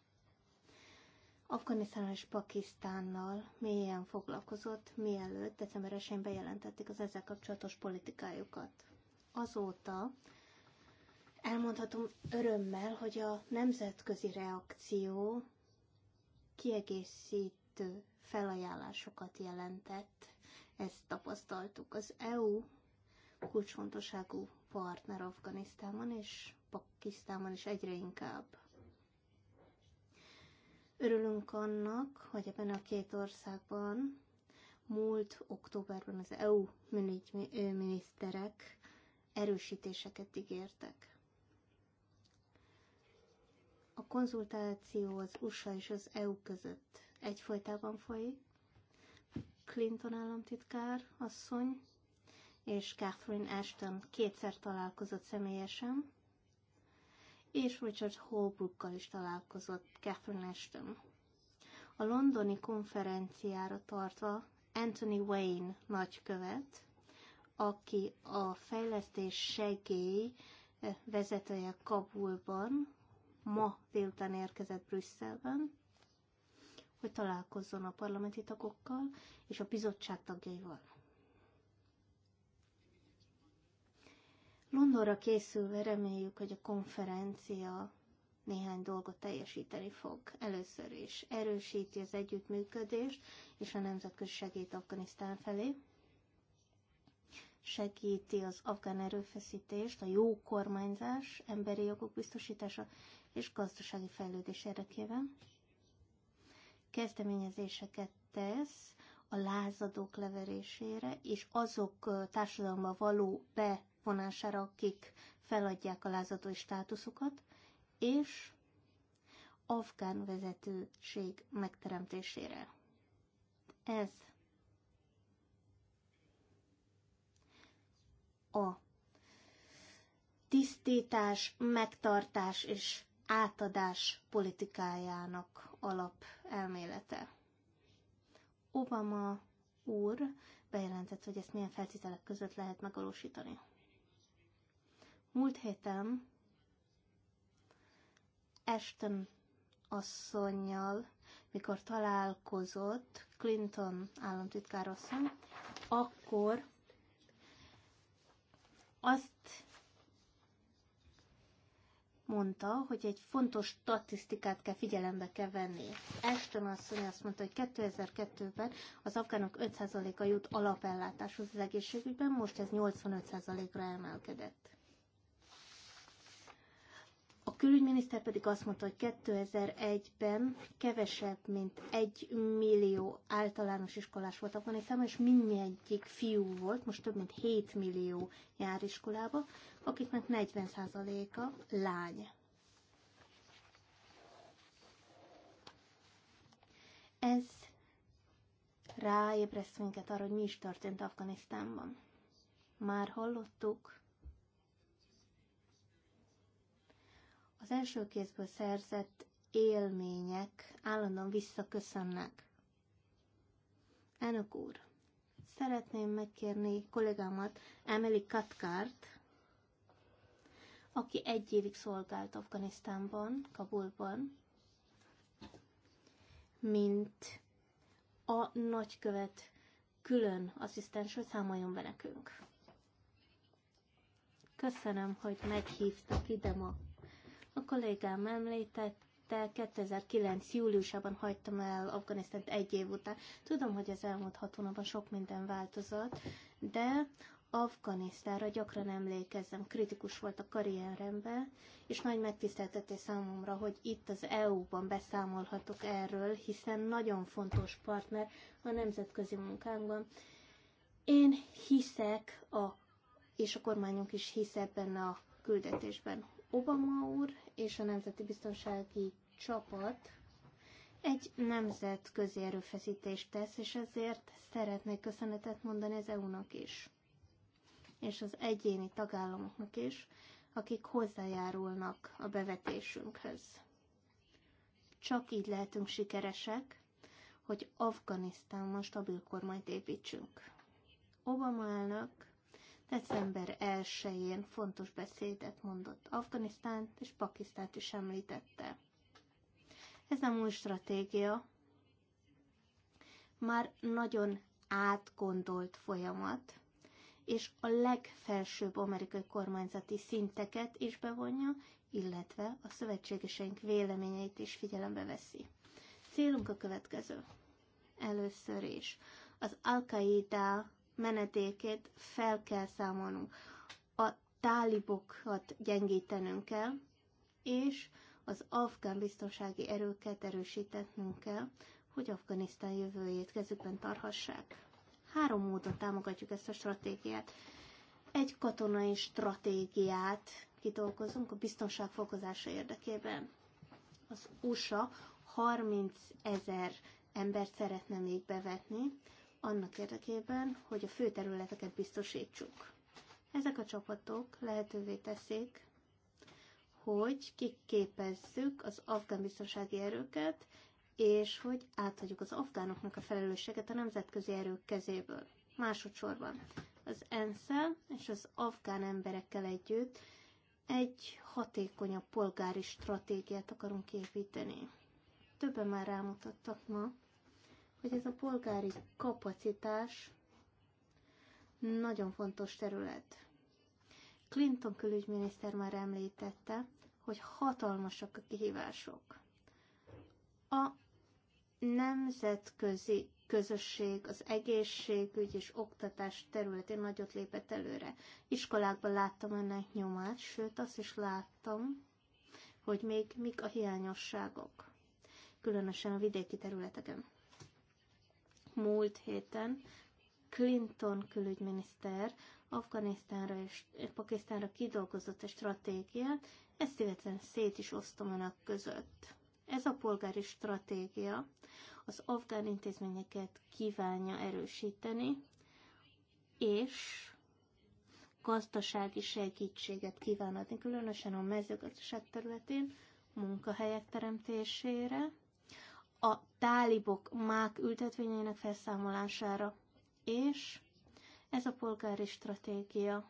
Afganisztán és Pakisztánnal mélyen foglalkozott, mielőtt december 1 bejelentették az ezzel kapcsolatos politikájukat. Azóta elmondhatom örömmel, hogy a nemzetközi reakció kiegészítő felajánlásokat jelentett. Ezt tapasztaltuk. Az EU kulcsfontosságú partner Afganisztánban és Pakisztánban is egyre inkább. Örülünk annak, hogy ebben a két országban múlt októberben az EU miniszterek erősítéseket ígértek. A konzultáció az USA és az EU között egyfolytában folyik. Clinton államtitkár asszony és Catherine Ashton kétszer találkozott személyesen, és Richard Holbrookkal is találkozott Catherine Ashton. A londoni konferenciára tartva Anthony Wayne nagykövet, aki a fejlesztés segély eh, vezetője Kabulban, ma délután érkezett Brüsszelben, hogy találkozzon a parlamenti tagokkal és a bizottság tagjaival. Londonra készülve reméljük, hogy a konferencia néhány dolgot teljesíteni fog. Először is erősíti az együttműködést és a nemzetközi segít Afganisztán felé. Segíti az afgán erőfeszítést, a jó kormányzás, emberi jogok biztosítása és gazdasági fejlődés érdekében kezdeményezéseket tesz a lázadók leverésére, és azok társadalma való bevonására, akik feladják a lázadói státuszukat, és afgán vezetőség megteremtésére. Ez a tisztítás, megtartás és átadás politikájának alap elmélete. Obama úr bejelentett, hogy ezt milyen feltételek között lehet megvalósítani. Múlt héten Ashton asszonynal, mikor találkozott Clinton államtitkár asszony, akkor azt mondta, hogy egy fontos statisztikát kell figyelembe kell venni. Ashton asszony azt mondta, hogy 2002-ben az afgánok 5%-a jut alapellátáshoz az egészségügyben, most ez 85%-ra emelkedett külügyminiszter pedig azt mondta, hogy 2001-ben kevesebb, mint egy millió általános iskolás volt Afganisztánban, és mindegyik fiú volt, most több mint 7 millió jár iskolába, akiknek 40%-a lány. Ez ráébreszt minket arra, hogy mi is történt Afganisztánban. Már hallottuk, az első kézből szerzett élmények állandóan visszaköszönnek. Elnök úr, szeretném megkérni kollégámat Emily Katkárt, aki egy évig szolgált Afganisztánban, Kabulban, mint a nagykövet külön asszisztens, hogy számoljon be nekünk. Köszönöm, hogy meghívtak ide ma. A kollégám említette, 2009. júliusában hagytam el Afganisztánt egy év után. Tudom, hogy az elmúlt hat hónapban sok minden változott, de Afganisztára gyakran emlékezem, kritikus volt a karrieremben, és nagy megtiszteltetés számomra, hogy itt az EU-ban beszámolhatok erről, hiszen nagyon fontos partner a nemzetközi munkánkban. Én hiszek, a, és a kormányunk is hisz ebben a küldetésben. Obama úr és a Nemzeti Biztonsági Csapat egy nemzetközi erőfeszítést tesz, és ezért szeretnék köszönetet mondani az EU-nak is, és az egyéni tagállamoknak is, akik hozzájárulnak a bevetésünkhöz. Csak így lehetünk sikeresek, hogy Afganisztánban stabil kormányt építsünk. Obama elnök December 1-én fontos beszédet mondott Afganisztánt és Pakisztánt is említette. Ez nem új stratégia, már nagyon átgondolt folyamat, és a legfelsőbb amerikai kormányzati szinteket is bevonja, illetve a szövetségeseink véleményeit is figyelembe veszi. Célunk a következő. Először is az al menedékét fel kell számolnunk. A tálibokat gyengítenünk kell, és az afgán biztonsági erőket erősítetnünk kell, hogy Afganisztán jövőjét kezükben tarhassák. Három módon támogatjuk ezt a stratégiát. Egy katonai stratégiát kidolgozunk a biztonság fokozása érdekében. Az USA 30 ezer embert szeretne még bevetni, annak érdekében, hogy a fő területeket biztosítsuk. Ezek a csapatok lehetővé teszik, hogy kiképezzük az afgán biztonsági erőket, és hogy átadjuk az afgánoknak a felelősséget a nemzetközi erők kezéből. Másodszorban az ensz és az afgán emberekkel együtt egy hatékonyabb polgári stratégiát akarunk építeni. Többen már rámutattak ma, hogy ez a polgári kapacitás nagyon fontos terület. Clinton külügyminiszter már említette, hogy hatalmasak a kihívások. A nemzetközi közösség az egészségügy és oktatás területén nagyot lépett előre. Iskolákban láttam ennek nyomát, sőt azt is láttam, hogy még mik a hiányosságok, különösen a vidéki területeken múlt héten Clinton külügyminiszter Afganisztánra és Pakisztánra kidolgozott egy stratégiát, ezt illetően szét is osztom önök között. Ez a polgári stratégia az afgán intézményeket kívánja erősíteni, és gazdasági segítséget kíván adni, különösen a mezőgazdaság területén, munkahelyek teremtésére, a tálibok mák ültetvényeinek felszámolására. És ez a polgári stratégia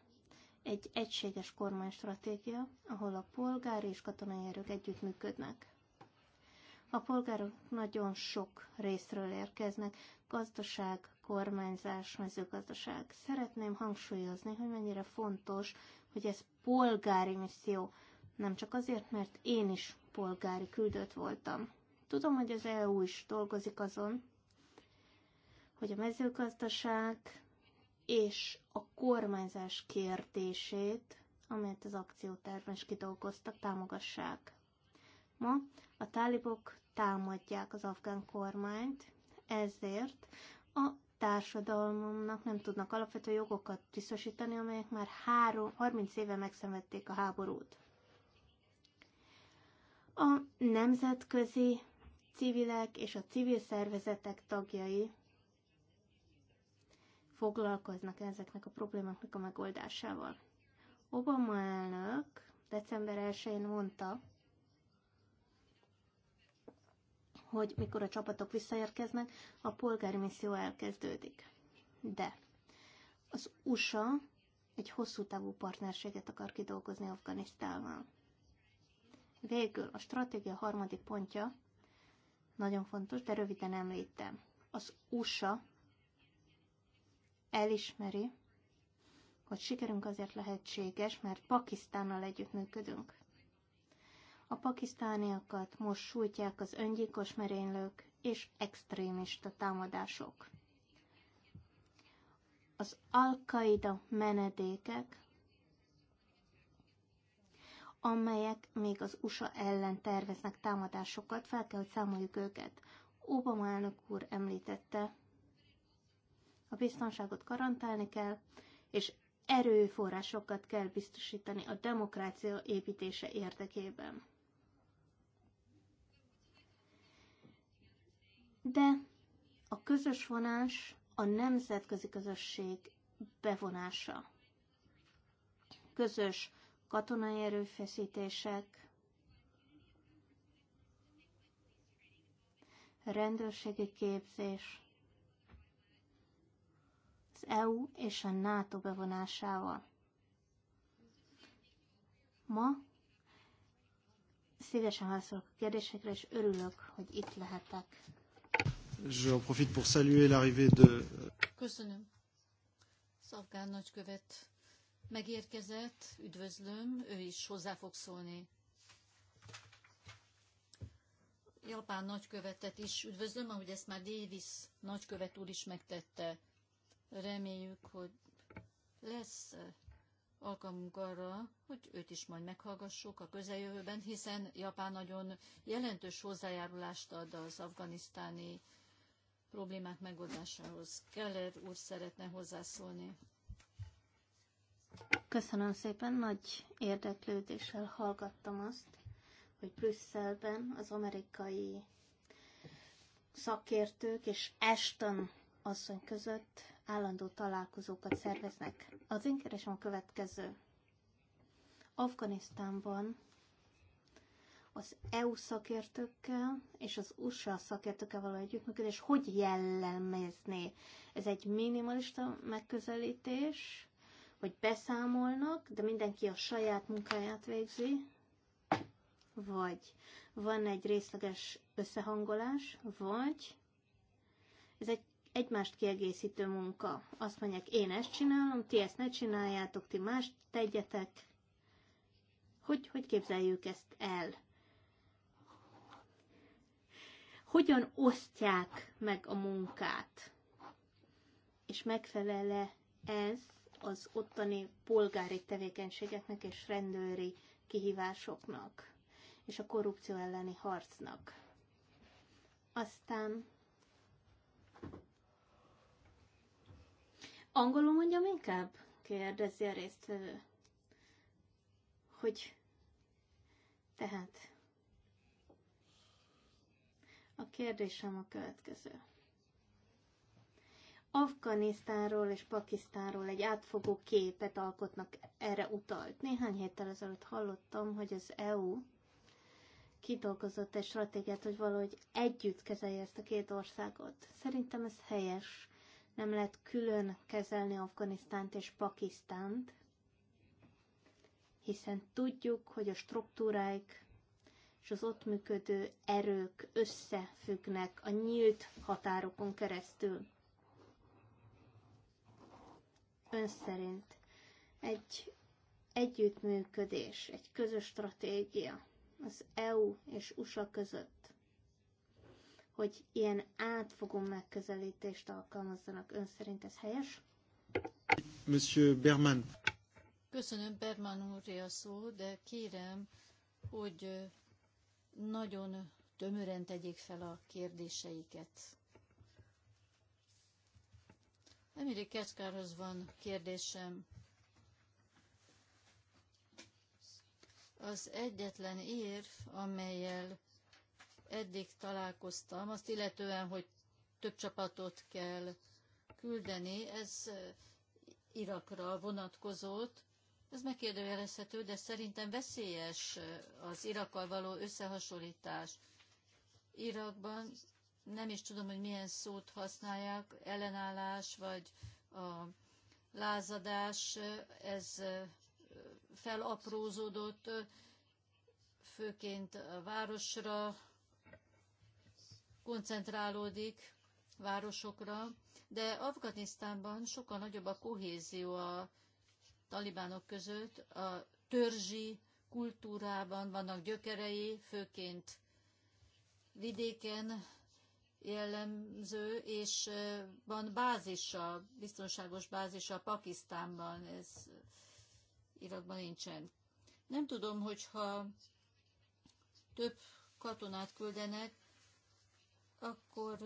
egy egységes kormánystratégia, ahol a polgári és katonai erők együttműködnek. A polgárok nagyon sok részről érkeznek, gazdaság, kormányzás, mezőgazdaság. Szeretném hangsúlyozni, hogy mennyire fontos, hogy ez polgári misszió, nem csak azért, mert én is polgári küldött voltam. Tudom, hogy az EU is dolgozik azon, hogy a mezőgazdaság és a kormányzás kérdését, amelyet az akcióterv is kidolgoztak, támogassák. Ma a tálibok támadják az afgán kormányt, ezért a társadalomnak nem tudnak alapvető jogokat biztosítani, amelyek már három, 30 éve megszenvedték a háborút. A nemzetközi civilek és a civil szervezetek tagjai foglalkoznak ezeknek a problémáknak a megoldásával. Obama elnök december 1-én mondta, hogy mikor a csapatok visszaérkeznek, a polgári misszió elkezdődik. De az USA egy hosszú távú partnerséget akar kidolgozni Afganisztánnal. Végül a stratégia harmadik pontja nagyon fontos, de röviden említem. Az USA elismeri, hogy sikerünk azért lehetséges, mert Pakisztánnal együttműködünk. A pakisztániakat most sújtják az öngyilkos merénylők és extrémista támadások. Az al-Qaida menedékek amelyek még az USA ellen terveznek támadásokat, fel kell, hogy számoljuk őket. Obama elnök úr említette, a biztonságot garantálni kell, és erőforrásokat kell biztosítani a demokrácia építése érdekében. De a közös vonás a nemzetközi közösség bevonása. Közös katonai erőfeszítések, rendőrségi képzés, az EU és a NATO bevonásával. Ma szívesen válaszolok a kérdésekre, és örülök, hogy itt lehetek. Je profite pour saluer l'arrivée de... Köszönöm. Az nagykövet megérkezett, üdvözlöm, ő is hozzá fog szólni. Japán nagykövetet is üdvözlöm, ahogy ezt már Davis nagykövet úr is megtette. Reméljük, hogy lesz alkalmunk arra, hogy őt is majd meghallgassuk a közeljövőben, hiszen Japán nagyon jelentős hozzájárulást ad az afganisztáni problémák megoldásához. Keller úr szeretne hozzászólni. Köszönöm szépen, nagy érdeklődéssel hallgattam azt, hogy Brüsszelben az amerikai szakértők és Ashton asszony között állandó találkozókat szerveznek. Az én keresem a következő. Afganisztánban az EU szakértőkkel és az USA szakértőkkel való együttműködés hogy jellemezné? Ez egy minimalista megközelítés, hogy beszámolnak, de mindenki a saját munkáját végzi, vagy van egy részleges összehangolás, vagy ez egy egymást kiegészítő munka. Azt mondják, én ezt csinálom, ti ezt ne csináljátok, ti mást tegyetek. Hogy, hogy képzeljük ezt el? Hogyan osztják meg a munkát? És megfelele ez az ottani polgári tevékenységeknek és rendőri kihívásoknak, és a korrupció elleni harcnak. Aztán angolul mondjam inkább? kérdezi a résztvevő. Hogy tehát a kérdésem a következő. Afganisztánról és Pakisztánról egy átfogó képet alkotnak, erre utalt. Néhány héttel ezelőtt hallottam, hogy az EU kidolgozott egy stratégiát, hogy valahogy együtt kezelje ezt a két országot. Szerintem ez helyes. Nem lehet külön kezelni Afganisztánt és Pakisztánt, hiszen tudjuk, hogy a struktúráik és az ott működő erők összefüggnek a nyílt határokon keresztül ön szerint egy együttműködés, egy közös stratégia az EU és USA között, hogy ilyen átfogó megközelítést alkalmazzanak, ön szerint ez helyes? Monsieur Berman. Köszönöm Berman úrja a szó, de kérem, hogy nagyon tömören tegyék fel a kérdéseiket. Emily Kecskárhoz van kérdésem. Az egyetlen érv, amelyel eddig találkoztam, azt illetően, hogy több csapatot kell küldeni, ez Irakra vonatkozott. Ez megkérdőjelezhető, de szerintem veszélyes az Irakkal való összehasonlítás. Irakban nem is tudom, hogy milyen szót használják, ellenállás vagy a lázadás, ez felaprózódott, főként a városra koncentrálódik, városokra, de Afganisztánban sokkal nagyobb a kohézió a talibánok között, a törzsi kultúrában vannak gyökerei, főként vidéken jellemző, és van bázisa, biztonságos bázisa Pakisztánban, ez Irakban nincsen. Nem tudom, hogyha több katonát küldenek, akkor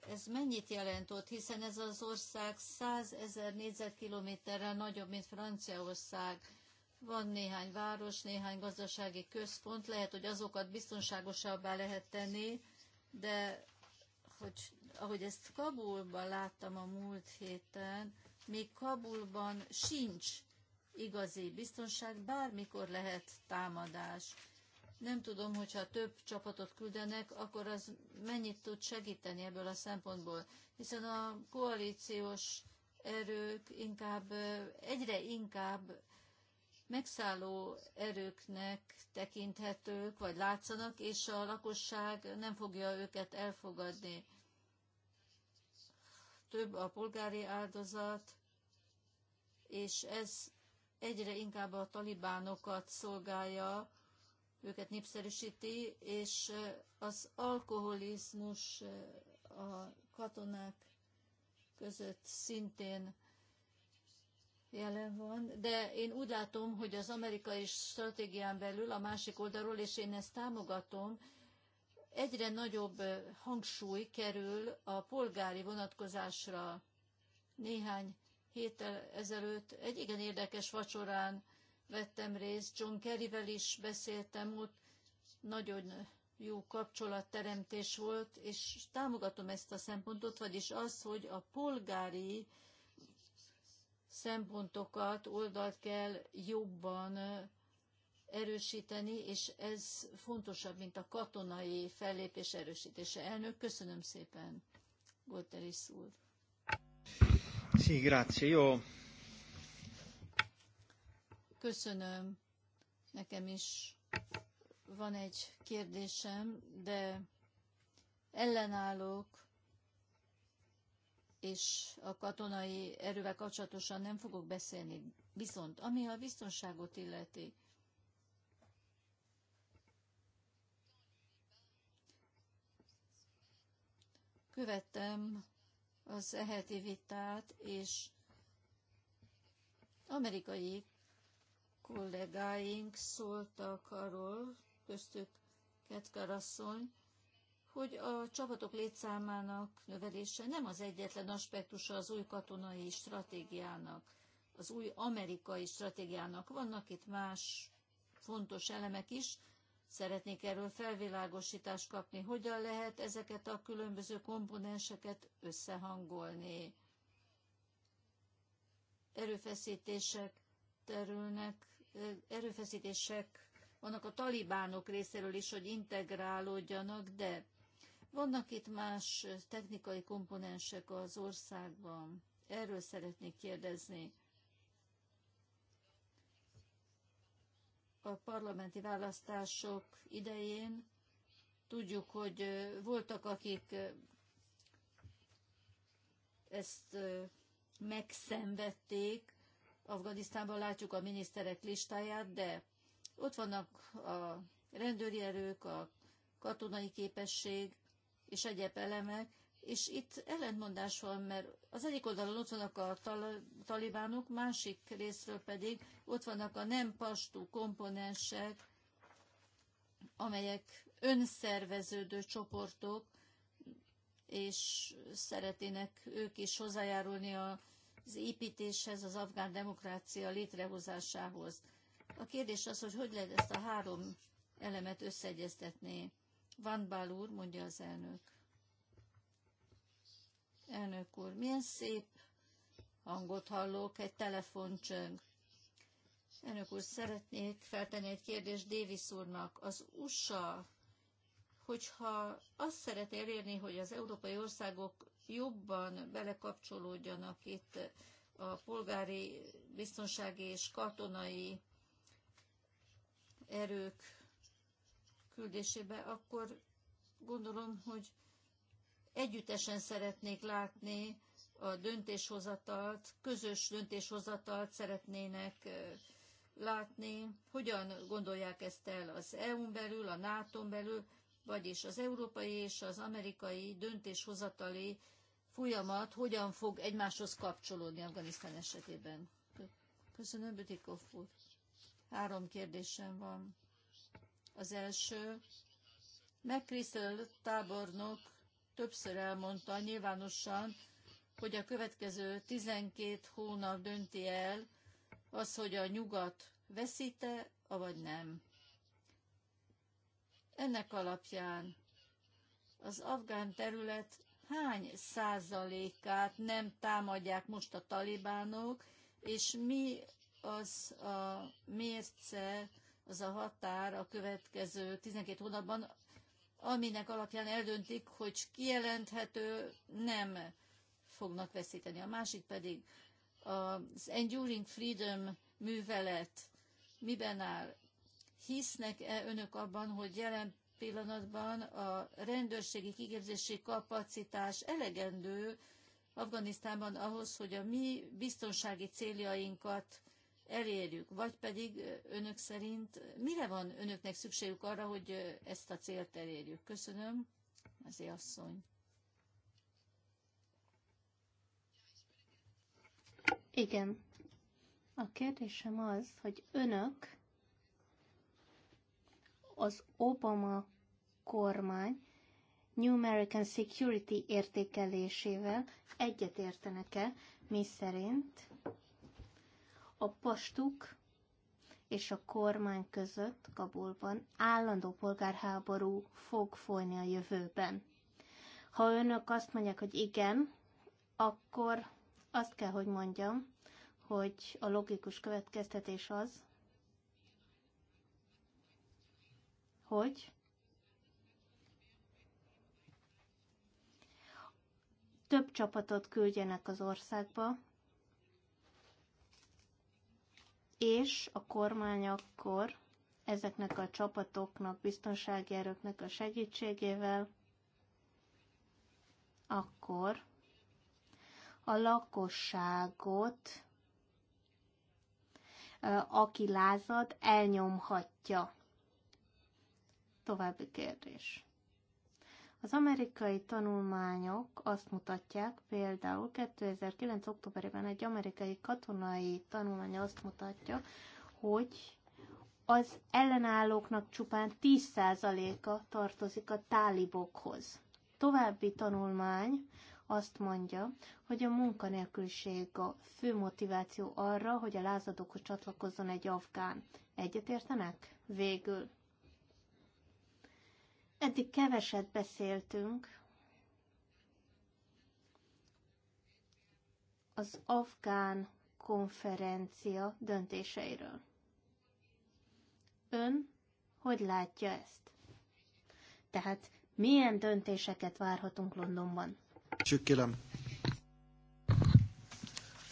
ez mennyit jelent ott, hiszen ez az ország 100 ezer négyzetkilométerrel nagyobb, mint Franciaország. Van néhány város, néhány gazdasági központ, lehet, hogy azokat biztonságosabbá lehet tenni, de hogy ahogy ezt Kabulban láttam a múlt héten, még Kabulban sincs igazi biztonság, bármikor lehet támadás. Nem tudom, hogyha több csapatot küldenek, akkor az mennyit tud segíteni ebből a szempontból, hiszen a koalíciós erők inkább egyre inkább megszálló erőknek tekinthetők, vagy látszanak, és a lakosság nem fogja őket elfogadni. Több a polgári áldozat, és ez egyre inkább a talibánokat szolgálja, őket népszerűsíti, és az alkoholizmus a katonák között szintén jelen van, de én úgy látom, hogy az amerikai stratégián belül a másik oldalról, és én ezt támogatom, egyre nagyobb hangsúly kerül a polgári vonatkozásra. Néhány héttel ezelőtt egy igen érdekes vacsorán vettem részt, John Kerryvel is beszéltem, ott nagyon jó kapcsolatteremtés volt, és támogatom ezt a szempontot, vagyis az, hogy a polgári szempontokat, oldalt kell jobban erősíteni, és ez fontosabb, mint a katonai fellépés erősítése. Elnök, köszönöm szépen, Gotteris úr. Sí, grazie. Jó. Köszönöm. Nekem is van egy kérdésem, de ellenállok és a katonai erővel kapcsolatosan nem fogok beszélni. Viszont ami a biztonságot illeti, követtem az eheti vitát, és amerikai kollégáink szóltak arról, köztük Ketkarasszony, hogy a csapatok létszámának növelése nem az egyetlen aspektusa az új katonai stratégiának, az új amerikai stratégiának. Vannak itt más fontos elemek is, Szeretnék erről felvilágosítást kapni, hogyan lehet ezeket a különböző komponenseket összehangolni. Erőfeszítések terülnek, erőfeszítések vannak a talibánok részéről is, hogy integrálódjanak, de vannak itt más technikai komponensek az országban. Erről szeretnék kérdezni. A parlamenti választások idején tudjuk, hogy voltak, akik ezt megszenvedték. Afganisztánban látjuk a miniszterek listáját, de ott vannak a rendőri erők, a katonai képesség, és egyéb elemek, és itt ellentmondás van, mert az egyik oldalon ott vannak a tal- talibánok, másik részről pedig ott vannak a nem pastú komponensek, amelyek önszerveződő csoportok, és szeretnének ők is hozzájárulni az építéshez, az afgán demokrácia létrehozásához. A kérdés az, hogy hogy lehet ezt a három elemet összeegyeztetni. Van Bál úr, mondja az elnök. Elnök úr, milyen szép hangot hallok, egy telefoncsöng. Elnök úr, szeretnék feltenni egy kérdést Davis úrnak. Az USA, hogyha azt szeret elérni, hogy az európai országok jobban belekapcsolódjanak itt a polgári, biztonsági és katonai erők küldésébe, akkor gondolom, hogy együttesen szeretnék látni a döntéshozatalt, közös döntéshozatalt szeretnének látni, hogyan gondolják ezt el az EU-n belül, a NATO-n belül, vagyis az európai és az amerikai döntéshozatali folyamat hogyan fog egymáshoz kapcsolódni Afganisztán esetében. Köszönöm, Bütikov úr. Három kérdésem van. Az első, McChrystal tábornok többször elmondta nyilvánosan, hogy a következő 12 hónap dönti el az, hogy a nyugat veszíte, avagy nem. Ennek alapján az afgán terület hány százalékát nem támadják most a talibánok, és mi az a mérce az a határ a következő 12 hónapban, aminek alapján eldöntik, hogy kijelenthető, nem fognak veszíteni. A másik pedig az Enduring Freedom művelet miben áll? Hisznek-e önök abban, hogy jelen pillanatban a rendőrségi kiképzési kapacitás elegendő Afganisztánban ahhoz, hogy a mi biztonsági céljainkat elérjük, vagy pedig önök szerint mire van önöknek szükségük arra, hogy ezt a célt elérjük? Köszönöm, az asszony. Igen. A kérdésem az, hogy önök az Obama kormány New American Security értékelésével egyetértenek-e, mi szerint a pastuk és a kormány között Kabulban állandó polgárháború fog folyni a jövőben. Ha önök azt mondják, hogy igen, akkor azt kell, hogy mondjam, hogy a logikus következtetés az, hogy több csapatot küldjenek az országba, és a kormány akkor ezeknek a csapatoknak, biztonsági erőknek a segítségével akkor a lakosságot, aki lázad, elnyomhatja. További kérdés. Az amerikai tanulmányok azt mutatják, például 2009. októberében egy amerikai katonai tanulmány azt mutatja, hogy az ellenállóknak csupán 10%-a tartozik a tálibokhoz. További tanulmány azt mondja, hogy a munkanélküliség a fő motiváció arra, hogy a lázadókhoz csatlakozzon egy afgán. Egyetértenek? Végül. Eddig keveset beszéltünk az afgán konferencia döntéseiről. Ön hogy látja ezt? Tehát milyen döntéseket várhatunk Londonban? Csükkélem.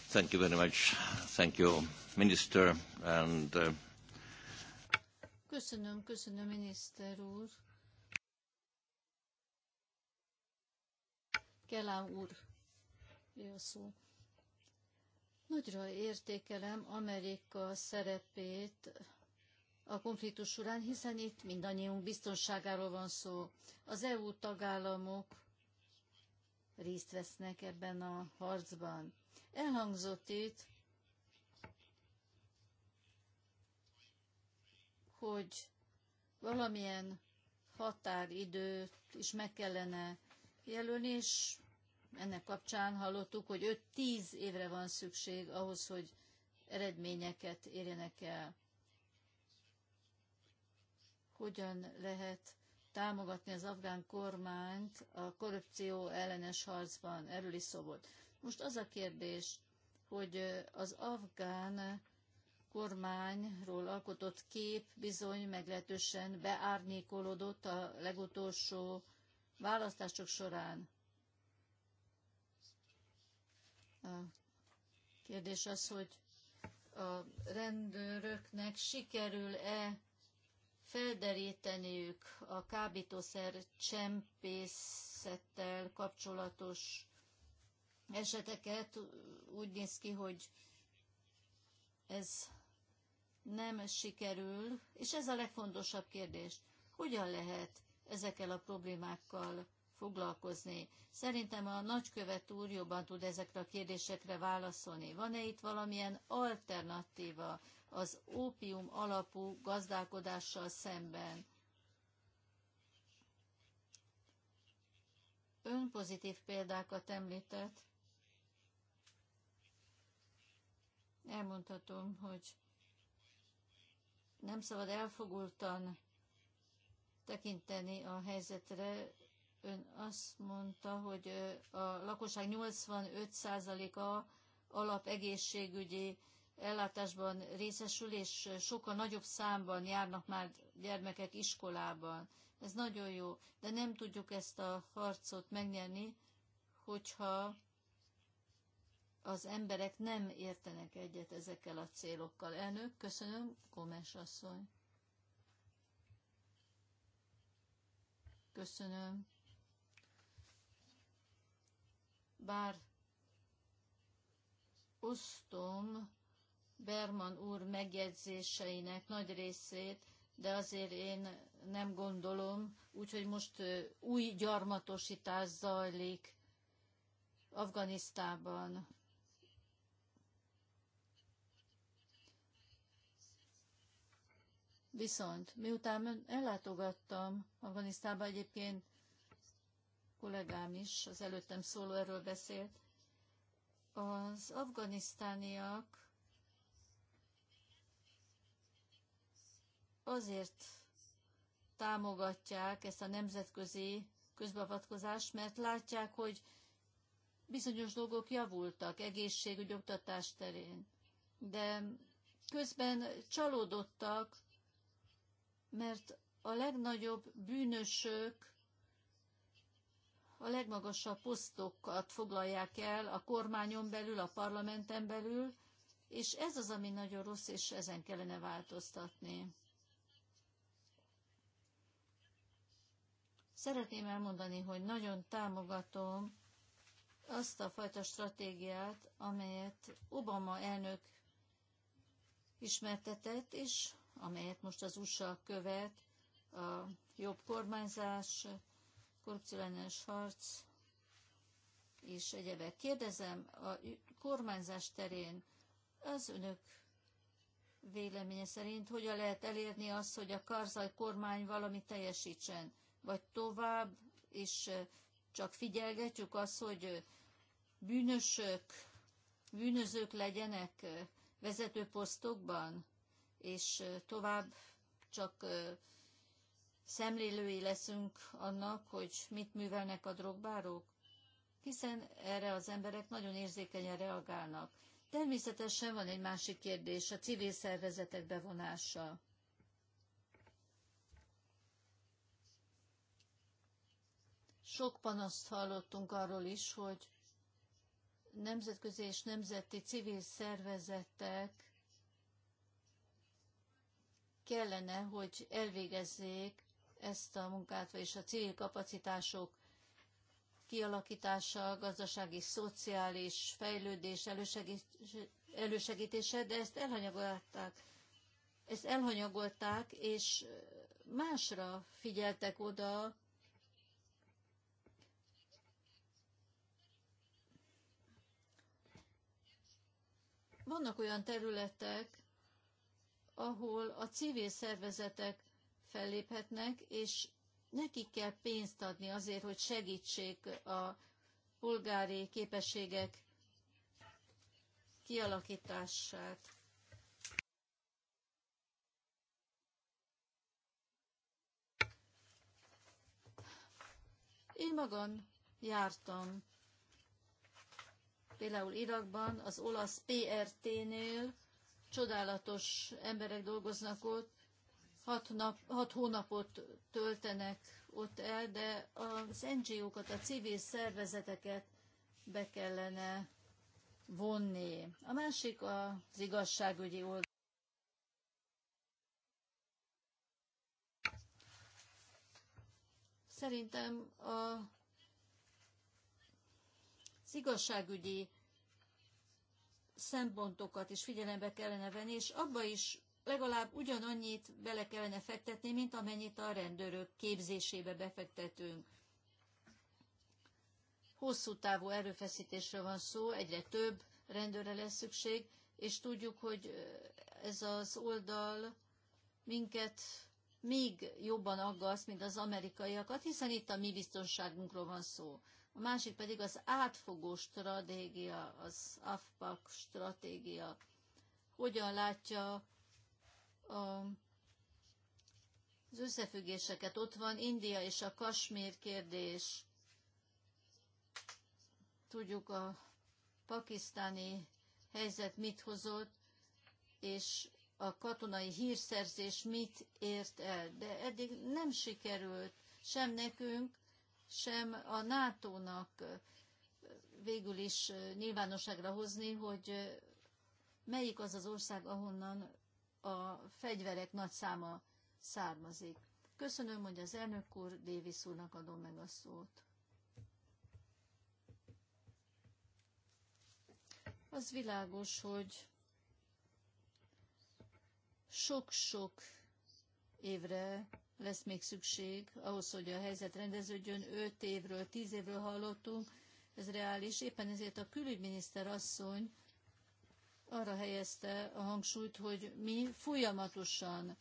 Thank you very much. Thank you, Minister. And, uh... Köszönöm, köszönöm, miniszter úr. Kelám úr, jó szó. Nagyra értékelem Amerika szerepét a konfliktus során, hiszen itt mindannyiunk biztonságáról van szó. Az EU tagállamok részt vesznek ebben a harcban. Elhangzott itt, hogy valamilyen határidőt is meg kellene jelölni, és ennek kapcsán hallottuk, hogy 5-10 évre van szükség ahhoz, hogy eredményeket érjenek el. Hogyan lehet támogatni az afgán kormányt a korrupció ellenes harcban? Erről is szó volt. Most az a kérdés, hogy az afgán kormányról alkotott kép bizony meglehetősen beárnyékolódott a legutolsó választások során. A kérdés az, hogy a rendőröknek sikerül-e felderíteniük a kábítószer csempészettel kapcsolatos eseteket. Úgy néz ki, hogy ez nem sikerül, és ez a legfontosabb kérdés. Hogyan lehet ezekkel a problémákkal foglalkozni. Szerintem a nagykövet úr jobban tud ezekre a kérdésekre válaszolni. Van-e itt valamilyen alternatíva az ópium alapú gazdálkodással szemben? Ön pozitív példákat említett. Elmondhatom, hogy nem szabad elfogultan tekinteni a helyzetre, Ön azt mondta, hogy a lakosság 85%-a alapegészségügyi ellátásban részesül, és sokkal nagyobb számban járnak már gyermekek iskolában. Ez nagyon jó, de nem tudjuk ezt a harcot megnyerni, hogyha az emberek nem értenek egyet ezekkel a célokkal. Elnök, köszönöm, Gomes asszony. Köszönöm. bár osztom Berman úr megjegyzéseinek nagy részét, de azért én nem gondolom, úgyhogy most új gyarmatosítás zajlik Afganisztában. Viszont miután ellátogattam Afganisztában egyébként kollégám is, az előttem szóló erről beszélt, az afganisztániak azért támogatják ezt a nemzetközi közbeavatkozást, mert látják, hogy bizonyos dolgok javultak egészségügy, oktatás terén. De közben csalódottak, mert a legnagyobb bűnösök a legmagasabb posztokat foglalják el a kormányon belül, a parlamenten belül, és ez az, ami nagyon rossz, és ezen kellene változtatni. Szeretném elmondani, hogy nagyon támogatom azt a fajta stratégiát, amelyet Obama elnök ismertetett, és amelyet most az USA követ, a jobb kormányzás, korrupcióellenes harc és egyebek. Kérdezem, a kormányzás terén az önök véleménye szerint hogyan lehet elérni azt, hogy a karzai kormány valamit teljesítsen? Vagy tovább, és csak figyelgetjük azt, hogy bűnösök, bűnözők legyenek vezető posztokban, és tovább csak szemlélői leszünk annak, hogy mit művelnek a drogbárok? Hiszen erre az emberek nagyon érzékenyen reagálnak. Természetesen van egy másik kérdés, a civil szervezetek bevonása. Sok panaszt hallottunk arról is, hogy nemzetközi és nemzeti civil szervezetek kellene, hogy elvégezzék ezt a munkát, és a civil kapacitások kialakítása, gazdasági, szociális fejlődés elősegít, elősegítése, de ezt elhanyagolták. Ezt elhanyagolták, és másra figyeltek oda, Vannak olyan területek, ahol a civil szervezetek felléphetnek, és nekik kell pénzt adni azért, hogy segítsék a polgári képességek kialakítását. Én magam jártam például Irakban, az olasz PRT-nél, csodálatos emberek dolgoznak ott, hat, nap, hat hónapot töltenek ott el, de az NGO-kat, a civil szervezeteket be kellene vonni. A másik az igazságügyi oldal. Szerintem a, az igazságügyi szempontokat is figyelembe kellene venni, és abba is legalább ugyanannyit bele kellene fektetni, mint amennyit a rendőrök képzésébe befektetünk. Hosszú távú erőfeszítésről van szó, egyre több rendőre lesz szükség, és tudjuk, hogy eh, ez az oldal minket még jobban aggaszt, mint az amerikaiakat, hiszen itt a mi biztonságunkról van szó. A másik pedig az átfogó stratégia, az AFPAC stratégia. Hogyan látja a az összefüggéseket. Ott van India és a Kasmír kérdés. Tudjuk a pakisztáni helyzet mit hozott, és a katonai hírszerzés mit ért el. De eddig nem sikerült sem nekünk, sem a NATO-nak végül is nyilvánosságra hozni, hogy melyik az az ország, ahonnan a fegyverek nagy száma származik. Köszönöm, hogy az elnök úr Davis úrnak adom meg a szót. Az világos, hogy sok-sok évre lesz még szükség ahhoz, hogy a helyzet rendeződjön. 5 évről, 10 évről hallottunk, ez reális. Éppen ezért a külügyminiszter asszony arra helyezte a hangsúlyt, hogy mi folyamatosan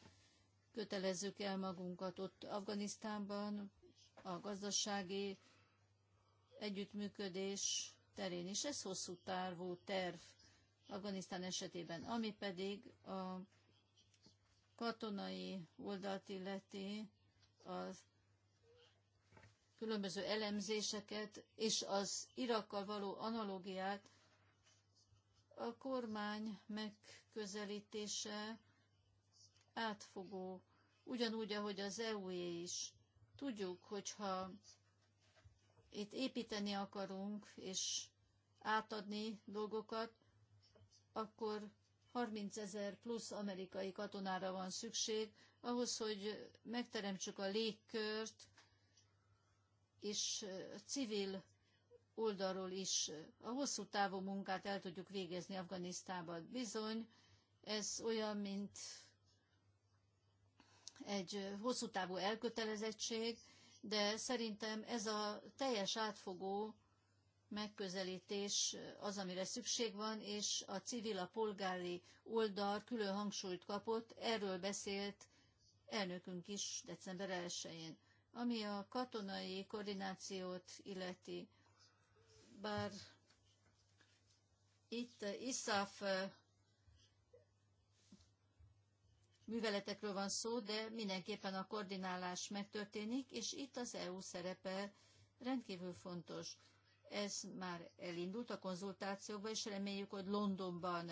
kötelezzük el magunkat ott Afganisztánban, a gazdasági együttműködés terén is. Ez hosszú távú terv Afganisztán esetében, ami pedig a katonai oldalt illeti a különböző elemzéseket és az Irakkal való analógiát a kormány megközelítése átfogó, ugyanúgy, ahogy az EU-é is. Tudjuk, hogyha itt építeni akarunk, és átadni dolgokat, akkor 30 ezer plusz amerikai katonára van szükség, ahhoz, hogy megteremtsük a légkört, és civil oldalról is a hosszú távú munkát el tudjuk végezni Afganisztában. Bizony, ez olyan, mint egy hosszú távú elkötelezettség, de szerintem ez a teljes átfogó megközelítés az, amire szükség van, és a civil, a polgári oldal külön hangsúlyt kapott, erről beszélt elnökünk is december 1-én. Ami a katonai koordinációt illeti, bár itt Iszaf műveletekről van szó, de mindenképpen a koordinálás megtörténik, és itt az EU szerepe rendkívül fontos. Ez már elindult a konzultációba, és reméljük, hogy Londonban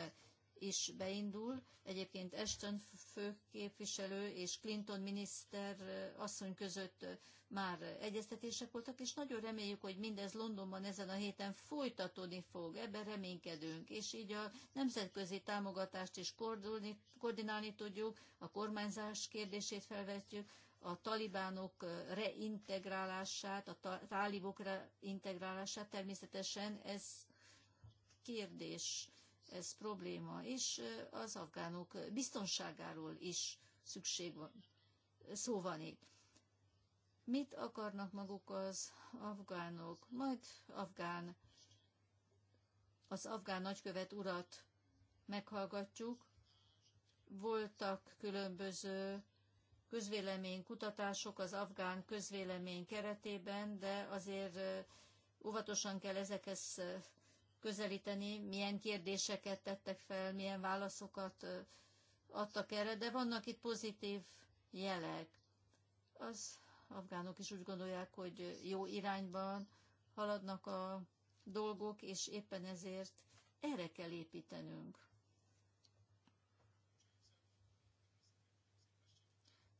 is beindul. Egyébként Ashton főképviselő és Clinton miniszter asszony között már egyeztetések voltak, és nagyon reméljük, hogy mindez Londonban ezen a héten folytatódni fog. Ebben reménykedünk, és így a nemzetközi támogatást is koordinálni tudjuk, a kormányzás kérdését felvetjük, a talibánok reintegrálását, a tálibok reintegrálását természetesen ez kérdés ez probléma, és az afgánok biztonságáról is szükség van, szó van itt. Mit akarnak maguk az afgánok? Majd afgán, az afgán nagykövet urat meghallgatjuk. Voltak különböző közvélemény kutatások az afgán közvélemény keretében, de azért óvatosan kell ezekhez közelíteni, milyen kérdéseket tettek fel, milyen válaszokat adtak erre, de vannak itt pozitív jelek. Az afgánok is úgy gondolják, hogy jó irányban haladnak a dolgok, és éppen ezért erre kell építenünk.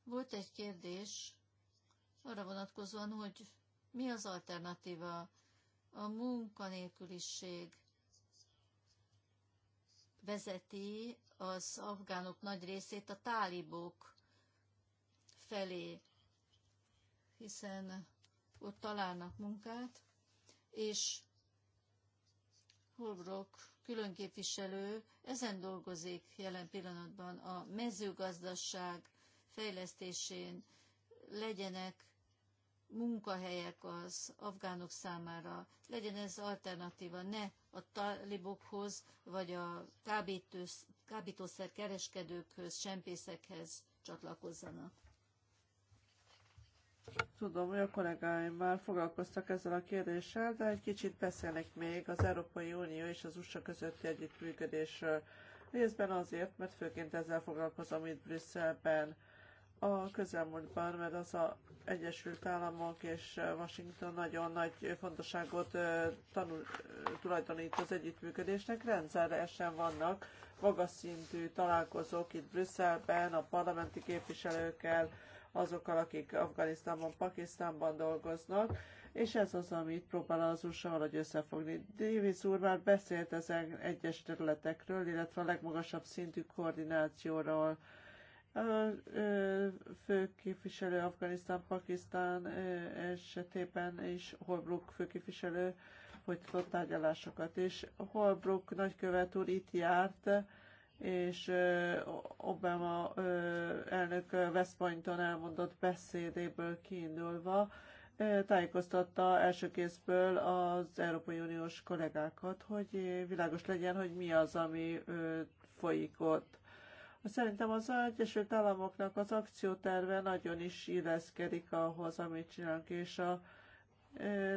Volt egy kérdés arra vonatkozóan, hogy mi az alternatíva a munkanélküliség vezeti az afgánok nagy részét a tálibok felé, hiszen ott találnak munkát, és Holbrook különképviselő ezen dolgozik jelen pillanatban a mezőgazdaság fejlesztésén legyenek munkahelyek az afgánok számára. Legyen ez alternatíva, ne a talibokhoz, vagy a kábítős, kábítószer kereskedőkhöz, csempészekhez csatlakozzanak. Tudom, hogy a kollégáim már foglalkoztak ezzel a kérdéssel, de egy kicsit beszélnek még az Európai Unió és az USA közötti együttműködésről. Részben azért, mert főként ezzel foglalkozom itt Brüsszelben a közelmúltban, mert az a Egyesült Államok és Washington nagyon nagy fontosságot tanul, tulajdonít az együttműködésnek. Rendszeresen vannak magas szintű találkozók itt Brüsszelben, a parlamenti képviselőkkel, azokkal, akik Afganisztánban, Pakisztánban dolgoznak, és ez az, amit próbál az USA valahogy összefogni. Davis úr már beszélt ezen egyes területekről, illetve a legmagasabb szintű koordinációról a főképviselő Afganisztán, Pakisztán esetében is Holbrook főképviselő folytatott tárgyalásokat, és Holbrook nagykövet úr itt járt, és Obama elnök West Pointon elmondott beszédéből kiindulva tájékoztatta első kézből az Európai Uniós kollégákat, hogy világos legyen, hogy mi az, ami folyik ott. Szerintem az Egyesült Államoknak az akcióterve nagyon is illeszkedik ahhoz, amit csinálunk, és a,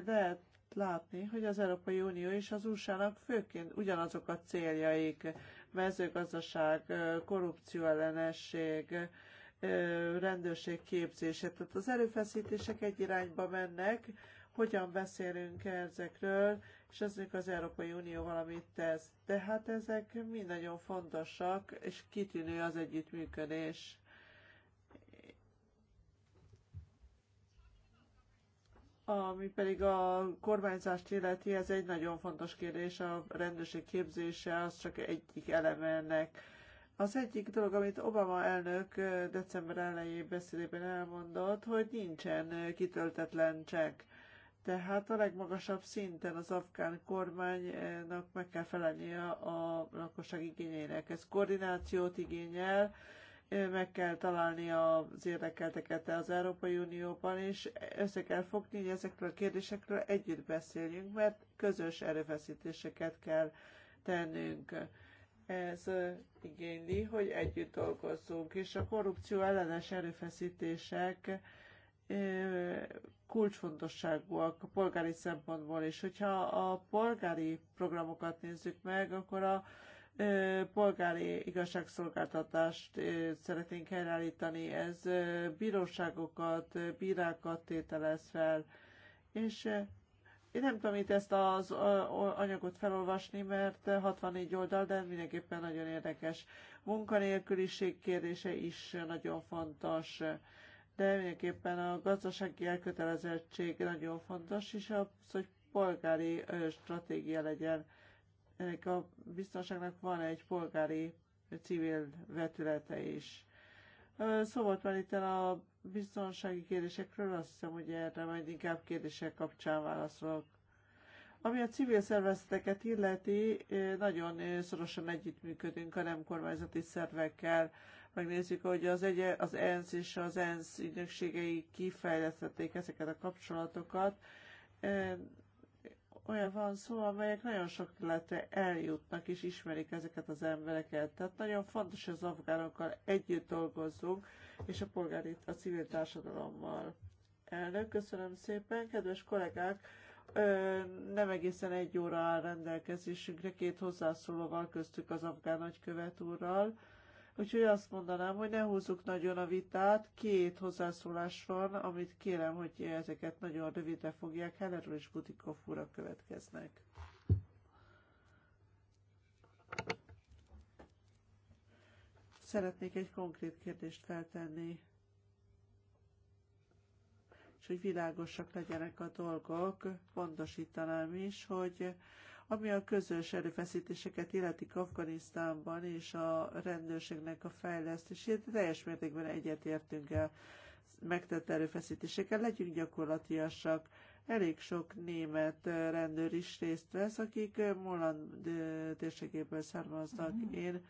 lehet látni, hogy az Európai Unió és az USA-nak főként ugyanazok a céljaik, mezőgazdaság, korrupció ellenesség, rendőrség képzése. Tehát az erőfeszítések egy irányba mennek, hogyan beszélünk ezekről, és még az Európai Unió valamit tesz. De hát ezek mind nagyon fontosak, és kitűnő az együttműködés. Ami pedig a kormányzást illeti, ez egy nagyon fontos kérdés, a rendőrség képzése az csak egyik eleme ennek. Az egyik dolog, amit Obama elnök december elején beszélében elmondott, hogy nincsen kitöltetlen csekk. Tehát a legmagasabb szinten az afgán kormánynak meg kell felelnie a lakosság igényeinek. Ez koordinációt igényel, meg kell találni az érdekelteket az Európai Unióban, és össze kell fogni, hogy ezekről a kérdésekről együtt beszéljünk, mert közös erőfeszítéseket kell tennünk. Ez igényli, hogy együtt dolgozzunk, és a korrupció ellenes erőfeszítések kulcsfontosságúak a polgári szempontból is. Hogyha a polgári programokat nézzük meg, akkor a polgári igazságszolgáltatást szeretnénk helyreállítani. Ez bíróságokat, bírákat tételez fel, és én nem tudom itt ezt az anyagot felolvasni, mert 64 oldal, de mindenképpen nagyon érdekes. Munkanélküliség kérdése is nagyon fontos de mindenképpen a gazdasági elkötelezettség nagyon fontos, és az, hogy polgári stratégia legyen. Ennek a biztonságnak van egy polgári civil vetülete is. Szó volt már itt a biztonsági kérdésekről, azt hiszem, hogy erre majd inkább kérdések kapcsán válaszolok. Ami a civil szervezeteket illeti, nagyon szorosan együttműködünk a nem kormányzati szervekkel megnézzük, hogy az, egy, az ENSZ és az ENSZ ügynökségei kifejlesztették ezeket a kapcsolatokat, olyan van szó, amelyek nagyon sok területre eljutnak és ismerik ezeket az embereket. Tehát nagyon fontos, hogy az afgánokkal együtt dolgozzunk, és a polgári, a civil társadalommal. Elnök, köszönöm szépen, kedves kollégák! Ö, nem egészen egy óra áll rendelkezésünkre, két hozzászólóval köztük az afgán nagykövet úrral. Úgyhogy azt mondanám, hogy ne húzzuk nagyon a vitát, két hozzászólás van, amit kérem, hogy ezeket nagyon rövidre fogják, Hellerről és Butikov úra következnek. Szeretnék egy konkrét kérdést feltenni, és hogy világosak legyenek a dolgok, pontosítanám is, hogy ami a közös erőfeszítéseket illetik Afganisztánban és a rendőrségnek a fejlesztését, teljes mértékben egyetértünk el megtett erőfeszítéseket. legyünk gyakorlatiasak. Elég sok német rendőr is részt vesz, akik Moland térségéből származnak. Mhm. Én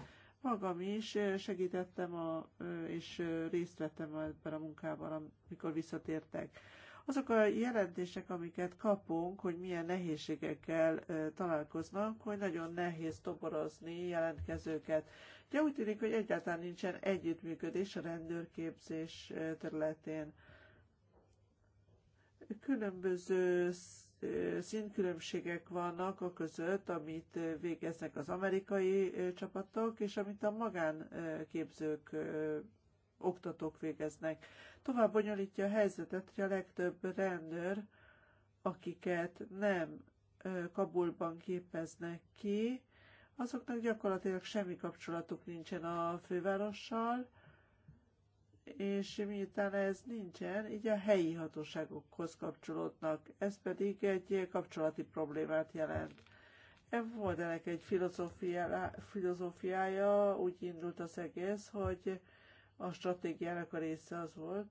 magam is segítettem a, és részt vettem ebben a munkában, amikor visszatértek. Azok a jelentések, amiket kapunk, hogy milyen nehézségekkel találkoznak, hogy nagyon nehéz toborozni jelentkezőket. De úgy tűnik, hogy egyáltalán nincsen együttműködés a rendőrképzés területén. Különböző szintkülönbségek vannak a között, amit végeznek az amerikai csapatok, és amit a magánképzők, oktatók végeznek tovább bonyolítja a helyzetet, hogy a legtöbb rendőr, akiket nem Kabulban képeznek ki, azoknak gyakorlatilag semmi kapcsolatuk nincsen a fővárossal, és miután ez nincsen, így a helyi hatóságokhoz kapcsolódnak. Ez pedig egy kapcsolati problémát jelent. Volt e ennek egy filozófiája, úgy indult az egész, hogy a stratégiának a része az volt,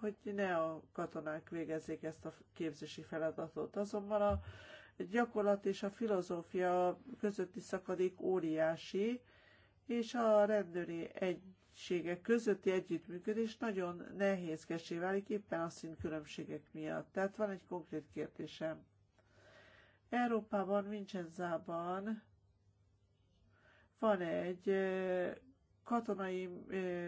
hogy ne a katonák végezzék ezt a képzési feladatot. Azonban a gyakorlat és a filozófia közötti szakadék óriási, és a rendőri egységek közötti együttműködés nagyon nehézkesé válik éppen a színkülönbségek miatt. Tehát van egy konkrét kérdésem. Európában, Vincenzában van egy katonai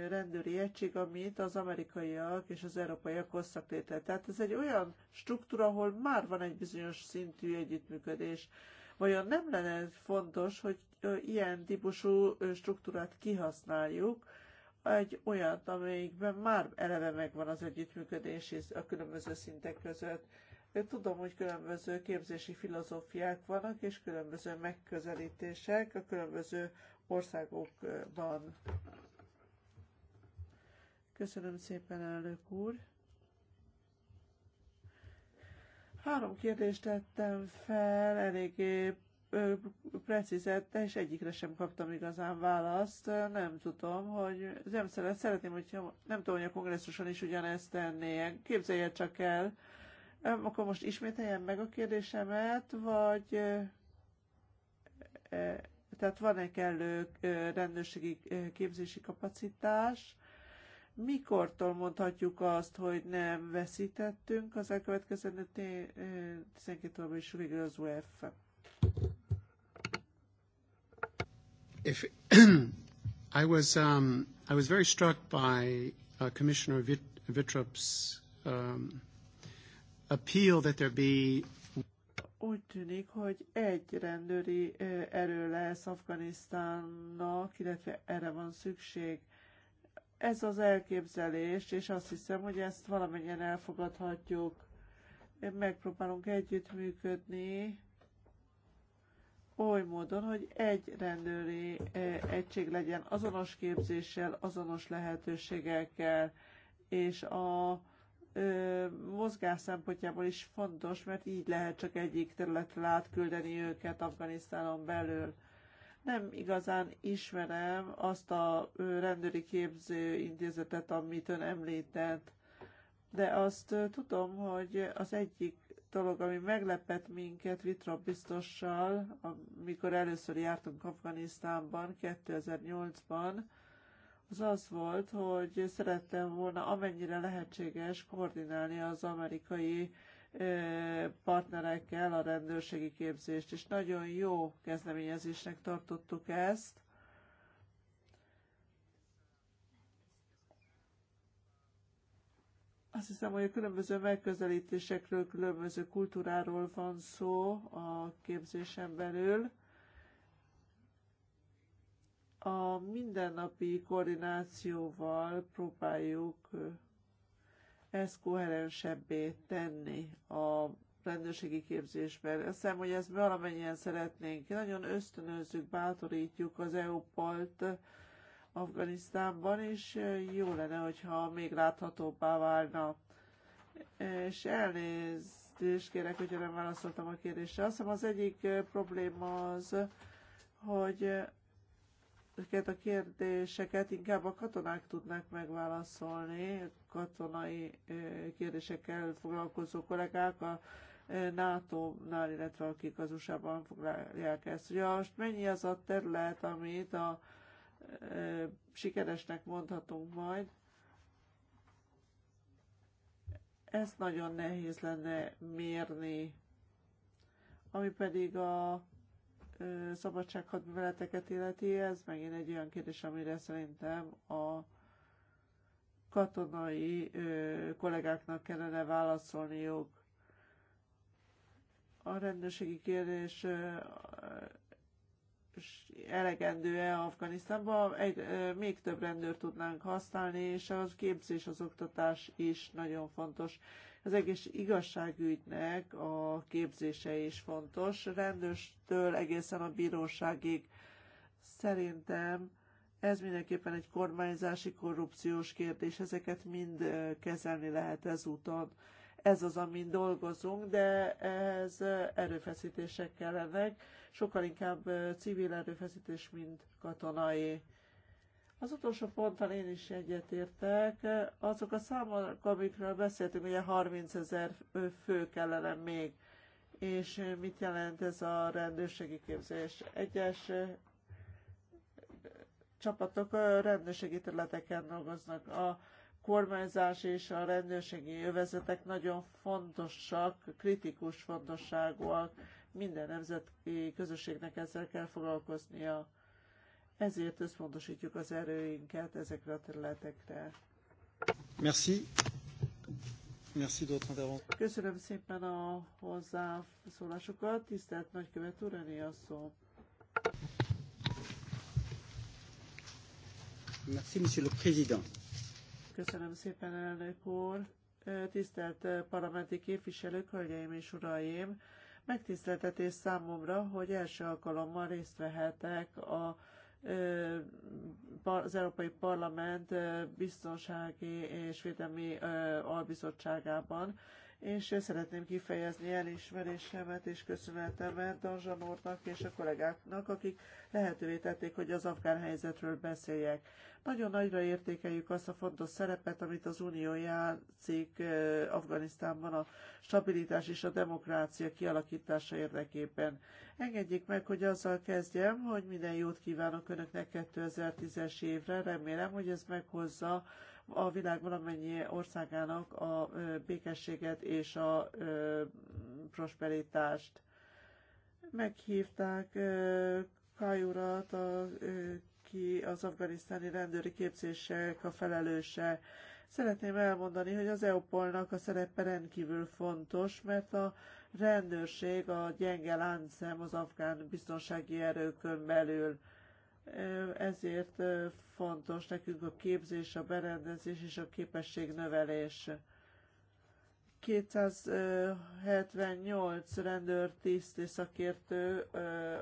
rendőri egység, amit az amerikaiak és az európaiak hoztak létre. Tehát ez egy olyan struktúra, ahol már van egy bizonyos szintű együttműködés. Vajon nem lenne fontos, hogy ilyen típusú struktúrát kihasználjuk, egy olyat, amelyikben már eleve megvan az együttműködés a különböző szintek között. Én tudom, hogy különböző képzési filozófiák vannak, és különböző megközelítések a különböző országokban. Köszönöm szépen, elnök úr! Három kérdést tettem fel, eléggé precízette, és egyikre sem kaptam igazán választ. Nem tudom, hogy nem szeret, szeretném, hogyha nem tudom, hogy a kongresszuson is ugyanezt tennék. Képzelje csak el. Akkor most ismételjem meg a kérdésemet, vagy tehát van-e kellő rendőrségi képzési kapacitás, mikortól mondhatjuk azt, hogy nem veszítettünk az elkövetkező 12 óra is végül az UEFA. If I was um, I was very struck by uh, Commissioner Vit- Vitrup's um, appeal that there be úgy tűnik, hogy egy rendőri erő lesz Afganisztánnak, illetve erre van szükség. Ez az elképzelés, és azt hiszem, hogy ezt valamennyien elfogadhatjuk. Megpróbálunk együttműködni oly módon, hogy egy rendőri egység legyen azonos képzéssel, azonos lehetőségekkel, és a ö, mozgás szempontjából is fontos, mert így lehet csak egyik területre átküldeni őket Afganisztánon belül. Nem igazán ismerem azt a rendőri képző intézetet, amit ön említett, de azt tudom, hogy az egyik dolog, ami meglepett minket Vitra biztossal, amikor először jártunk Afganisztánban 2008-ban, az az volt, hogy szerettem volna amennyire lehetséges koordinálni az amerikai partnerekkel a rendőrségi képzést, és nagyon jó kezdeményezésnek tartottuk ezt. Azt hiszem, hogy a különböző megközelítésekről, különböző kultúráról van szó a képzésen belül a mindennapi koordinációval próbáljuk ezt koherensebbé tenni a rendőrségi képzésben. Azt hiszem, hogy ezt valamennyien szeretnénk. Nagyon ösztönözzük, bátorítjuk az eu palt Afganisztánban, és jó lenne, hogyha még láthatóbbá válna. És elnézést kérek, hogyha nem válaszoltam a kérdésre. Azt hiszem, az egyik probléma az, hogy ezeket a kérdéseket inkább a katonák tudnák megválaszolni, katonai kérdésekkel foglalkozó kollégák a NATO-nál, illetve akik az USA-ban foglalják ezt. Ugye most mennyi az a terület, amit a sikeresnek mondhatunk majd, ezt nagyon nehéz lenne mérni. Ami pedig a szabadsághadműveleteket illeti, ez megint egy olyan kérdés, amire szerintem a katonai ö, kollégáknak kellene válaszolniuk. A rendőrségi kérdés ö, elegendő-e Afganisztánban, egy, ö, még több rendőr tudnánk használni, és a képzés, az oktatás is nagyon fontos. Az egész igazságügynek a képzése is fontos, rendőrstől egészen a bíróságig. Szerintem ez mindenképpen egy kormányzási korrupciós kérdés, ezeket mind kezelni lehet ezúton. Ez az, amin dolgozunk, de ez erőfeszítések kellenek, sokkal inkább civil erőfeszítés, mint katonai. Az utolsó ponttal én is egyetértek. Azok a számok, amikről beszéltünk, ugye 30 ezer fő kellene még. És eh, mit jelent ez a rendőrségi képzés? Egyes eh, csapatok a eh, rendőrségi területeken dolgoznak. A kormányzás és a rendőrségi övezetek nagyon fontosak, kritikus fontosságúak. Minden nemzeti közösségnek ezzel kell foglalkoznia ezért összpontosítjuk az erőinket ezekre a területekre. Merci. Merci Köszönöm szépen a hozzászólásokat. Tisztelt Nagykövet úr, a szó. Merci, Monsieur le Président. Köszönöm szépen, elnök úr. Tisztelt parlamenti képviselők, hölgyeim és uraim! Megtiszteltetés számomra, hogy első alkalommal részt vehetek a az Európai Parlament biztonsági és védelmi albizottságában és szeretném kifejezni elismerésemet és köszönetemet Danzsan úrnak és a kollégáknak, akik lehetővé tették, hogy az afgán helyzetről beszéljek. Nagyon nagyra értékeljük azt a fontos szerepet, amit az Unió játszik Afganisztánban a stabilitás és a demokrácia kialakítása érdekében. Engedjék meg, hogy azzal kezdjem, hogy minden jót kívánok Önöknek 2010-es évre. Remélem, hogy ez meghozza a világ valamennyi országának a békességet és a prosperitást. Meghívták Kajurat, aki az afganisztáni rendőri képzések a felelőse. Szeretném elmondani, hogy az EUPOL-nak a szerepe rendkívül fontos, mert a rendőrség a gyenge láncszem az afgán biztonsági erőkön belül ezért fontos nekünk a képzés, a berendezés és a képesség növelés. 278 rendőr, tiszt és szakértő,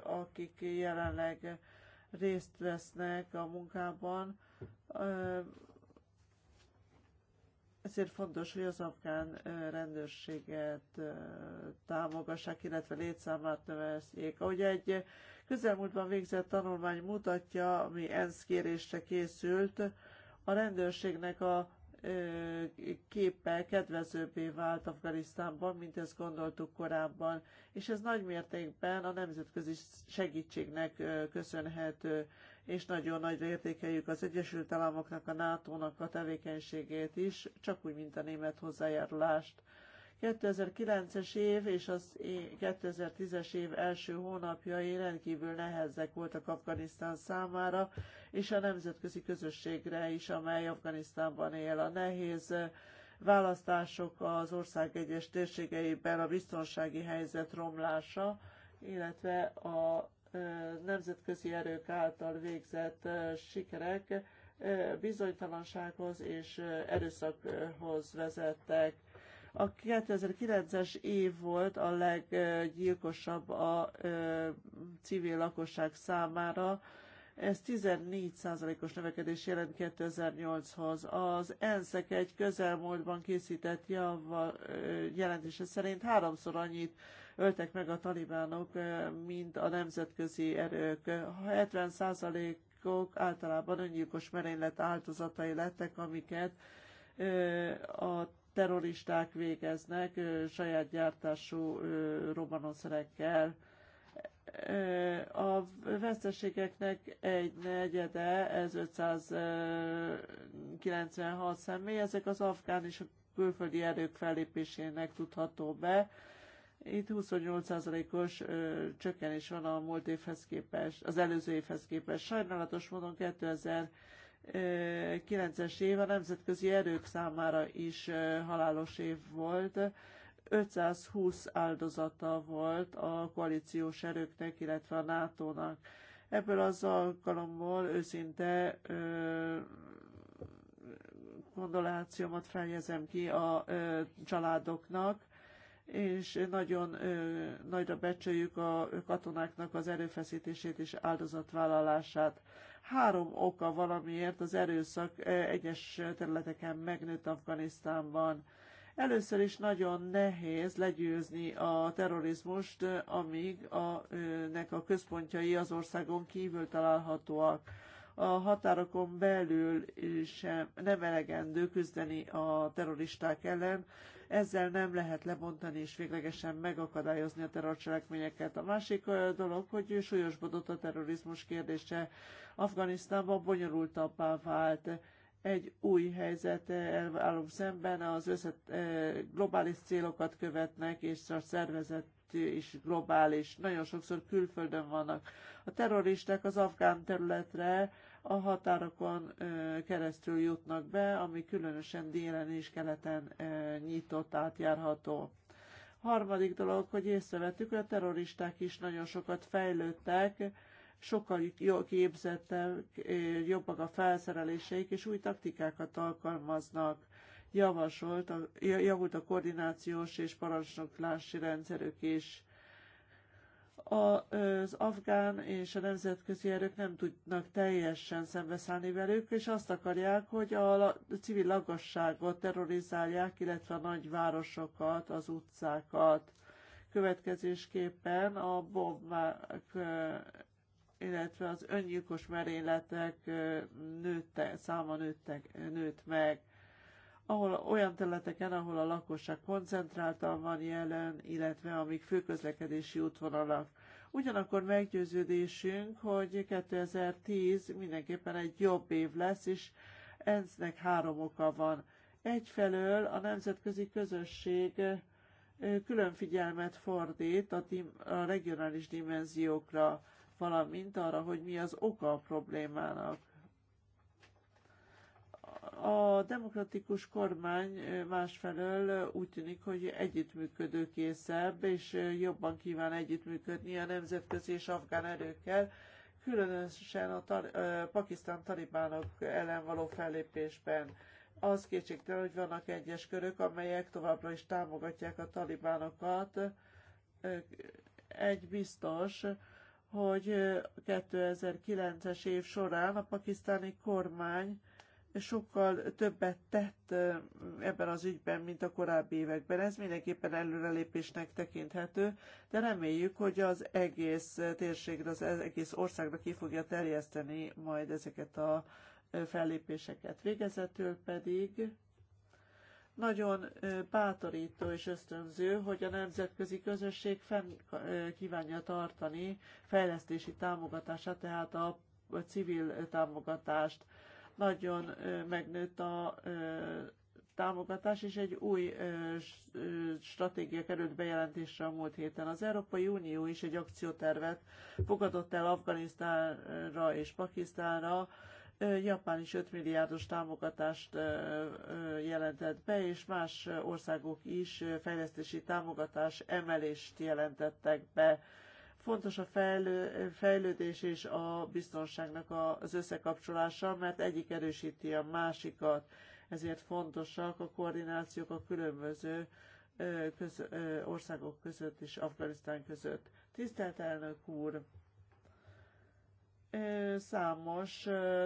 akik jelenleg részt vesznek a munkában. Ezért fontos, hogy az afgán rendőrséget támogassák, illetve létszámát növeljék. Ahogy egy Közelmúltban végzett tanulmány mutatja, ami ENSZ kérésre készült, a rendőrségnek a képe kedvezőbbé vált Afganisztánban, mint ezt gondoltuk korábban, és ez nagy mértékben a nemzetközi segítségnek köszönhető, és nagyon nagyra értékeljük az Egyesült Államoknak, a NATO-nak a tevékenységét is, csak úgy, mint a német hozzájárulást. 2009-es év és az 2010-es év első hónapjai rendkívül nehezek voltak Afganisztán számára, és a nemzetközi közösségre is, amely Afganisztánban él. A nehéz eh, választások az ország egyes térségeiben, a biztonsági helyzet romlása, illetve a eh, nemzetközi erők által végzett eh, sikerek bizonytalansághoz és erőszakhoz vezettek a 2009-es év volt a leggyilkosabb a civil lakosság számára, ez 14%-os növekedés jelent 2008-hoz. Az ENSZEK egy közelmúltban készített java, jelentése szerint háromszor annyit öltek meg a talibánok, mint a nemzetközi erők. 70%-ok általában öngyilkos merénylet áldozatai lettek, amiket a terroristák végeznek saját gyártású robbanószerekkel. A veszteségeknek egy negyede, ez 596 személy, ezek az afgán és a külföldi erők fellépésének tudható be. Itt 28%-os csökkenés van a múlt évhez képest, az előző évhez képest. Sajnálatos módon 2000 9-es év a nemzetközi erők számára is halálos év volt. 520 áldozata volt a koalíciós erőknek, illetve a NATO-nak. Ebből az alkalommal őszinte ö, kondolációmat fejezem ki a ö, családoknak, és nagyon ö, nagyra becsüljük a katonáknak az erőfeszítését és áldozatvállalását. Három oka valamiért az erőszak egyes területeken megnőtt Afganisztánban. Először is nagyon nehéz legyőzni a terrorizmust, amíg a, nek a központjai az országon kívül találhatóak. A határokon belül sem nem elegendő küzdeni a terroristák ellen, ezzel nem lehet lemondani és véglegesen megakadályozni a terrorcselekményeket. A másik dolog, hogy súlyosbodott a terrorizmus kérdése. Afganisztánban bonyolultabbá vált egy új helyzet állunk szemben, az összet, globális célokat követnek, és a szervezet és globális, nagyon sokszor külföldön vannak. A terroristák az afgán területre a határokon keresztül jutnak be, ami különösen délen és keleten nyitott, átjárható. Harmadik dolog, hogy észrevettük, hogy a terroristák is nagyon sokat fejlődtek, sokkal képzettek, jobbak a felszereléseik, és új taktikákat alkalmaznak. Javasolt, javult a koordinációs és parancsnoklási rendszerük is az afgán és a nemzetközi erők nem tudnak teljesen szembeszállni velük, és azt akarják, hogy a civil lakosságot terrorizálják, illetve a nagyvárosokat, az utcákat. Következésképpen a bombák, illetve az öngyilkos merényletek nőtte, száma nőtte nőtt meg ahol olyan területeken, ahol a lakosság koncentráltan van jelen, illetve amik főközlekedési útvonalak. Ugyanakkor meggyőződésünk, hogy 2010 mindenképpen egy jobb év lesz, és ennek három oka van. Egyfelől a nemzetközi közösség külön figyelmet fordít a, dim- a regionális dimenziókra, valamint arra, hogy mi az oka a problémának. A demokratikus kormány másfelől úgy tűnik, hogy együttműködőkészebb, és jobban kíván együttműködni a nemzetközi és afgán erőkkel, különösen a tar- pakisztán talibánok ellen való fellépésben. Az kétségtelen, hogy vannak egyes körök, amelyek továbbra is támogatják a talibánokat. Egy biztos, hogy 2009-es év során a pakisztáni kormány sokkal többet tett ebben az ügyben, mint a korábbi években. Ez mindenképpen előrelépésnek tekinthető, de reméljük, hogy az egész térségre, az egész országra ki fogja terjeszteni majd ezeket a fellépéseket. Végezetül pedig nagyon bátorító és ösztönző, hogy a nemzetközi közösség fenn kívánja tartani fejlesztési támogatását, tehát a civil támogatást nagyon megnőtt a támogatás, és egy új stratégia került bejelentésre a múlt héten. Az Európai Unió is egy akciótervet fogadott el Afganisztánra és Pakisztánra, Japán is 5 milliárdos támogatást jelentett be, és más országok is fejlesztési támogatás emelést jelentettek be Fontos a fejlődés és a biztonságnak az összekapcsolása, mert egyik erősíti a másikat, ezért fontosak a koordinációk a különböző köz, országok között és Afganisztán között. Tisztelt elnök úr! Számos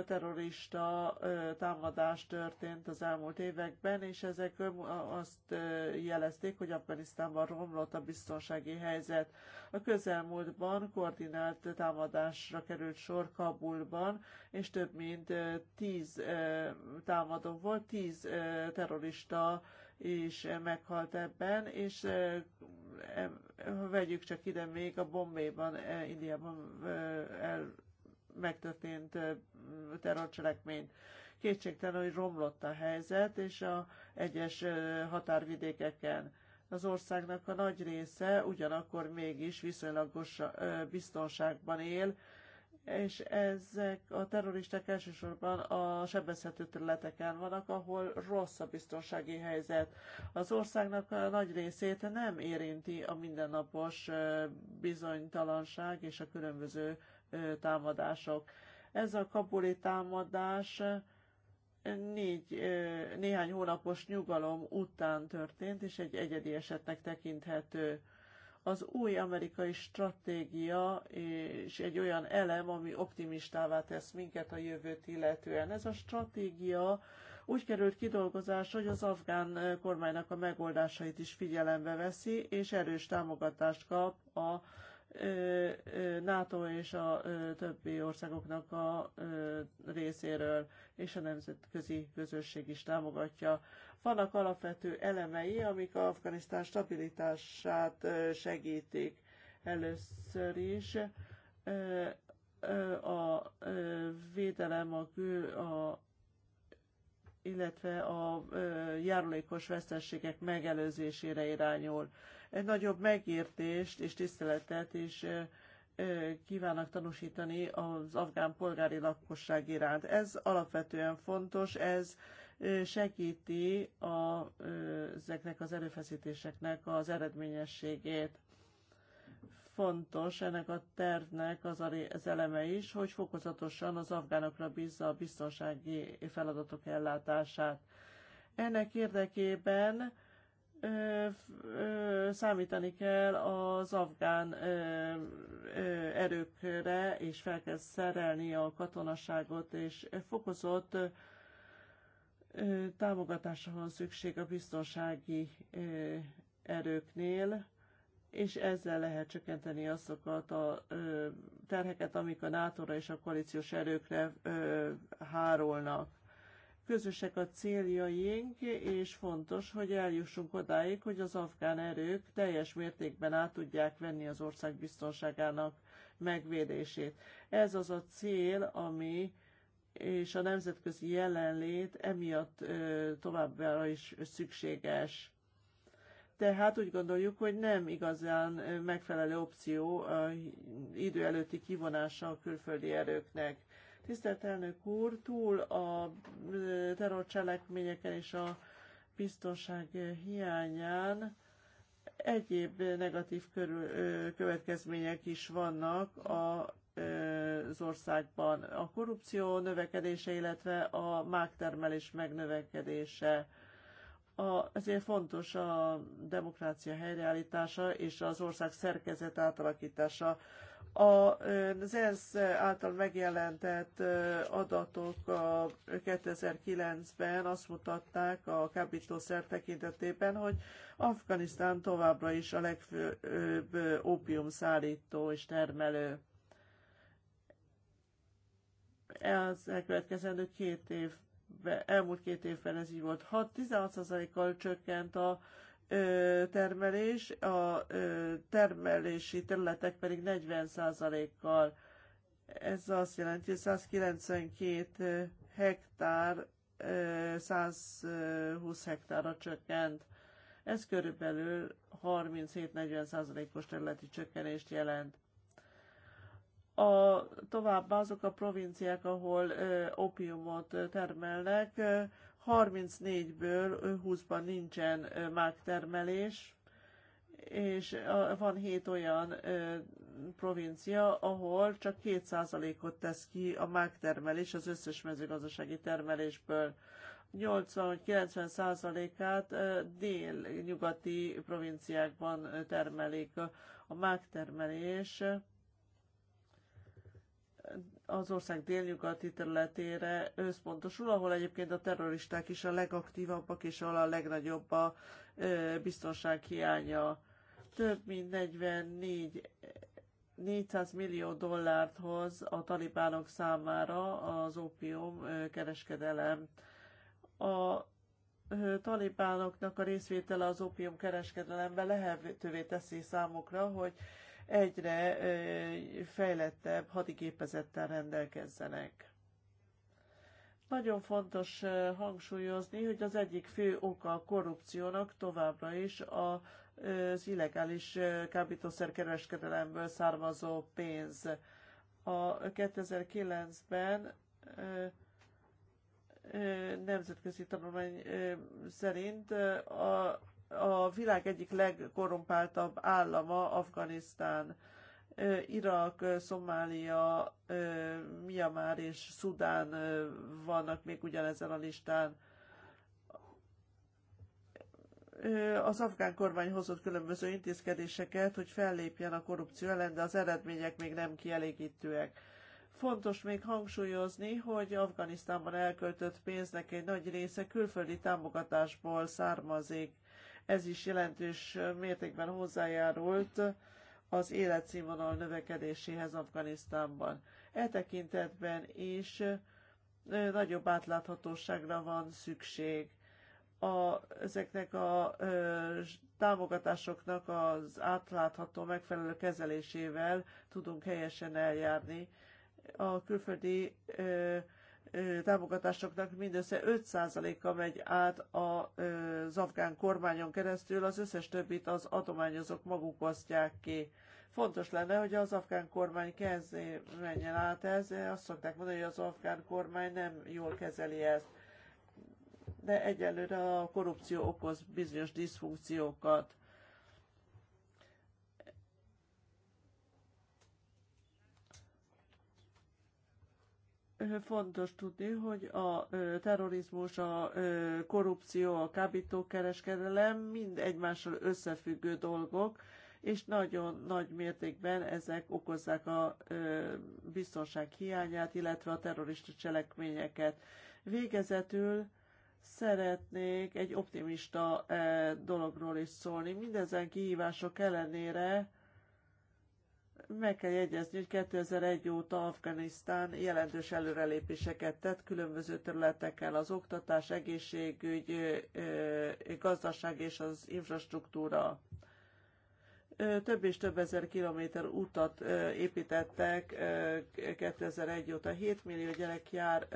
terrorista támadás történt az elmúlt években, és ezek azt jelezték, hogy Afganisztánban romlott a biztonsági helyzet. A közelmúltban koordinált támadásra került sor Kabulban, és több mint tíz támadó volt, tíz terrorista is meghalt ebben, és vegyük csak ide még a Bombéban, Indiában el megtörtént terrorcselekményt. Kétségtelen, hogy romlott a helyzet, és a egyes határvidékeken az országnak a nagy része ugyanakkor mégis viszonylagos biztonságban él, és ezek a terroristák elsősorban a sebezhető területeken vannak, ahol rossz a biztonsági helyzet. Az országnak a nagy részét nem érinti a mindennapos bizonytalanság és a különböző támadások. Ez a kabuli támadás négy, néhány hónapos nyugalom után történt, és egy egyedi esetnek tekinthető. Az új amerikai stratégia és egy olyan elem, ami optimistává tesz minket a jövőt illetően. Ez a stratégia úgy került kidolgozásra, hogy az afgán kormánynak a megoldásait is figyelembe veszi, és erős támogatást kap a NATO és a többi országoknak a részéről, és a nemzetközi közösség is támogatja. Vannak alapvető elemei, amik a Afganisztán stabilitását segítik. Először is a védelem, a, kül, a illetve a járulékos veszességek megelőzésére irányul nagyobb megértést és tiszteletet is kívánnak tanúsítani az afgán polgári lakosság iránt. Ez alapvetően fontos, ez segíti a, ezeknek az erőfeszítéseknek az eredményességét. Fontos ennek a tervnek az, az eleme is, hogy fokozatosan az afgánokra bízza a biztonsági feladatok ellátását. Ennek érdekében ö, ö, számítani kell az afgán ö, ö, erőkre, és fel kell szerelni a katonaságot, és fokozott ö, támogatásra van szükség a biztonsági ö, erőknél, és ezzel lehet csökkenteni azokat a ö, terheket, amik a nato és a koalíciós erőkre ö, hárolnak Közösek a céljaink, és fontos, hogy eljussunk odáig, hogy az afgán erők teljes mértékben át tudják venni az ország biztonságának megvédését. Ez az a cél, ami és a nemzetközi jelenlét emiatt ö, továbbra is szükséges. Tehát úgy gondoljuk, hogy nem igazán megfelelő opció a idő előtti kivonása a külföldi erőknek. Tisztelt elnök úr, túl a terrorcselekményeken és a biztonság hiányán egyéb negatív körül, következmények is vannak a az országban a korrupció növekedése, illetve a mágtermelés megnövekedése. A, ezért fontos a demokrácia helyreállítása és az ország szerkezet átalakítása. Az ENSZ által megjelentett adatok a 2009-ben azt mutatták a kábítószer tekintetében, hogy Afganisztán továbbra is a legfőbb szállító és termelő. Az elkövetkezendő két év elmúlt két évben ez így volt. 16%-kal csökkent a termelés, a termelési területek pedig 40%-kal. Ez azt jelenti, hogy 192 hektár 120 hektárra csökkent. Ez körülbelül 37-40%-os területi csökkenést jelent. A, továbbá azok a provinciák, ahol ö, opiumot termelnek, 34-ből 20-ban nincsen mágtermelés, és van 7 olyan provincia, ahol csak 2%-ot tesz ki a mágtermelés az összes mezőgazdasági termelésből. 80-90%-át dél-nyugati provinciákban termelik a mágtermelés az ország délnyugati területére összpontosul, ahol egyébként a terroristák is a legaktívabbak és ahol a legnagyobb a biztonság hiánya. Több mint 44 400 millió dollárt hoz a talibánok számára az ópium kereskedelem. A talibánoknak a részvétele az ópium kereskedelemben lehetővé teszi számukra, hogy egyre fejlettebb hadigépezettel rendelkezzenek. Nagyon fontos hangsúlyozni, hogy az egyik fő oka a korrupciónak továbbra is a az illegális kábítószerkereskedelemből származó pénz. A 2009-ben nemzetközi tanulmány szerint a a világ egyik legkorrumpáltabb állama Afganisztán. Irak, Szomália, Myanmar és Szudán vannak még ugyanezen a listán. Az afgán kormány hozott különböző intézkedéseket, hogy fellépjen a korrupció ellen, de az eredmények még nem kielégítőek. Fontos még hangsúlyozni, hogy Afganisztánban elköltött pénznek egy nagy része külföldi támogatásból származik ez is jelentős mértékben hozzájárult az életszínvonal növekedéséhez Afganisztánban. E tekintetben is nagyobb átláthatóságra van szükség. A, ezeknek a ö, támogatásoknak az átlátható megfelelő kezelésével tudunk helyesen eljárni. A külföldi ö, támogatásoknak mindössze 5%-a megy át az afgán kormányon keresztül, az összes többit az adományozók maguk osztják ki. Fontos lenne, hogy az afgán kormány kezdé menjen át ez, azt szokták mondani, hogy az afgán kormány nem jól kezeli ezt. De egyelőre a korrupció okoz bizonyos diszfunkciókat Fontos tudni, hogy a terrorizmus, a korrupció, a kábítókereskedelem mind egymással összefüggő dolgok, és nagyon nagy mértékben ezek okozzák a biztonság hiányát, illetve a terrorista cselekményeket. Végezetül szeretnék egy optimista dologról is szólni. Mindezen kihívások ellenére meg kell jegyezni, hogy 2001 óta Afganisztán jelentős előrelépéseket tett különböző területeken, az oktatás, egészségügy, gazdaság és az infrastruktúra. Több és több ezer kilométer utat építettek 2001 óta. 7 millió gyerek jár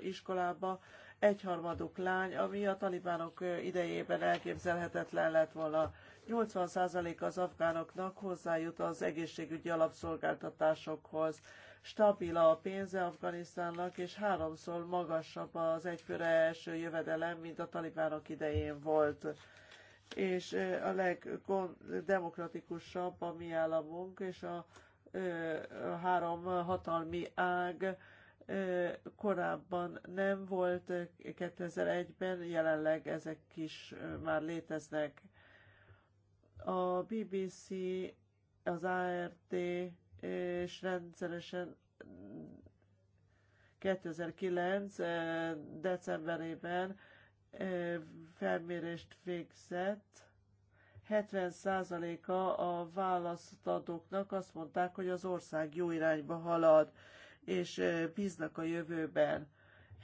iskolába, egyharmaduk lány, ami a talibánok idejében elképzelhetetlen lett volna 80% az afgánoknak hozzájut az egészségügyi alapszolgáltatásokhoz. Stabil a pénze Afganisztánnak, és háromszor magasabb az egyfőre első jövedelem, mint a talibánok idején volt és a legdemokratikusabb a mi államunk, és a, a három hatalmi ág korábban nem volt 2001-ben, jelenleg ezek is már léteznek. A BBC, az ART és rendszeresen 2009. Eh, decemberében eh, felmérést végzett. 70%-a a választadóknak azt mondták, hogy az ország jó irányba halad, és eh, bíznak a jövőben.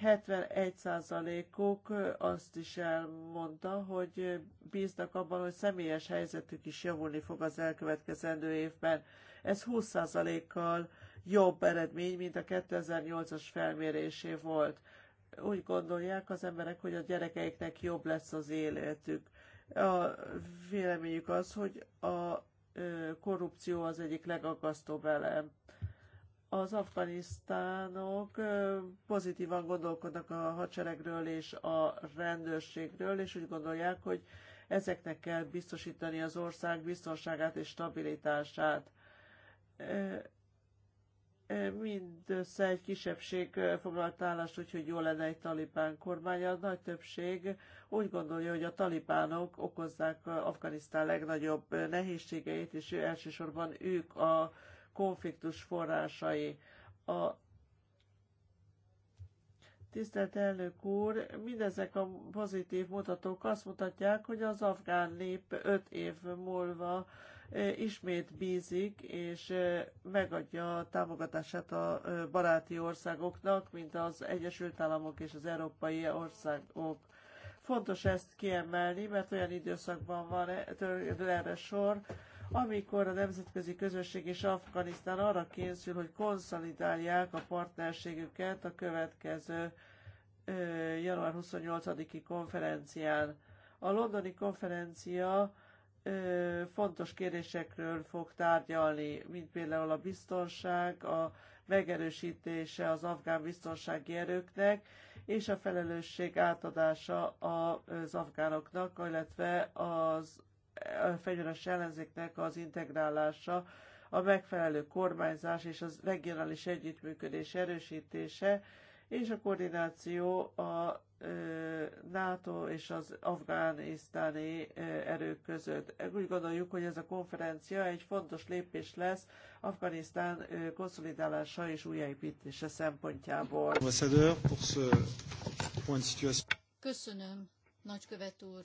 71%-uk azt is elmondta, hogy bíznak abban, hogy személyes helyzetük is javulni fog az elkövetkezendő évben. Ez 20%-kal jobb eredmény, mint a 2008-as felmérésé volt. Úgy gondolják az emberek, hogy a gyerekeiknek jobb lesz az életük. A véleményük az, hogy a korrupció az egyik legaggasztóbb elem az afganisztánok pozitívan gondolkodnak a hadseregről és a rendőrségről, és úgy gondolják, hogy ezeknek kell biztosítani az ország biztonságát és stabilitását. Mindössze egy kisebbség foglalt állást, úgyhogy jó lenne egy talipán kormány. A nagy többség úgy gondolja, hogy a talipánok okozzák Afganisztán legnagyobb nehézségeit, és elsősorban ők a konfliktus forrásai. A Tisztelt elnök úr, mindezek a pozitív mutatók azt mutatják, hogy az afgán nép öt év múlva e, ismét bízik, és e, megadja a támogatását a e, baráti országoknak, mint az Egyesült Államok és az európai országok. Fontos ezt kiemelni, mert olyan időszakban van erre sor, amikor a nemzetközi közösség és Afganisztán arra készül, hogy konszolidálják a partnerségüket a következő január 28-i konferencián. A londoni konferencia fontos kérdésekről fog tárgyalni, mint például a biztonság, a megerősítése az afgán biztonsági erőknek, és a felelősség átadása az afgánoknak, illetve az a fegyveres ellenzéknek az integrálása, a megfelelő kormányzás és az regionális együttműködés erősítése, és a koordináció a NATO és az afgánisztáni erők között. Úgy gondoljuk, hogy ez a konferencia egy fontos lépés lesz Afganisztán konszolidálása és újjáépítése szempontjából. Köszönöm, nagykövet úr,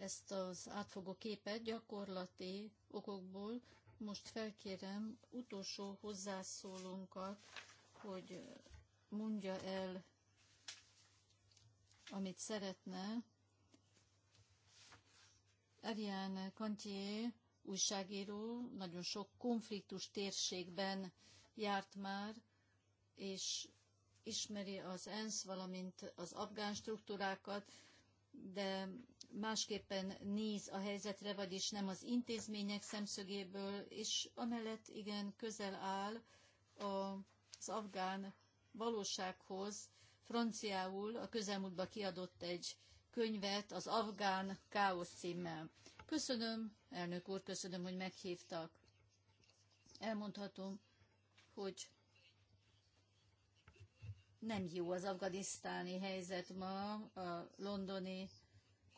ezt az átfogó képet gyakorlati okokból. Most felkérem utolsó hozzászólónkat, hogy mondja el, amit szeretne. Ariane Cantier újságíró, nagyon sok konfliktus térségben járt már, és ismeri az ENSZ, valamint az afgán struktúrákat, de másképpen néz a helyzetre, vagyis nem az intézmények szemszögéből, és amellett igen közel áll az afgán valósághoz. Franciául a közelmúltban kiadott egy könyvet az Afgán Káosz címmel. Köszönöm, elnök úr, köszönöm, hogy meghívtak. Elmondhatom, hogy nem jó az afganisztáni helyzet ma a londoni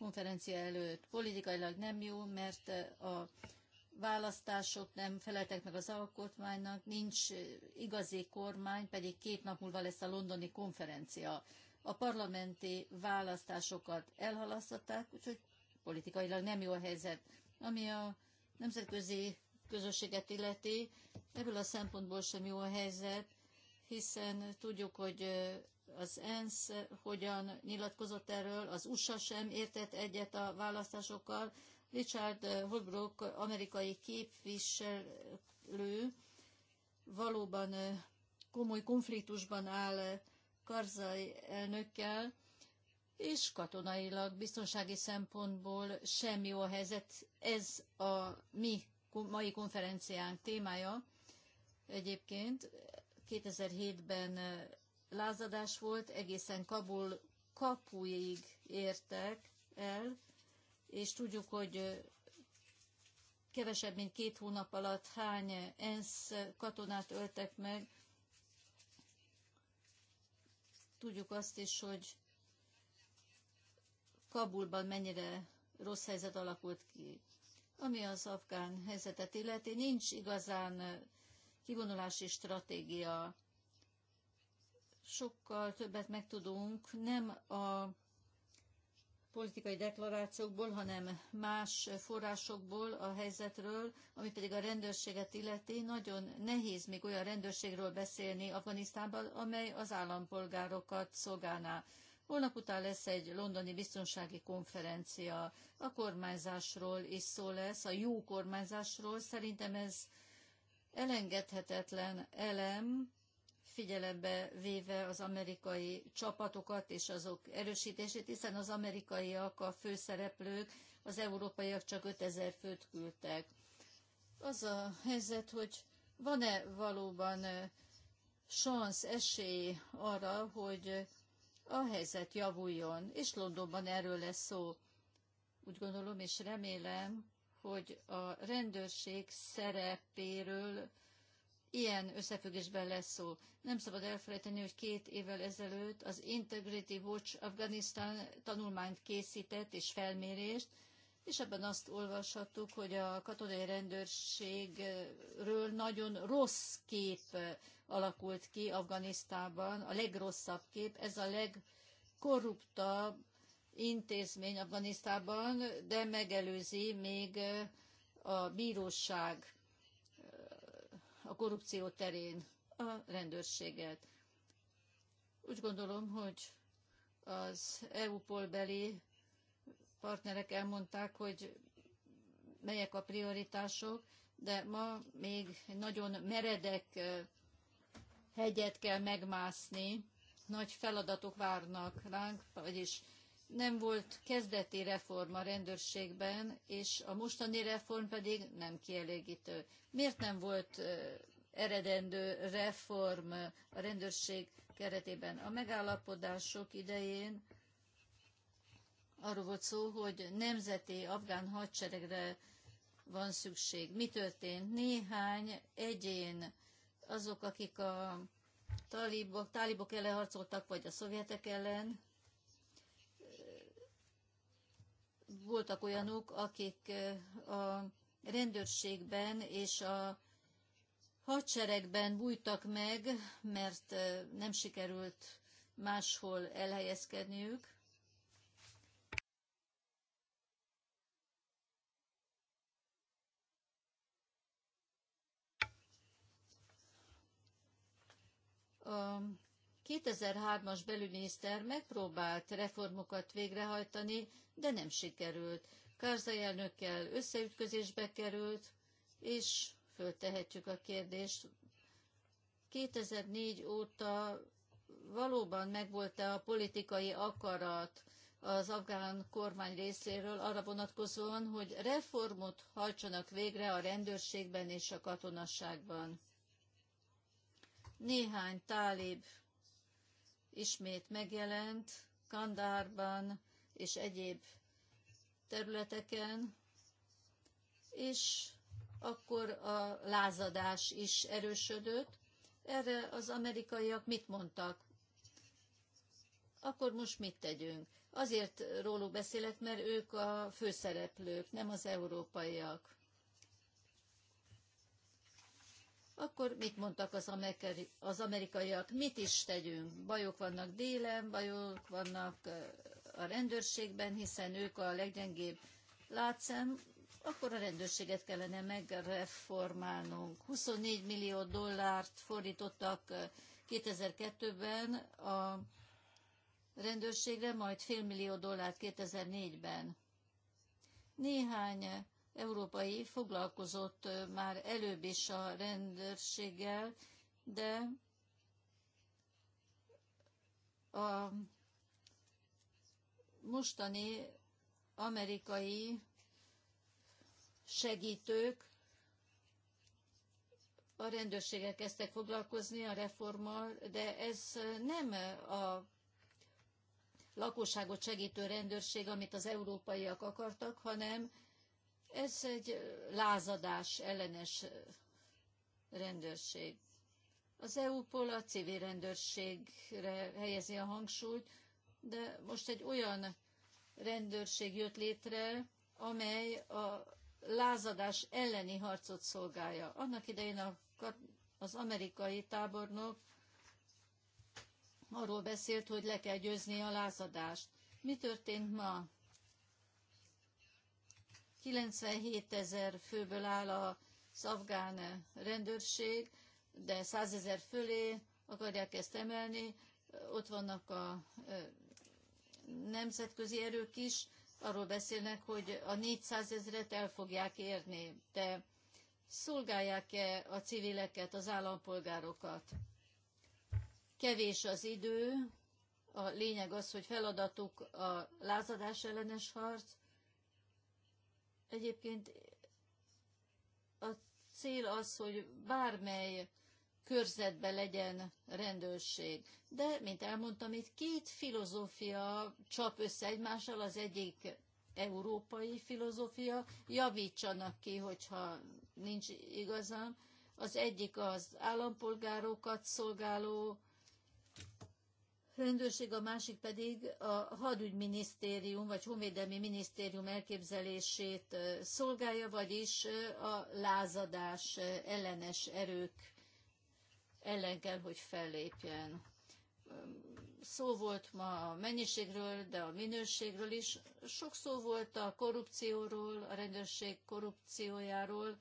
konferencia előtt. Politikailag nem jó, mert a választások nem feleltek meg az alkotmánynak, nincs igazi kormány, pedig két nap múlva lesz a londoni konferencia. A parlamenti választásokat elhalasztották, úgyhogy politikailag nem jó a helyzet. Ami a nemzetközi közösséget illeti, ebből a szempontból sem jó a helyzet, hiszen tudjuk, hogy az ENSZ hogyan nyilatkozott erről, az USA sem értett egyet a választásokkal. Richard Holbrook, amerikai képviselő, valóban komoly konfliktusban áll Karzai elnökkel, és katonailag, biztonsági szempontból sem jó a helyzet. Ez a mi mai konferenciánk témája. Egyébként 2007-ben lázadás volt, egészen Kabul kapuig értek el, és tudjuk, hogy kevesebb, mint két hónap alatt hány ENSZ katonát öltek meg. Tudjuk azt is, hogy Kabulban mennyire rossz helyzet alakult ki. Ami az afgán helyzetet illeti, nincs igazán kivonulási stratégia sokkal többet megtudunk nem a politikai deklarációkból, hanem más forrásokból a helyzetről, ami pedig a rendőrséget illeti. Nagyon nehéz még olyan rendőrségről beszélni Afganisztánban, amely az állampolgárokat szolgálná. Holnap után lesz egy londoni biztonsági konferencia. A kormányzásról is szó lesz, a jó kormányzásról. Szerintem ez elengedhetetlen elem figyelembe véve az amerikai csapatokat és azok erősítését, hiszen az amerikaiak a főszereplők, az európaiak csak 5000 főt küldtek. Az a helyzet, hogy van-e valóban szansz, esély arra, hogy a helyzet javuljon, és Londonban erről lesz szó. Úgy gondolom és remélem, hogy a rendőrség szerepéről ilyen összefüggésben lesz szó. Nem szabad elfelejteni, hogy két évvel ezelőtt az Integrity Watch Afghanistan tanulmányt készített és felmérést, és ebben azt olvashattuk, hogy a katonai rendőrségről nagyon rossz kép alakult ki Afganisztában, a legrosszabb kép, ez a legkorruptabb intézmény Afganisztában, de megelőzi még a bíróság a korrupció terén a rendőrséget. Úgy gondolom, hogy az EU-pol partnerek elmondták, hogy melyek a prioritások, de ma még nagyon meredek hegyet kell megmászni, nagy feladatok várnak ránk, vagyis nem volt kezdeti reform a rendőrségben, és a mostani reform pedig nem kielégítő. Miért nem volt eredendő reform a rendőrség keretében? A megállapodások idején arról volt szó, hogy nemzeti afgán hadseregre van szükség. Mi történt? Néhány egyén, azok, akik a talibok, talibok ellen harcoltak, vagy a szovjetek ellen, voltak olyanok, akik a rendőrségben és a hadseregben bújtak meg, mert nem sikerült máshol elhelyezkedniük. A 2003-as belügyminiszter megpróbált reformokat végrehajtani, de nem sikerült. Kárzai elnökkel összeütközésbe került, és föltehetjük a kérdést. 2004 óta valóban megvolt-e a politikai akarat az afgán kormány részéről arra vonatkozóan, hogy reformot hajtsanak végre a rendőrségben és a katonasságban. Néhány tálib ismét megjelent Kandárban és egyéb területeken, és akkor a lázadás is erősödött. Erre az amerikaiak mit mondtak? Akkor most mit tegyünk? Azért róluk beszélek, mert ők a főszereplők, nem az európaiak. akkor mit mondtak az, amerikai, az amerikaiak, mit is tegyünk? Bajok vannak délen, bajok vannak a rendőrségben, hiszen ők a leggyengébb látszem, akkor a rendőrséget kellene megreformálnunk. 24 millió dollárt fordítottak 2002-ben a rendőrségre, majd fél millió dollárt 2004-ben. Néhány európai foglalkozott már előbb is a rendőrséggel, de a mostani amerikai segítők a rendőrséggel kezdtek foglalkozni a reformmal, de ez nem a lakosságot segítő rendőrség, amit az európaiak akartak, hanem ez egy lázadás ellenes rendőrség. Az EU-pol a civil rendőrségre helyezi a hangsúlyt, de most egy olyan rendőrség jött létre, amely a lázadás elleni harcot szolgálja. Annak idején a, az amerikai tábornok arról beszélt, hogy le kell győzni a lázadást. Mi történt ma? 97 ezer főből áll a afgán rendőrség, de 100 ezer fölé akarják ezt emelni. Ott vannak a nemzetközi erők is, arról beszélnek, hogy a 400 ezeret el fogják érni, de szolgálják-e a civileket, az állampolgárokat? Kevés az idő, a lényeg az, hogy feladatuk a lázadás ellenes harc, Egyébként a cél az, hogy bármely körzetbe legyen rendőrség. De, mint elmondtam, itt két filozófia csap össze egymással, az egyik európai filozófia, javítsanak ki, hogyha nincs igazam. Az egyik az állampolgárokat szolgáló rendőrség, a másik pedig a hadügyminisztérium vagy honvédelmi minisztérium elképzelését szolgálja, vagyis a lázadás ellenes erők ellen kell, hogy fellépjen. Szó volt ma a mennyiségről, de a minőségről is. Sok szó volt a korrupcióról, a rendőrség korrupciójáról.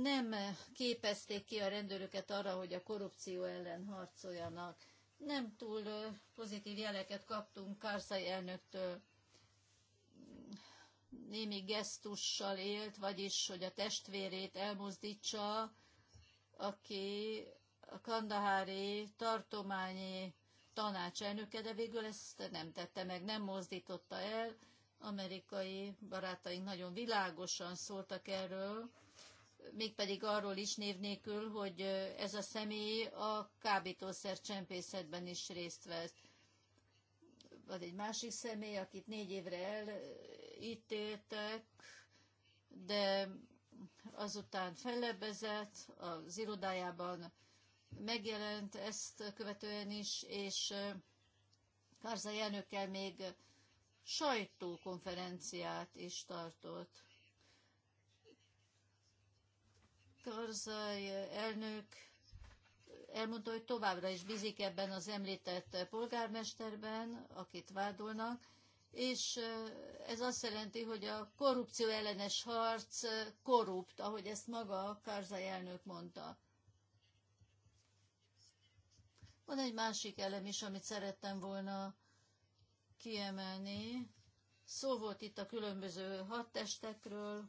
Nem képezték ki a rendőröket arra, hogy a korrupció ellen harcoljanak nem túl pozitív jeleket kaptunk Kárszai elnöktől. Némi gesztussal élt, vagyis, hogy a testvérét elmozdítsa, aki a kandahári tartományi tanácselnöke, de végül ezt nem tette meg, nem mozdította el. Amerikai barátaink nagyon világosan szóltak erről, mégpedig arról is név nélkül, hogy ez a személy a kábítószer csempészetben is részt vesz. Vagy egy másik személy, akit négy évre elítéltek, de azután fellebbezett, az irodájában megjelent ezt követően is, és Karzai elnökkel még sajtókonferenciát is tartott. Karzai elnök elmondta, hogy továbbra is bízik ebben az említett polgármesterben, akit vádolnak, és eh, ez azt jelenti, hogy a korrupció ellenes harc eh, korrupt, ahogy ezt maga Karzai elnök mondta. Van egy másik elem is, amit szerettem volna kiemelni. Szó volt itt a különböző hadtestekről,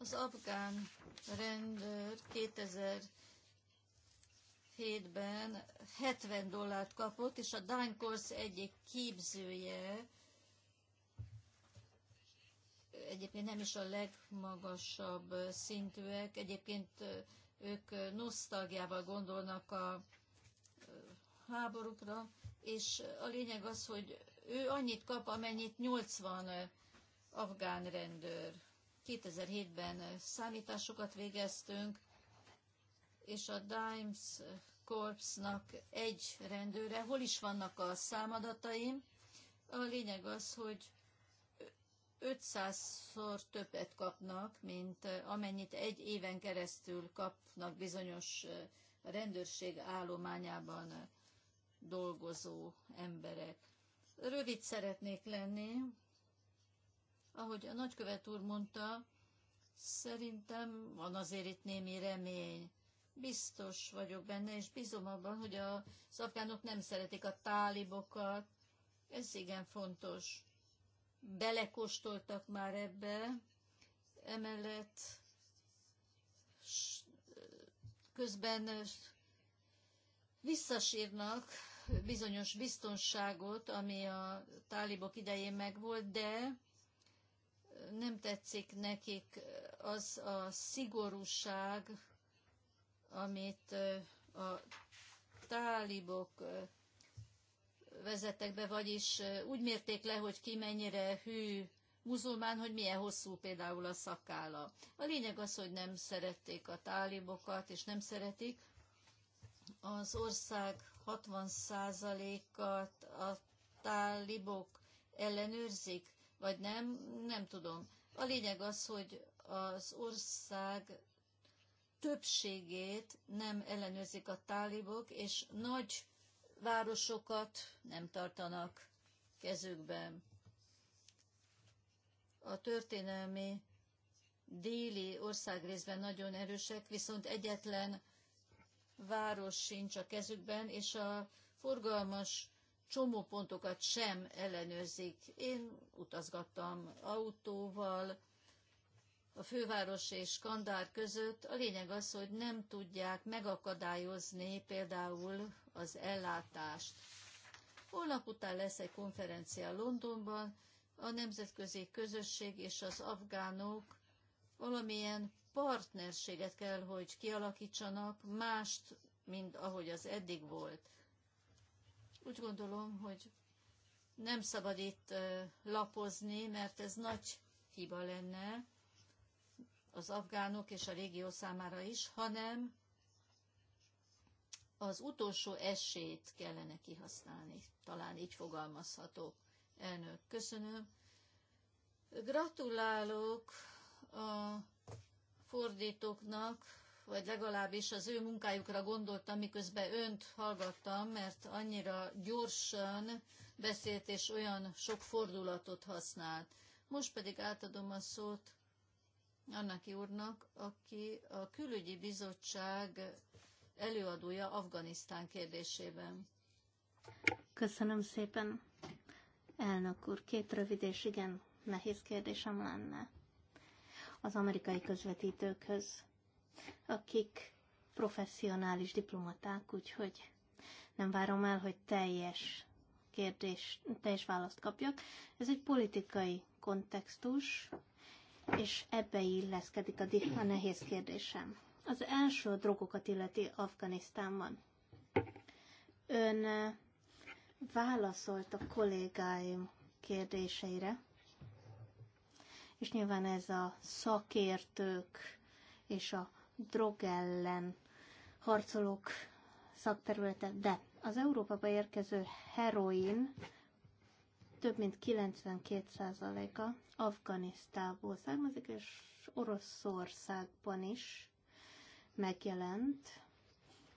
Az afgán rendőr 2007-ben 70 dollárt kapott, és a Dyncorps egyik képzője, egyébként nem is a legmagasabb szintűek, egyébként ők nosztalgiával gondolnak a háborúkra, és a lényeg az, hogy ő annyit kap, amennyit 80 afgán rendőr. 2007-ben számításokat végeztünk, és a Dimes Corpsnak egy rendőre. Hol is vannak a számadataim? A lényeg az, hogy 500-szor többet kapnak, mint amennyit egy éven keresztül kapnak bizonyos rendőrség állományában dolgozó emberek. Rövid szeretnék lenni, ahogy a nagykövet úr mondta, szerintem van azért itt némi remény. Biztos vagyok benne, és bízom abban, hogy az afgánok nem szeretik a tálibokat. Ez igen fontos. Belekóstoltak már ebbe, emellett közben visszasírnak bizonyos biztonságot, ami a tálibok idején megvolt, de nem tetszik nekik az a szigorúság, amit a tálibok vezetek be, vagyis úgy mérték le, hogy ki mennyire hű muzulmán, hogy milyen hosszú például a szakála. A lényeg az, hogy nem szerették a tálibokat, és nem szeretik. Az ország 60%-at a tálibok ellenőrzik, vagy nem, nem tudom. A lényeg az, hogy az ország többségét nem ellenőrzik a tálibok, és nagy városokat nem tartanak kezükben. A történelmi déli országrészben nagyon erősek, viszont egyetlen város sincs a kezükben, és a forgalmas csomó pontokat sem ellenőrzik. Én utazgattam autóval, a főváros és Kandár között. A lényeg az, hogy nem tudják megakadályozni például az ellátást. Holnap után lesz egy konferencia Londonban, a nemzetközi közösség és az afgánok valamilyen partnerséget kell, hogy kialakítsanak, mást, mint ahogy az eddig volt. Úgy gondolom, hogy nem szabad itt lapozni, mert ez nagy hiba lenne az afgánok és a régió számára is, hanem az utolsó esélyt kellene kihasználni. Talán így fogalmazhatok. Elnök, köszönöm. Gratulálok a fordítóknak, vagy legalábbis az ő munkájukra gondoltam, miközben önt hallgattam, mert annyira gyorsan beszélt és olyan sok fordulatot használt. Most pedig átadom a szót annak úrnak, aki a külügyi bizottság előadója Afganisztán kérdésében. Köszönöm szépen. Elnök úr, két rövid és igen nehéz kérdésem lenne az amerikai közvetítőkhöz akik professzionális diplomaták, úgyhogy nem várom el, hogy teljes kérdés, teljes választ kapjak. Ez egy politikai kontextus, és ebbe illeszkedik a, a nehéz kérdésem. Az első a drogokat illeti Afganisztánban. Ön eh, válaszolt a kollégáim kérdéseire, és nyilván ez a szakértők és a drog ellen harcolók szakterülete, de az Európába érkező heroin több mint 92%-a Afganisztából származik, és Oroszországban is megjelent.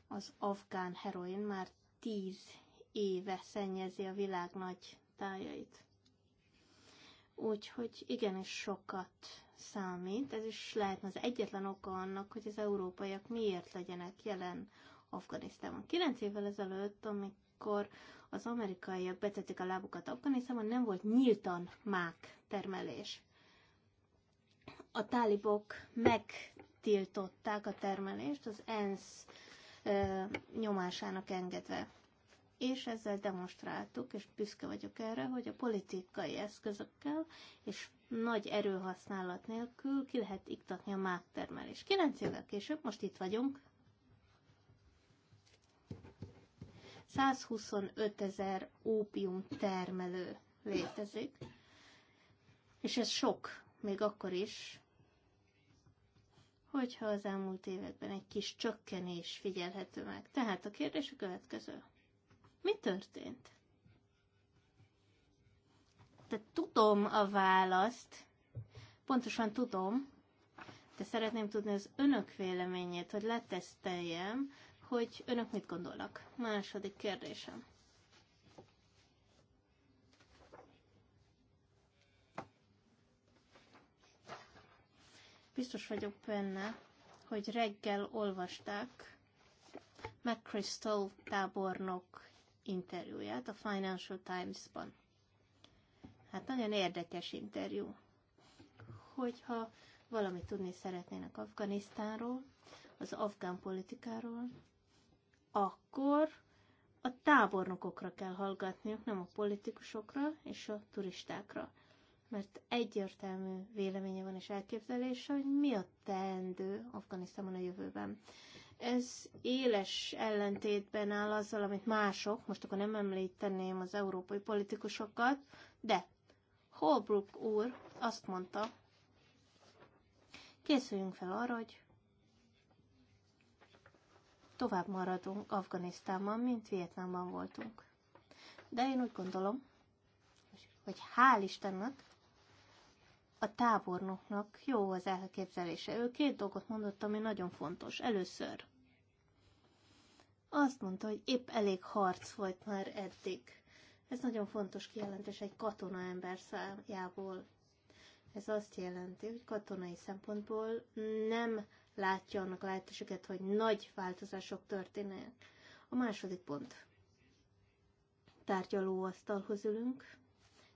Az afgán heroin már 10 éve szennyezi a világ nagy tájait. Úgyhogy igenis sokat számít, ez is lehetne az egyetlen oka annak, hogy az európaiak miért legyenek jelen Afganisztánban. Kilenc évvel ezelőtt, amikor az amerikaiak betették a lábukat Afganisztánban, nem volt nyíltan mák termelés. A tálibok megtiltották a termelést az ENSZ ö, nyomásának engedve és ezzel demonstráltuk, és büszke vagyok erre, hogy a politikai eszközökkel és nagy erőhasználat nélkül ki lehet iktatni a mágtermelést. Kilenc évvel később, most itt vagyunk, 125 ezer ópium termelő létezik, és ez sok, még akkor is, hogyha az elmúlt években egy kis csökkenés figyelhető meg. Tehát a kérdés a következő. Mi történt? Te tudom a választ, pontosan tudom, de szeretném tudni az önök véleményét, hogy leteszteljem, hogy önök mit gondolnak. Második kérdésem. Biztos vagyok benne, hogy reggel olvasták McChrystal tábornok interjúját a Financial Times-ban. Hát nagyon érdekes interjú. Hogyha valamit tudni szeretnének Afganisztánról, az afgán politikáról, akkor a tábornokokra kell hallgatniuk, nem a politikusokra és a turistákra. Mert egyértelmű véleménye van és elképzelése, hogy mi a teendő Afganisztánban a jövőben. Ez éles ellentétben áll azzal, amit mások, most akkor nem említeném az európai politikusokat, de Holbrook úr azt mondta, készüljünk fel arra, hogy tovább maradunk Afganisztánban, mint Vietnámban voltunk. De én úgy gondolom, hogy hál' Istennek, a tábornoknak jó az elképzelése. Ő két dolgot mondott, ami nagyon fontos. Először, azt mondta, hogy épp elég harc volt már eddig. Ez nagyon fontos kijelentés egy katona ember szájából. Ez azt jelenti, hogy katonai szempontból nem látja annak lehetőséget, hogy nagy változások történnek. A második pont. Tárgyalóasztalhoz ülünk,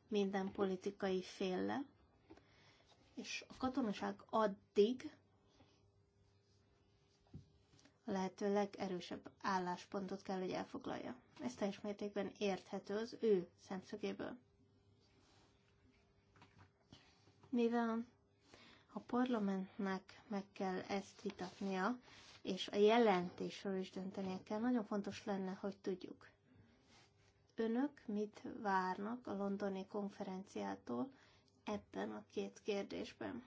minden politikai félle, és a katonaság addig a lehető legerősebb álláspontot kell, hogy elfoglalja. Ez teljes mértékben érthető az ő szemszögéből. Mivel a parlamentnek meg kell ezt vitatnia, és a jelentésről is döntenie kell, nagyon fontos lenne, hogy tudjuk. Önök mit várnak a londoni konferenciától ebben a két kérdésben?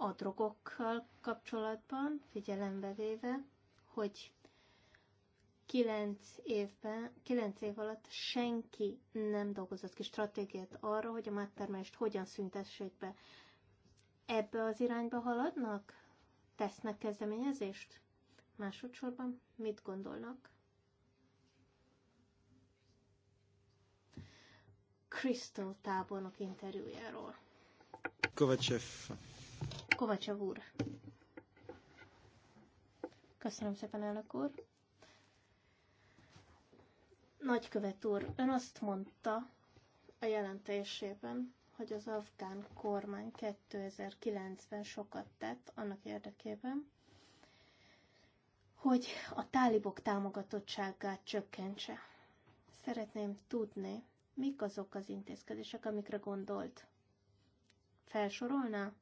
a drogokkal kapcsolatban, figyelembe véve, hogy 9 évben, 9 év alatt senki nem dolgozott ki stratégiát arra, hogy a mártermelést hogyan szüntessék be. Ebbe az irányba haladnak? Tesznek kezdeményezést? Másodszorban mit gondolnak? Crystal tábornok interjújáról. Kovacsev Kovacsev úr. Köszönöm szépen, elnök úr. Nagykövet úr, ön azt mondta a jelentésében, hogy az afgán kormány 2009-ben sokat tett annak érdekében, hogy a tálibok támogatottságát csökkentse. Szeretném tudni, mik azok az intézkedések, amikre gondolt. Felsorolná?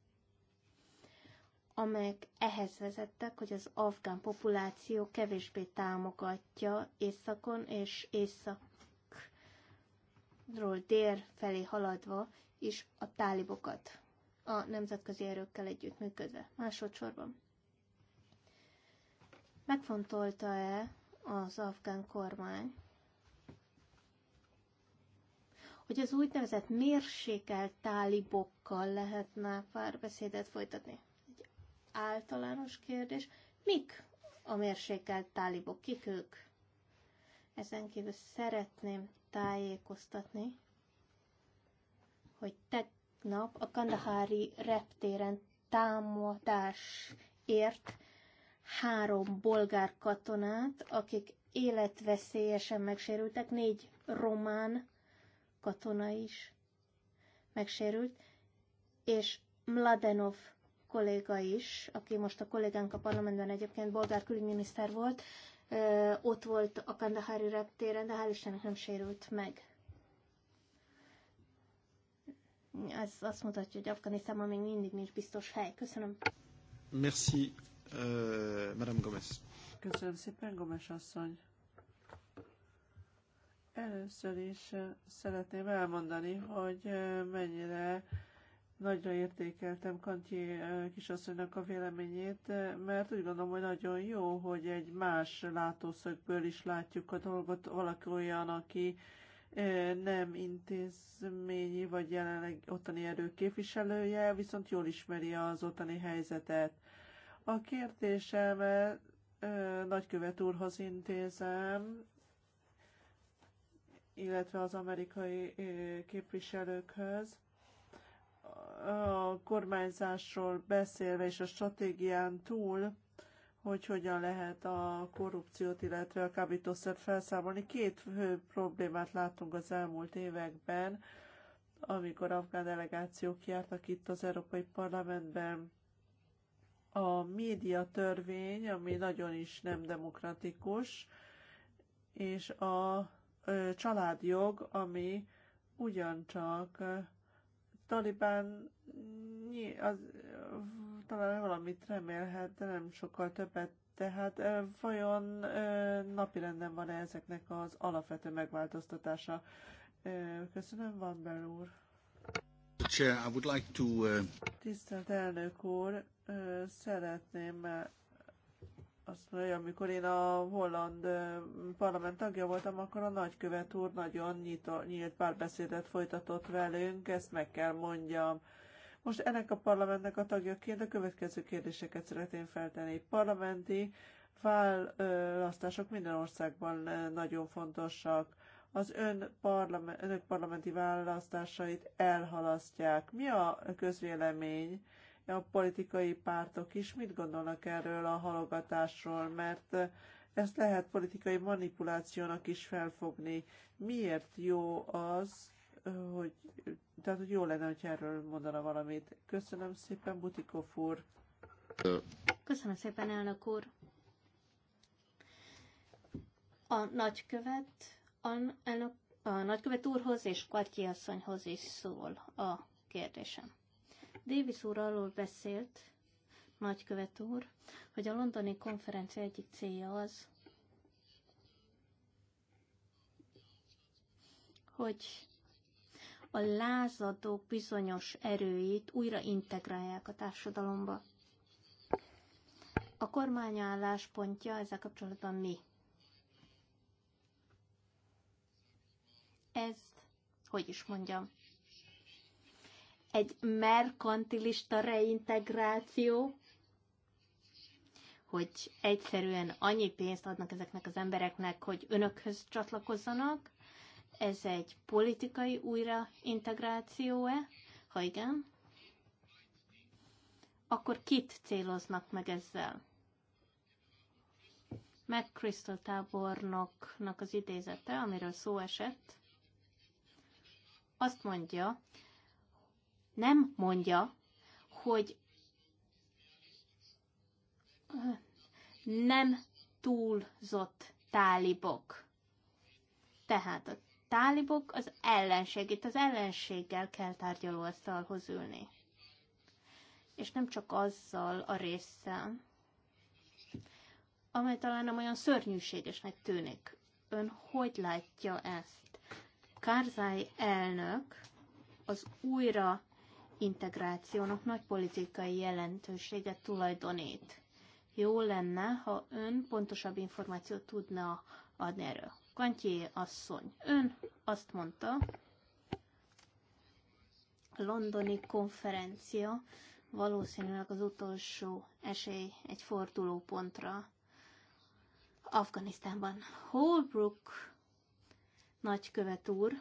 amelyek ehhez vezettek, hogy az afgán populáció kevésbé támogatja északon és északról dél felé haladva is a tálibokat a nemzetközi erőkkel együttműködve. Másodszorban. Megfontolta-e az afgán kormány, hogy az úgynevezett mérsékelt tálibokkal lehetne párbeszédet folytatni? általános kérdés, mik a mérsékelt tálibok, kik ők? Ezen kívül szeretném tájékoztatni, hogy tegnap a Kandahári reptéren támadás ért három bolgár katonát, akik életveszélyesen megsérültek, négy román katona is megsérült, és Mladenov kolléga is, aki most a kollégánk a parlamentben egyébként bolgár külügyminiszter volt, ott volt a Kandahári reptéren, de hál' Istennek nem sérült meg. Ez azt mutatja, hogy Afganisztánban még mindig nincs biztos hely. Köszönöm. Merci, uh, Madame Gomez. Köszönöm szépen, Gomes asszony. Először is szeretném elmondani, hogy mennyire uh, Nagyra értékeltem Kanti kisasszonynak a véleményét, mert úgy gondolom, hogy nagyon jó, hogy egy más látószögből is látjuk a dolgot. Valaki olyan, aki nem intézményi vagy jelenleg ottani erők képviselője, viszont jól ismeri az ottani helyzetet. A kérdésem nagykövet úrhoz intézem, illetve az amerikai képviselőkhöz a kormányzásról beszélve és a stratégián túl, hogy hogyan lehet a korrupciót, illetve a kábítószert felszámolni. Két fő problémát látunk az elmúlt években, amikor afgán delegációk jártak itt az Európai Parlamentben. A média törvény, ami nagyon is nem demokratikus, és a családjog, ami ugyancsak Talibán az, talán valamit remélhet, de nem sokkal többet. Tehát vajon napirenden van-e ezeknek az alapvető megváltoztatása? Köszönöm, Van Bell úr. Chair, I would like to, Tisztelt elnök úr, szeretném azt mondja, amikor én a holland parlament tagja voltam, akkor a nagykövet úr nagyon nyitó nyílt párbeszédet folytatott velünk, ezt meg kell mondjam. Most ennek a parlamentnek a tagjaként a következő kérdéseket szeretném feltenni. Parlamenti választások minden országban nagyon fontosak. Az ön parlament, önök parlamenti választásait elhalasztják. Mi a közvélemény? a politikai pártok is mit gondolnak erről a halogatásról, mert ezt lehet politikai manipulációnak is felfogni. Miért jó az, hogy, tehát, hogy jó lenne, hogy erről mondana valamit. Köszönöm szépen, Butikov úr. Köszönöm szépen, elnök úr. A nagykövet, a, elnök, a nagykövet úrhoz és Kartyi asszonyhoz is szól a kérdésem. Davis úr arról beszélt, nagykövet úr, hogy a londoni konferencia egyik célja az, hogy a lázadók bizonyos erőit újra integrálják a társadalomba. A kormány álláspontja ezzel kapcsolatban mi? Ez, hogy is mondjam, egy merkantilista reintegráció, hogy egyszerűen annyi pénzt adnak ezeknek az embereknek, hogy önökhöz csatlakozzanak, ez egy politikai újraintegráció-e? Ha igen, akkor kit céloznak meg ezzel? Meg Crystal tábornoknak az idézete, amiről szó esett, azt mondja, nem mondja, hogy nem túlzott tálibok. Tehát a tálibok az ellenség, itt az ellenséggel kell tárgyalóasztalhoz ülni. És nem csak azzal a résszel, amely talán nem olyan szörnyűségesnek tűnik. Ön hogy látja ezt? Kárzai elnök az újra integrációnak nagy politikai jelentőséget tulajdonít. Jó lenne, ha ön pontosabb információt tudna adni erről. Kantyi asszony, ön azt mondta, a londoni konferencia valószínűleg az utolsó esély egy fordulópontra Afganisztánban. Holbrook nagykövet úr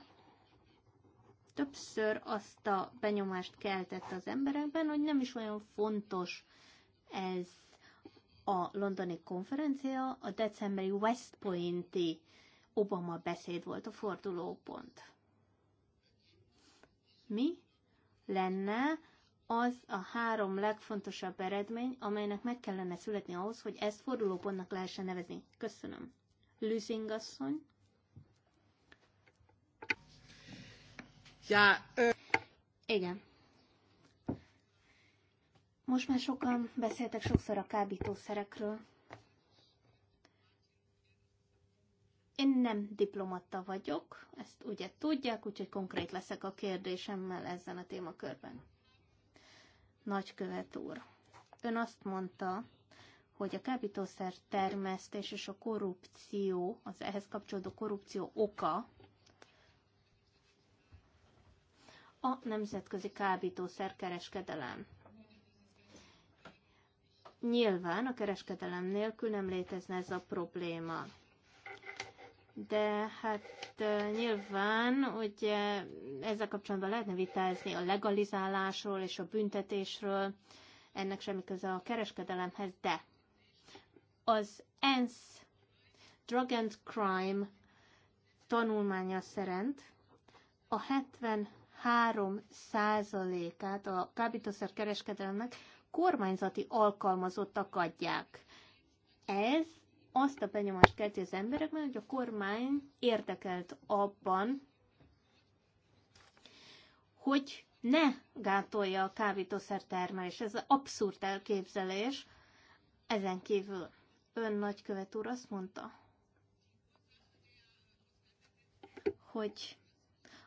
többször azt a benyomást keltette az emberekben, hogy nem is olyan fontos ez a londoni konferencia, a decemberi West Pointi Obama beszéd volt a fordulópont. Mi lenne az a három legfontosabb eredmény, amelynek meg kellene születni ahhoz, hogy ezt fordulópontnak lehessen nevezni? Köszönöm. Lüzing asszony. Ja, ö... Igen. Most már sokan beszéltek sokszor a kábítószerekről. Én nem diplomata vagyok, ezt ugye tudják, úgyhogy konkrét leszek a kérdésemmel ezen a témakörben. Nagykövet úr, ön azt mondta, hogy a kábítószer termesztés és a korrupció, az ehhez kapcsolódó korrupció oka a nemzetközi kábítószerkereskedelem. Nyilván a kereskedelem nélkül nem létezne ez a probléma. De hát nyilván, hogy ezzel kapcsolatban lehetne vitázni a legalizálásról és a büntetésről, ennek semmi köze a kereskedelemhez, de az ENSZ Drug and Crime tanulmánya szerint a 70 3 százalékát a kábítószer kereskedelmek kormányzati alkalmazottak adják. Ez azt a benyomást kelti az emberekben, hogy a kormány érdekelt abban, hogy ne gátolja a kábítószer termelés. Ez abszurd elképzelés. Ezen kívül ön nagykövet úr azt mondta, hogy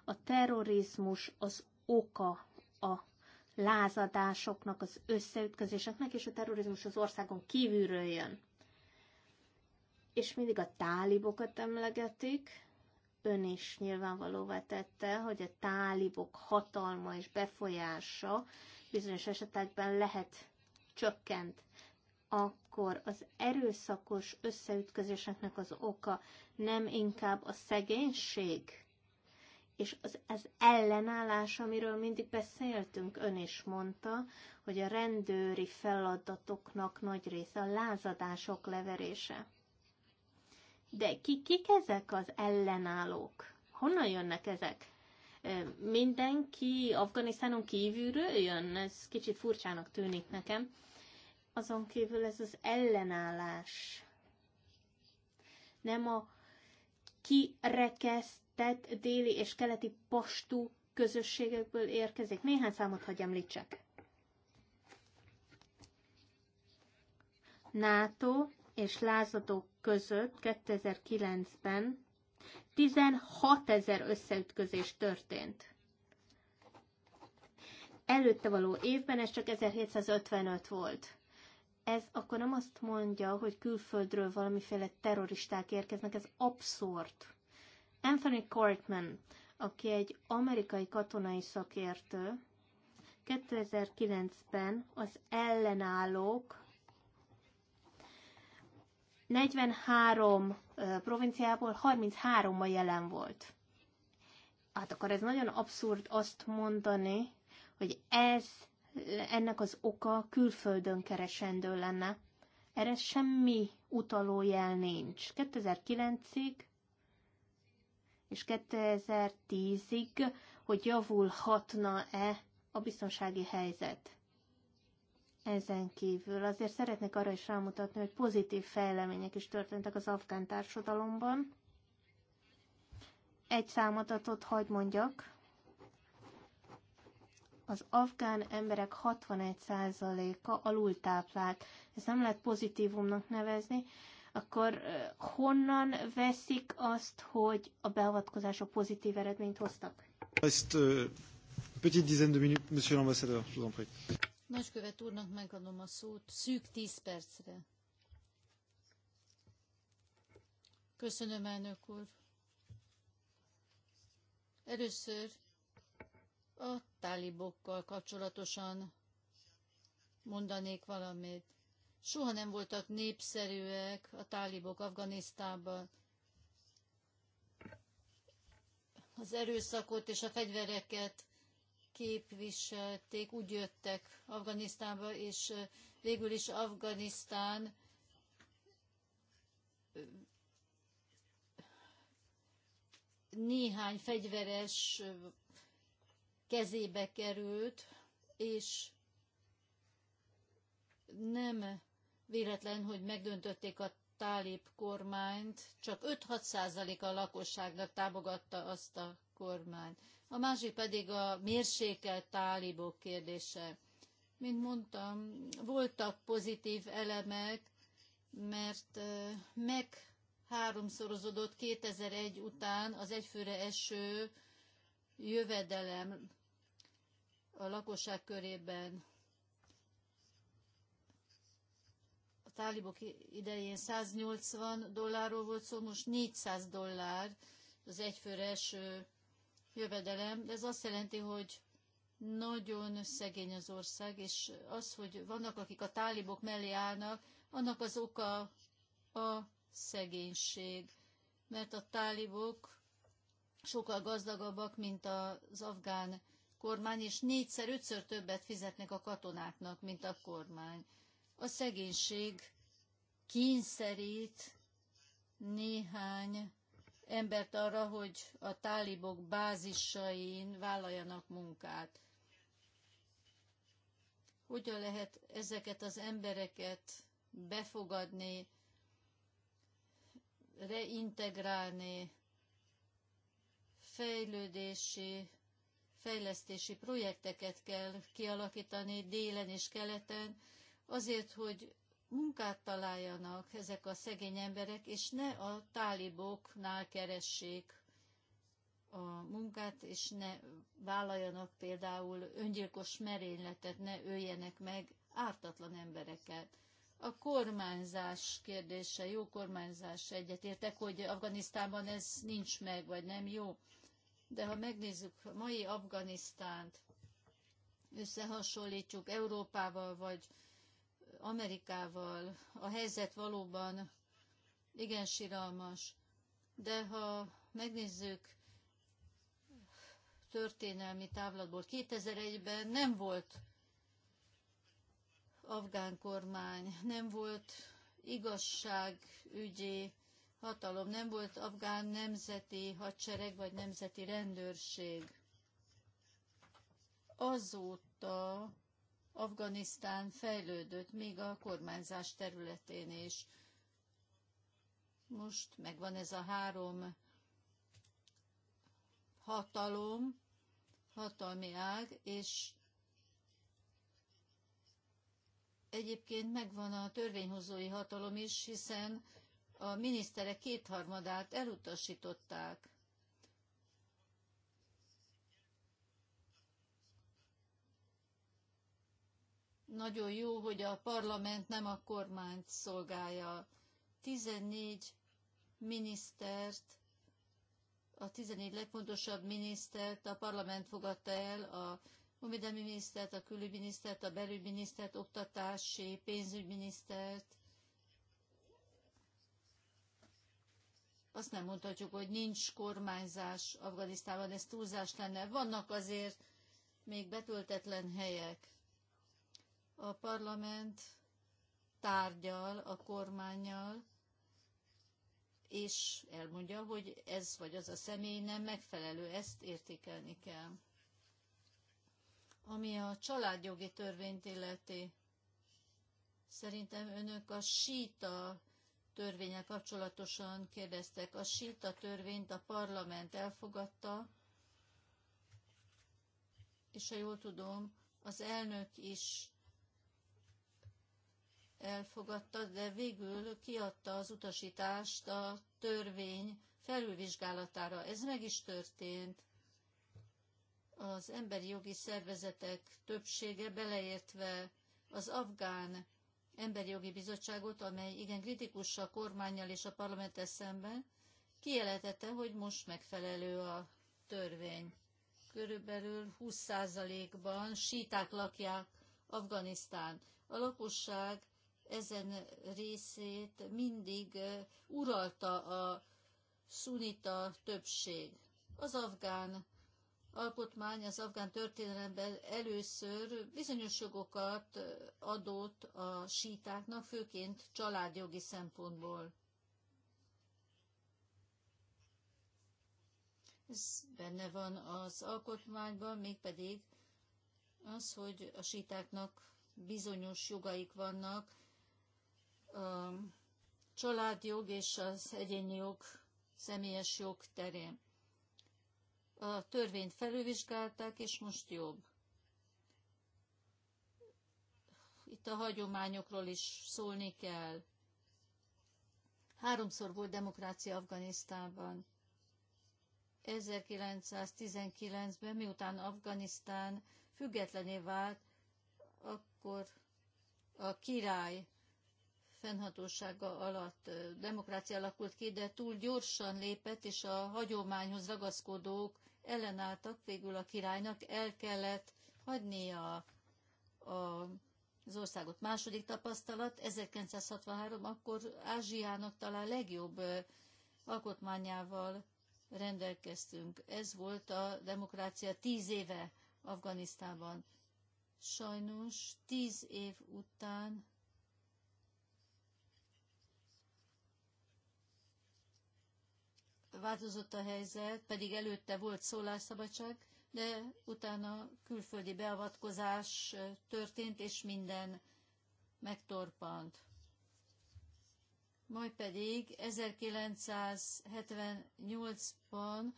a terrorizmus az oka a lázadásoknak, az összeütközéseknek, és a terrorizmus az országon kívülről jön. És mindig a tálibokat emlegetik, ön is nyilvánvalóvá tette, hogy a tálibok hatalma és befolyása bizonyos esetekben lehet csökkent, akkor az erőszakos összeütközéseknek az oka nem inkább a szegénység, és az, az ellenállás, amiről mindig beszéltünk, ön is mondta, hogy a rendőri feladatoknak nagy része a lázadások leverése. De ki, kik ezek az ellenállók? Honnan jönnek ezek? Mindenki Afganisztánon kívülről jön? Ez kicsit furcsának tűnik nekem. Azon kívül ez az ellenállás. Nem a kirekesztett déli és keleti pastú közösségekből érkezik. Néhány számot hagy említsek. NATO és lázadók között 2009-ben 16 ezer összeütközés történt. Előtte való évben ez csak 1755 volt ez akkor nem azt mondja, hogy külföldről valamiféle terroristák érkeznek, ez abszurd. Anthony Cortman, aki egy amerikai katonai szakértő, 2009-ben az ellenállók 43 provinciából 33 ma jelen volt. Hát akkor ez nagyon abszurd azt mondani, hogy ez ennek az oka külföldön keresendő lenne. Erre semmi utalójel nincs. 2009-ig és 2010-ig, hogy javulhatna-e a biztonsági helyzet. Ezen kívül azért szeretnék arra is rámutatni, hogy pozitív fejlemények is történtek az afgán társadalomban. Egy számadatot hagyd mondjak az afgán emberek 61%-a alultáplált. Ezt nem lehet pozitívumnak nevezni. Akkor honnan veszik azt, hogy a beavatkozások pozitív eredményt hoztak? Ezt uh, petite dizaine de minut, monsieur l'ambassadeur, je vous en prie. Nagykövet úrnak megadom a szót szűk 10 percre. Köszönöm, elnök úr. Először a tálibokkal kapcsolatosan mondanék valamit. Soha nem voltak népszerűek a tálibok Afganisztában. Az erőszakot és a fegyvereket képviselték, úgy jöttek Afganisztánba, és végül is Afganisztán néhány fegyveres kezébe került, és nem véletlen, hogy megdöntötték a tálib kormányt, csak 5-6 százalék a lakosságnak támogatta azt a kormányt. A másik pedig a mérsékelt tálibok kérdése. Mint mondtam, voltak pozitív elemek, mert meg háromszorozódott 2001 után az egyfőre eső jövedelem a lakosság körében. A tálibok idején 180 dollárról volt szó, most 400 dollár az egyfőre eső jövedelem, de ez azt jelenti, hogy nagyon szegény az ország, és az, hogy vannak, akik a tálibok mellé állnak, annak az oka a szegénység. Mert a tálibok sokkal gazdagabbak, mint az afgán kormány, és négyszer-ötször többet fizetnek a katonáknak, mint a kormány. A szegénység kényszerít néhány embert arra, hogy a tálibok bázisain vállaljanak munkát. Hogyan lehet ezeket az embereket befogadni, reintegrálni, fejlődési fejlesztési projekteket kell kialakítani délen és keleten, azért, hogy munkát találjanak ezek a szegény emberek, és ne a táliboknál keressék a munkát, és ne vállaljanak például öngyilkos merényletet, ne öljenek meg ártatlan embereket. A kormányzás kérdése, jó kormányzás egyetértek, hogy Afganisztánban ez nincs meg, vagy nem jó de ha megnézzük a mai Afganisztánt, összehasonlítjuk Európával vagy Amerikával, a helyzet valóban igen siralmas. De ha megnézzük történelmi távlatból, 2001-ben nem volt afgán kormány, nem volt igazságügyi hatalom. Nem volt afgán nemzeti hadsereg vagy nemzeti rendőrség. Azóta Afganisztán fejlődött, még a kormányzás területén is. Most megvan ez a három hatalom, hatalmi ág, és egyébként megvan a törvényhozói hatalom is, hiszen a miniszterek kétharmadát elutasították. Nagyon jó, hogy a parlament nem a kormányt szolgálja. 14 minisztert, a 14 legfontosabb minisztert a parlament fogadta el, a honvédelmi minisztert, a külügyminisztert, a belügyminisztert, oktatási, pénzügyminisztert, azt nem mondhatjuk, hogy nincs kormányzás Afganisztánban, ez túlzás lenne. Vannak azért még betöltetlen helyek. A parlament tárgyal a kormányjal, és elmondja, hogy ez vagy az a személy nem megfelelő, ezt értékelni kell. Ami a családjogi törvényt illeti, szerintem önök a síta törvényel kapcsolatosan kérdeztek. A síta törvényt a parlament elfogadta, és ha jól tudom, az elnök is elfogadta, de végül kiadta az utasítást a törvény felülvizsgálatára. Ez meg is történt. Az emberi jogi szervezetek többsége, beleértve az afgán emberi jogi bizottságot, amely igen kritikus a kormányjal és a parlamenttel szemben, kijelentette, hogy most megfelelő a törvény. Körülbelül 20%-ban síták lakják Afganisztán. A lakosság ezen részét mindig uralta a szunita többség. Az afgán alkotmány az afgán történelemben először bizonyos jogokat adott a sítáknak, főként családjogi szempontból. Ez benne van az alkotmányban, mégpedig az, hogy a sítáknak bizonyos jogaik vannak, a családjog és az egyéni jog, személyes jog terén a törvényt felülvizsgálták, és most jobb. Itt a hagyományokról is szólni kell. Háromszor volt demokrácia Afganisztánban. 1919-ben, miután Afganisztán függetlené vált, akkor a király fennhatósága alatt demokrácia alakult ki, de túl gyorsan lépett, és a hagyományhoz ragaszkodók ellenálltak végül a királynak, el kellett hagynia a, az országot. Második tapasztalat, 1963, akkor Ázsiának talán legjobb alkotmányával rendelkeztünk. Ez volt a demokrácia tíz éve Afganisztában. Sajnos tíz év után változott a helyzet, pedig előtte volt szólásszabadság, de utána külföldi beavatkozás történt, és minden megtorpant. Majd pedig 1978-ban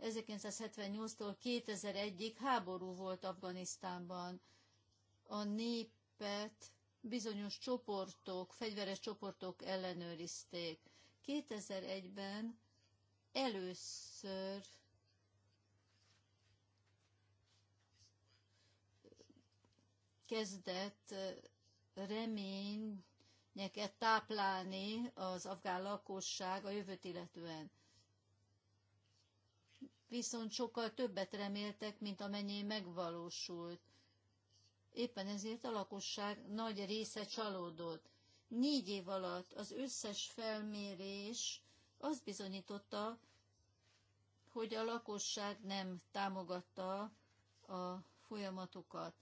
1978-tól 2001-ig háború volt Afganisztánban. A népet bizonyos csoportok, fegyveres csoportok ellenőrizték. 2001-ben először kezdett eh, reményeket táplálni az afgán lakosság a jövőt illetően. Viszont sokkal többet reméltek, mint amennyi megvalósult. Éppen ezért a lakosság nagy része csalódott. Négy év alatt az összes felmérés azt bizonyította, hogy a lakosság nem támogatta a folyamatokat.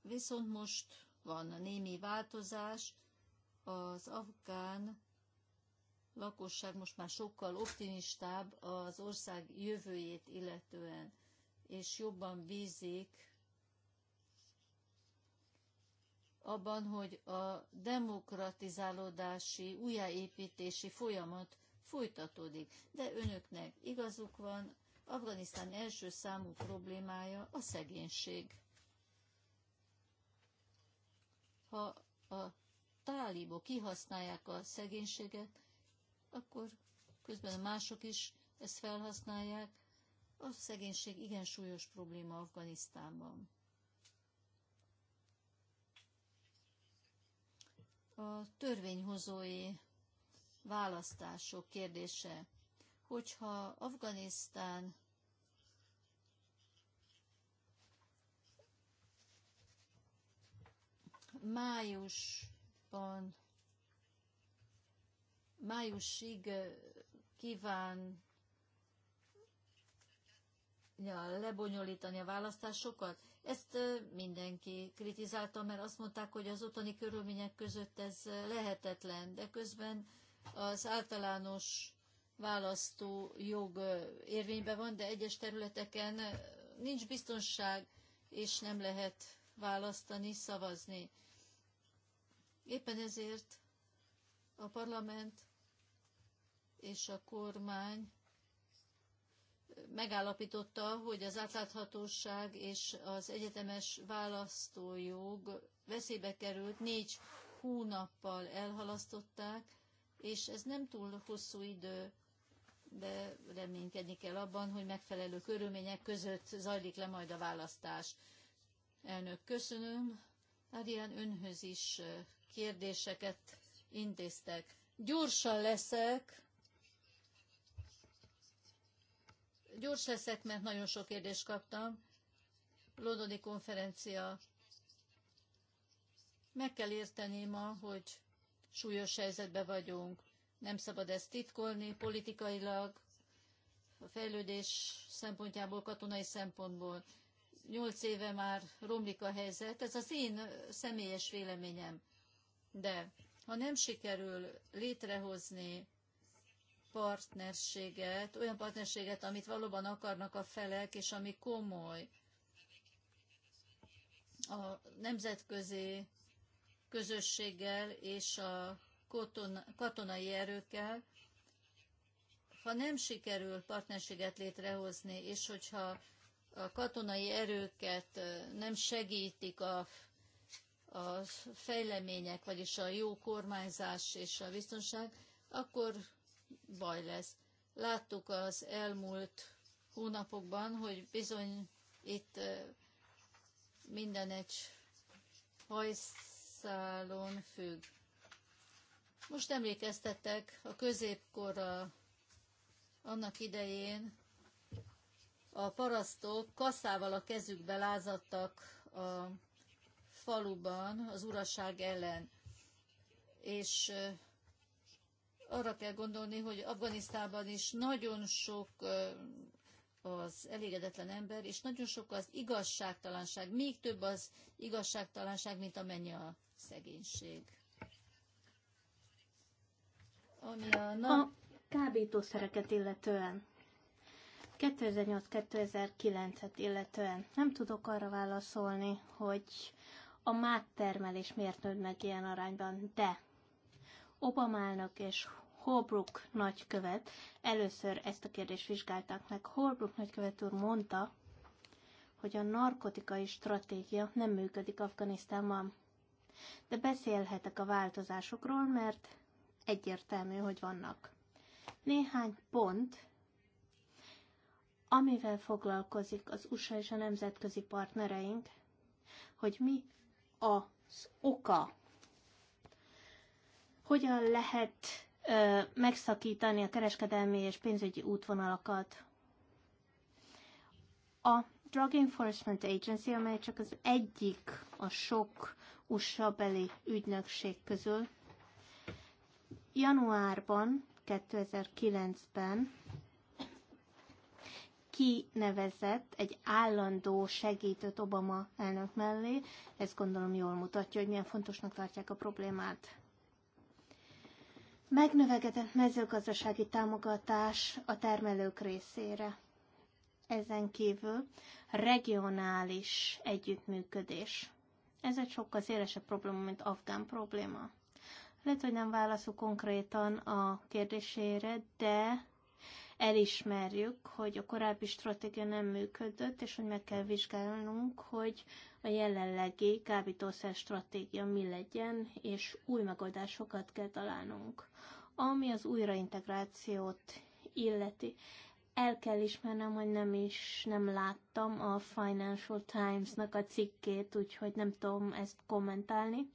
Viszont most van a némi változás, az afgán lakosság most már sokkal optimistább az ország jövőjét illetően, és jobban bízik abban, hogy a demokratizálódási, újjáépítési folyamat folytatódik. De önöknek igazuk van, Afganisztán első számú problémája a szegénység. Ha a tálibok kihasználják a szegénységet, akkor közben a mások is ezt felhasználják. A szegénység igen súlyos probléma Afganisztánban. A törvényhozói választások kérdése. Hogyha Afganisztán májusban, májusig kíván ja, lebonyolítani a választásokat. Ezt mindenki kritizálta, mert azt mondták, hogy az otthoni körülmények között ez lehetetlen, de közben az általános választó jog érvényben van, de egyes területeken nincs biztonság, és nem lehet választani, szavazni. Éppen ezért a parlament és a kormány megállapította, hogy az átláthatóság és az egyetemes választójog veszélybe került, négy hónappal elhalasztották, és ez nem túl hosszú idő, de reménykedni kell abban, hogy megfelelő körülmények között zajlik le majd a választás. Elnök, köszönöm. Arián, önhöz is kérdéseket intéztek. Gyorsan leszek. Gyors leszek, mert nagyon sok kérdést kaptam. Londoni konferencia. Meg kell érteni ma, hogy súlyos helyzetbe vagyunk. Nem szabad ezt titkolni politikailag, a fejlődés szempontjából, katonai szempontból. Nyolc éve már romlik a helyzet, ez az én személyes véleményem. De ha nem sikerül létrehozni partnerséget, olyan partnerséget, amit valóban akarnak a felek, és ami komoly, a nemzetközi közösséggel és a katonai erőkkel, ha nem sikerül partnerséget létrehozni, és hogyha a katonai erőket nem segítik a, a fejlemények, vagyis a jó kormányzás és a biztonság, akkor baj lesz. Láttuk az elmúlt hónapokban, hogy bizony itt minden egy hajsz szálon függ. Most emlékeztettek a középkorra annak idején a parasztok kaszával a kezükbe lázadtak a faluban az uraság ellen. És arra kell gondolni, hogy Afganisztában is nagyon sok az elégedetlen ember, és nagyon sok az igazságtalanság, még több az igazságtalanság, mint amennyi a szegénység. Ami a, na- a kábítószereket illetően. 2008-2009-et illetően nem tudok arra válaszolni, hogy a máttermelés miért nőtt meg ilyen arányban, de Obamának és Holbrook nagykövet először ezt a kérdést vizsgálták meg. Holbrook nagykövet úr mondta, hogy a narkotikai stratégia nem működik Afganisztánban. De beszélhetek a változásokról, mert egyértelmű, hogy vannak. Néhány pont, amivel foglalkozik az USA és a nemzetközi partnereink, hogy mi az oka, hogyan lehet ö, megszakítani a kereskedelmi és pénzügyi útvonalakat. A Drug Enforcement Agency, amely csak az egyik a sok USA beli ügynökség közül. Januárban, 2009-ben kinevezett egy állandó segítőt Obama elnök mellé. Ez gondolom jól mutatja, hogy milyen fontosnak tartják a problémát. Megnövegetett mezőgazdasági támogatás a termelők részére. Ezen kívül regionális együttműködés. Ez egy sokkal szélesebb probléma, mint afgán probléma. Lehet, hogy nem válaszol konkrétan a kérdésére, de elismerjük, hogy a korábbi stratégia nem működött, és hogy meg kell vizsgálnunk, hogy a jelenlegi kábítószer stratégia mi legyen, és új megoldásokat kell találnunk. Ami az újraintegrációt illeti, el kell ismernem, hogy nem is nem láttam a Financial Times-nak a cikkét, úgyhogy nem tudom ezt kommentálni,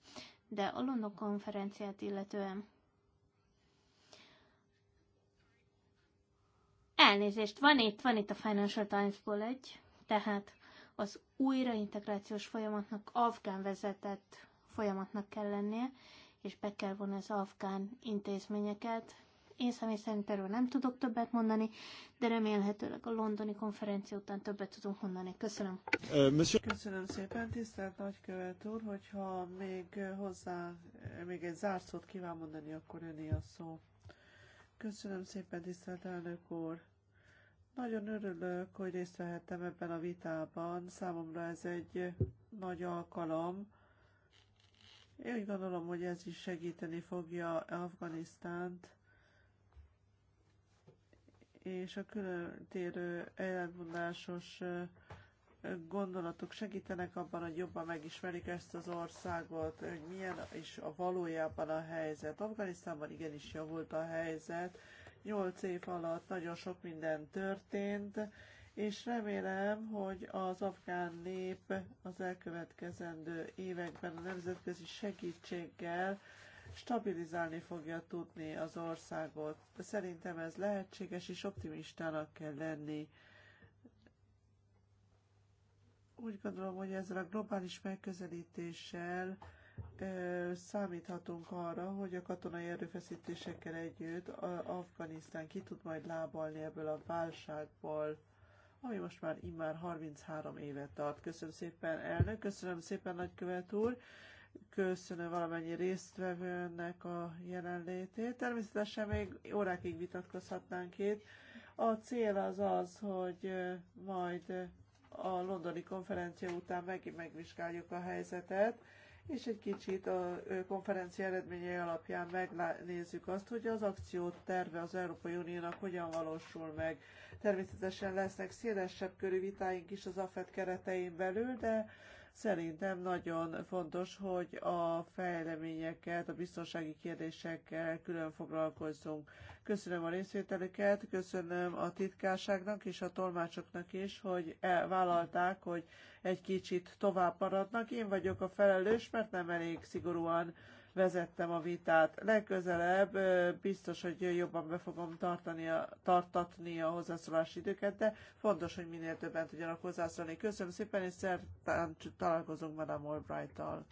de a London konferenciát illetően. Elnézést, van itt, van itt a Financial Times-ból egy, tehát az újraintegrációs folyamatnak afgán vezetett folyamatnak kell lennie, és be kell vonni az afgán intézményeket, én személy szerint erről nem tudok többet mondani, de remélhetőleg a londoni konferencia után többet tudunk mondani. Köszönöm. Köszönöm szépen, tisztelt nagykövet úr, hogyha még hozzá, még egy zárszót kíván mondani, akkor öné a szó. Köszönöm szépen, tisztelt elnök úr. Nagyon örülök, hogy részt vehettem ebben a vitában. Számomra ez egy nagy alkalom. Én úgy gondolom, hogy ez is segíteni fogja Afganisztánt és a különtérő ellentmondásos gondolatok segítenek abban, hogy jobban megismerik ezt az országot, hogy milyen is a valójában a helyzet. Afganisztánban igenis javult a helyzet, 8 év alatt nagyon sok minden történt, és remélem, hogy az afgán nép az elkövetkezendő években a nemzetközi segítséggel stabilizálni fogja tudni az országot. Szerintem ez lehetséges, és optimistának kell lenni. Úgy gondolom, hogy ezzel a globális megközelítéssel számíthatunk arra, hogy a katonai erőfeszítésekkel együtt Afganisztán ki tud majd lábalni ebből a válságból, ami most már immár 33 éve tart. Köszönöm szépen, elnök, köszönöm szépen, nagykövet úr. Köszönöm valamennyi résztvevőnek a jelenlétét. Természetesen még órákig vitatkozhatnánk itt. A cél az az, hogy majd a londoni konferencia után megint megvizsgáljuk a helyzetet, és egy kicsit a konferencia eredményei alapján megnézzük azt, hogy az akciót terve az Európai Uniónak hogyan valósul meg. Természetesen lesznek szélesebb körű vitáink is az AFET keretein belül, de Szerintem nagyon fontos, hogy a fejleményeket, a biztonsági kérdésekkel külön foglalkozzunk. Köszönöm a részvételüket, köszönöm a titkárságnak és a tolmácsoknak is, hogy vállalták, hogy egy kicsit tovább maradnak. Én vagyok a felelős, mert nem elég szigorúan vezettem a vitát. Legközelebb biztos, hogy jobban be fogom tartani a, tartatni a hozzászólási időket, de fontos, hogy minél többen tudjanak hozzászólni. Köszönöm szépen, és szerdán találkozunk Madame albright -tal.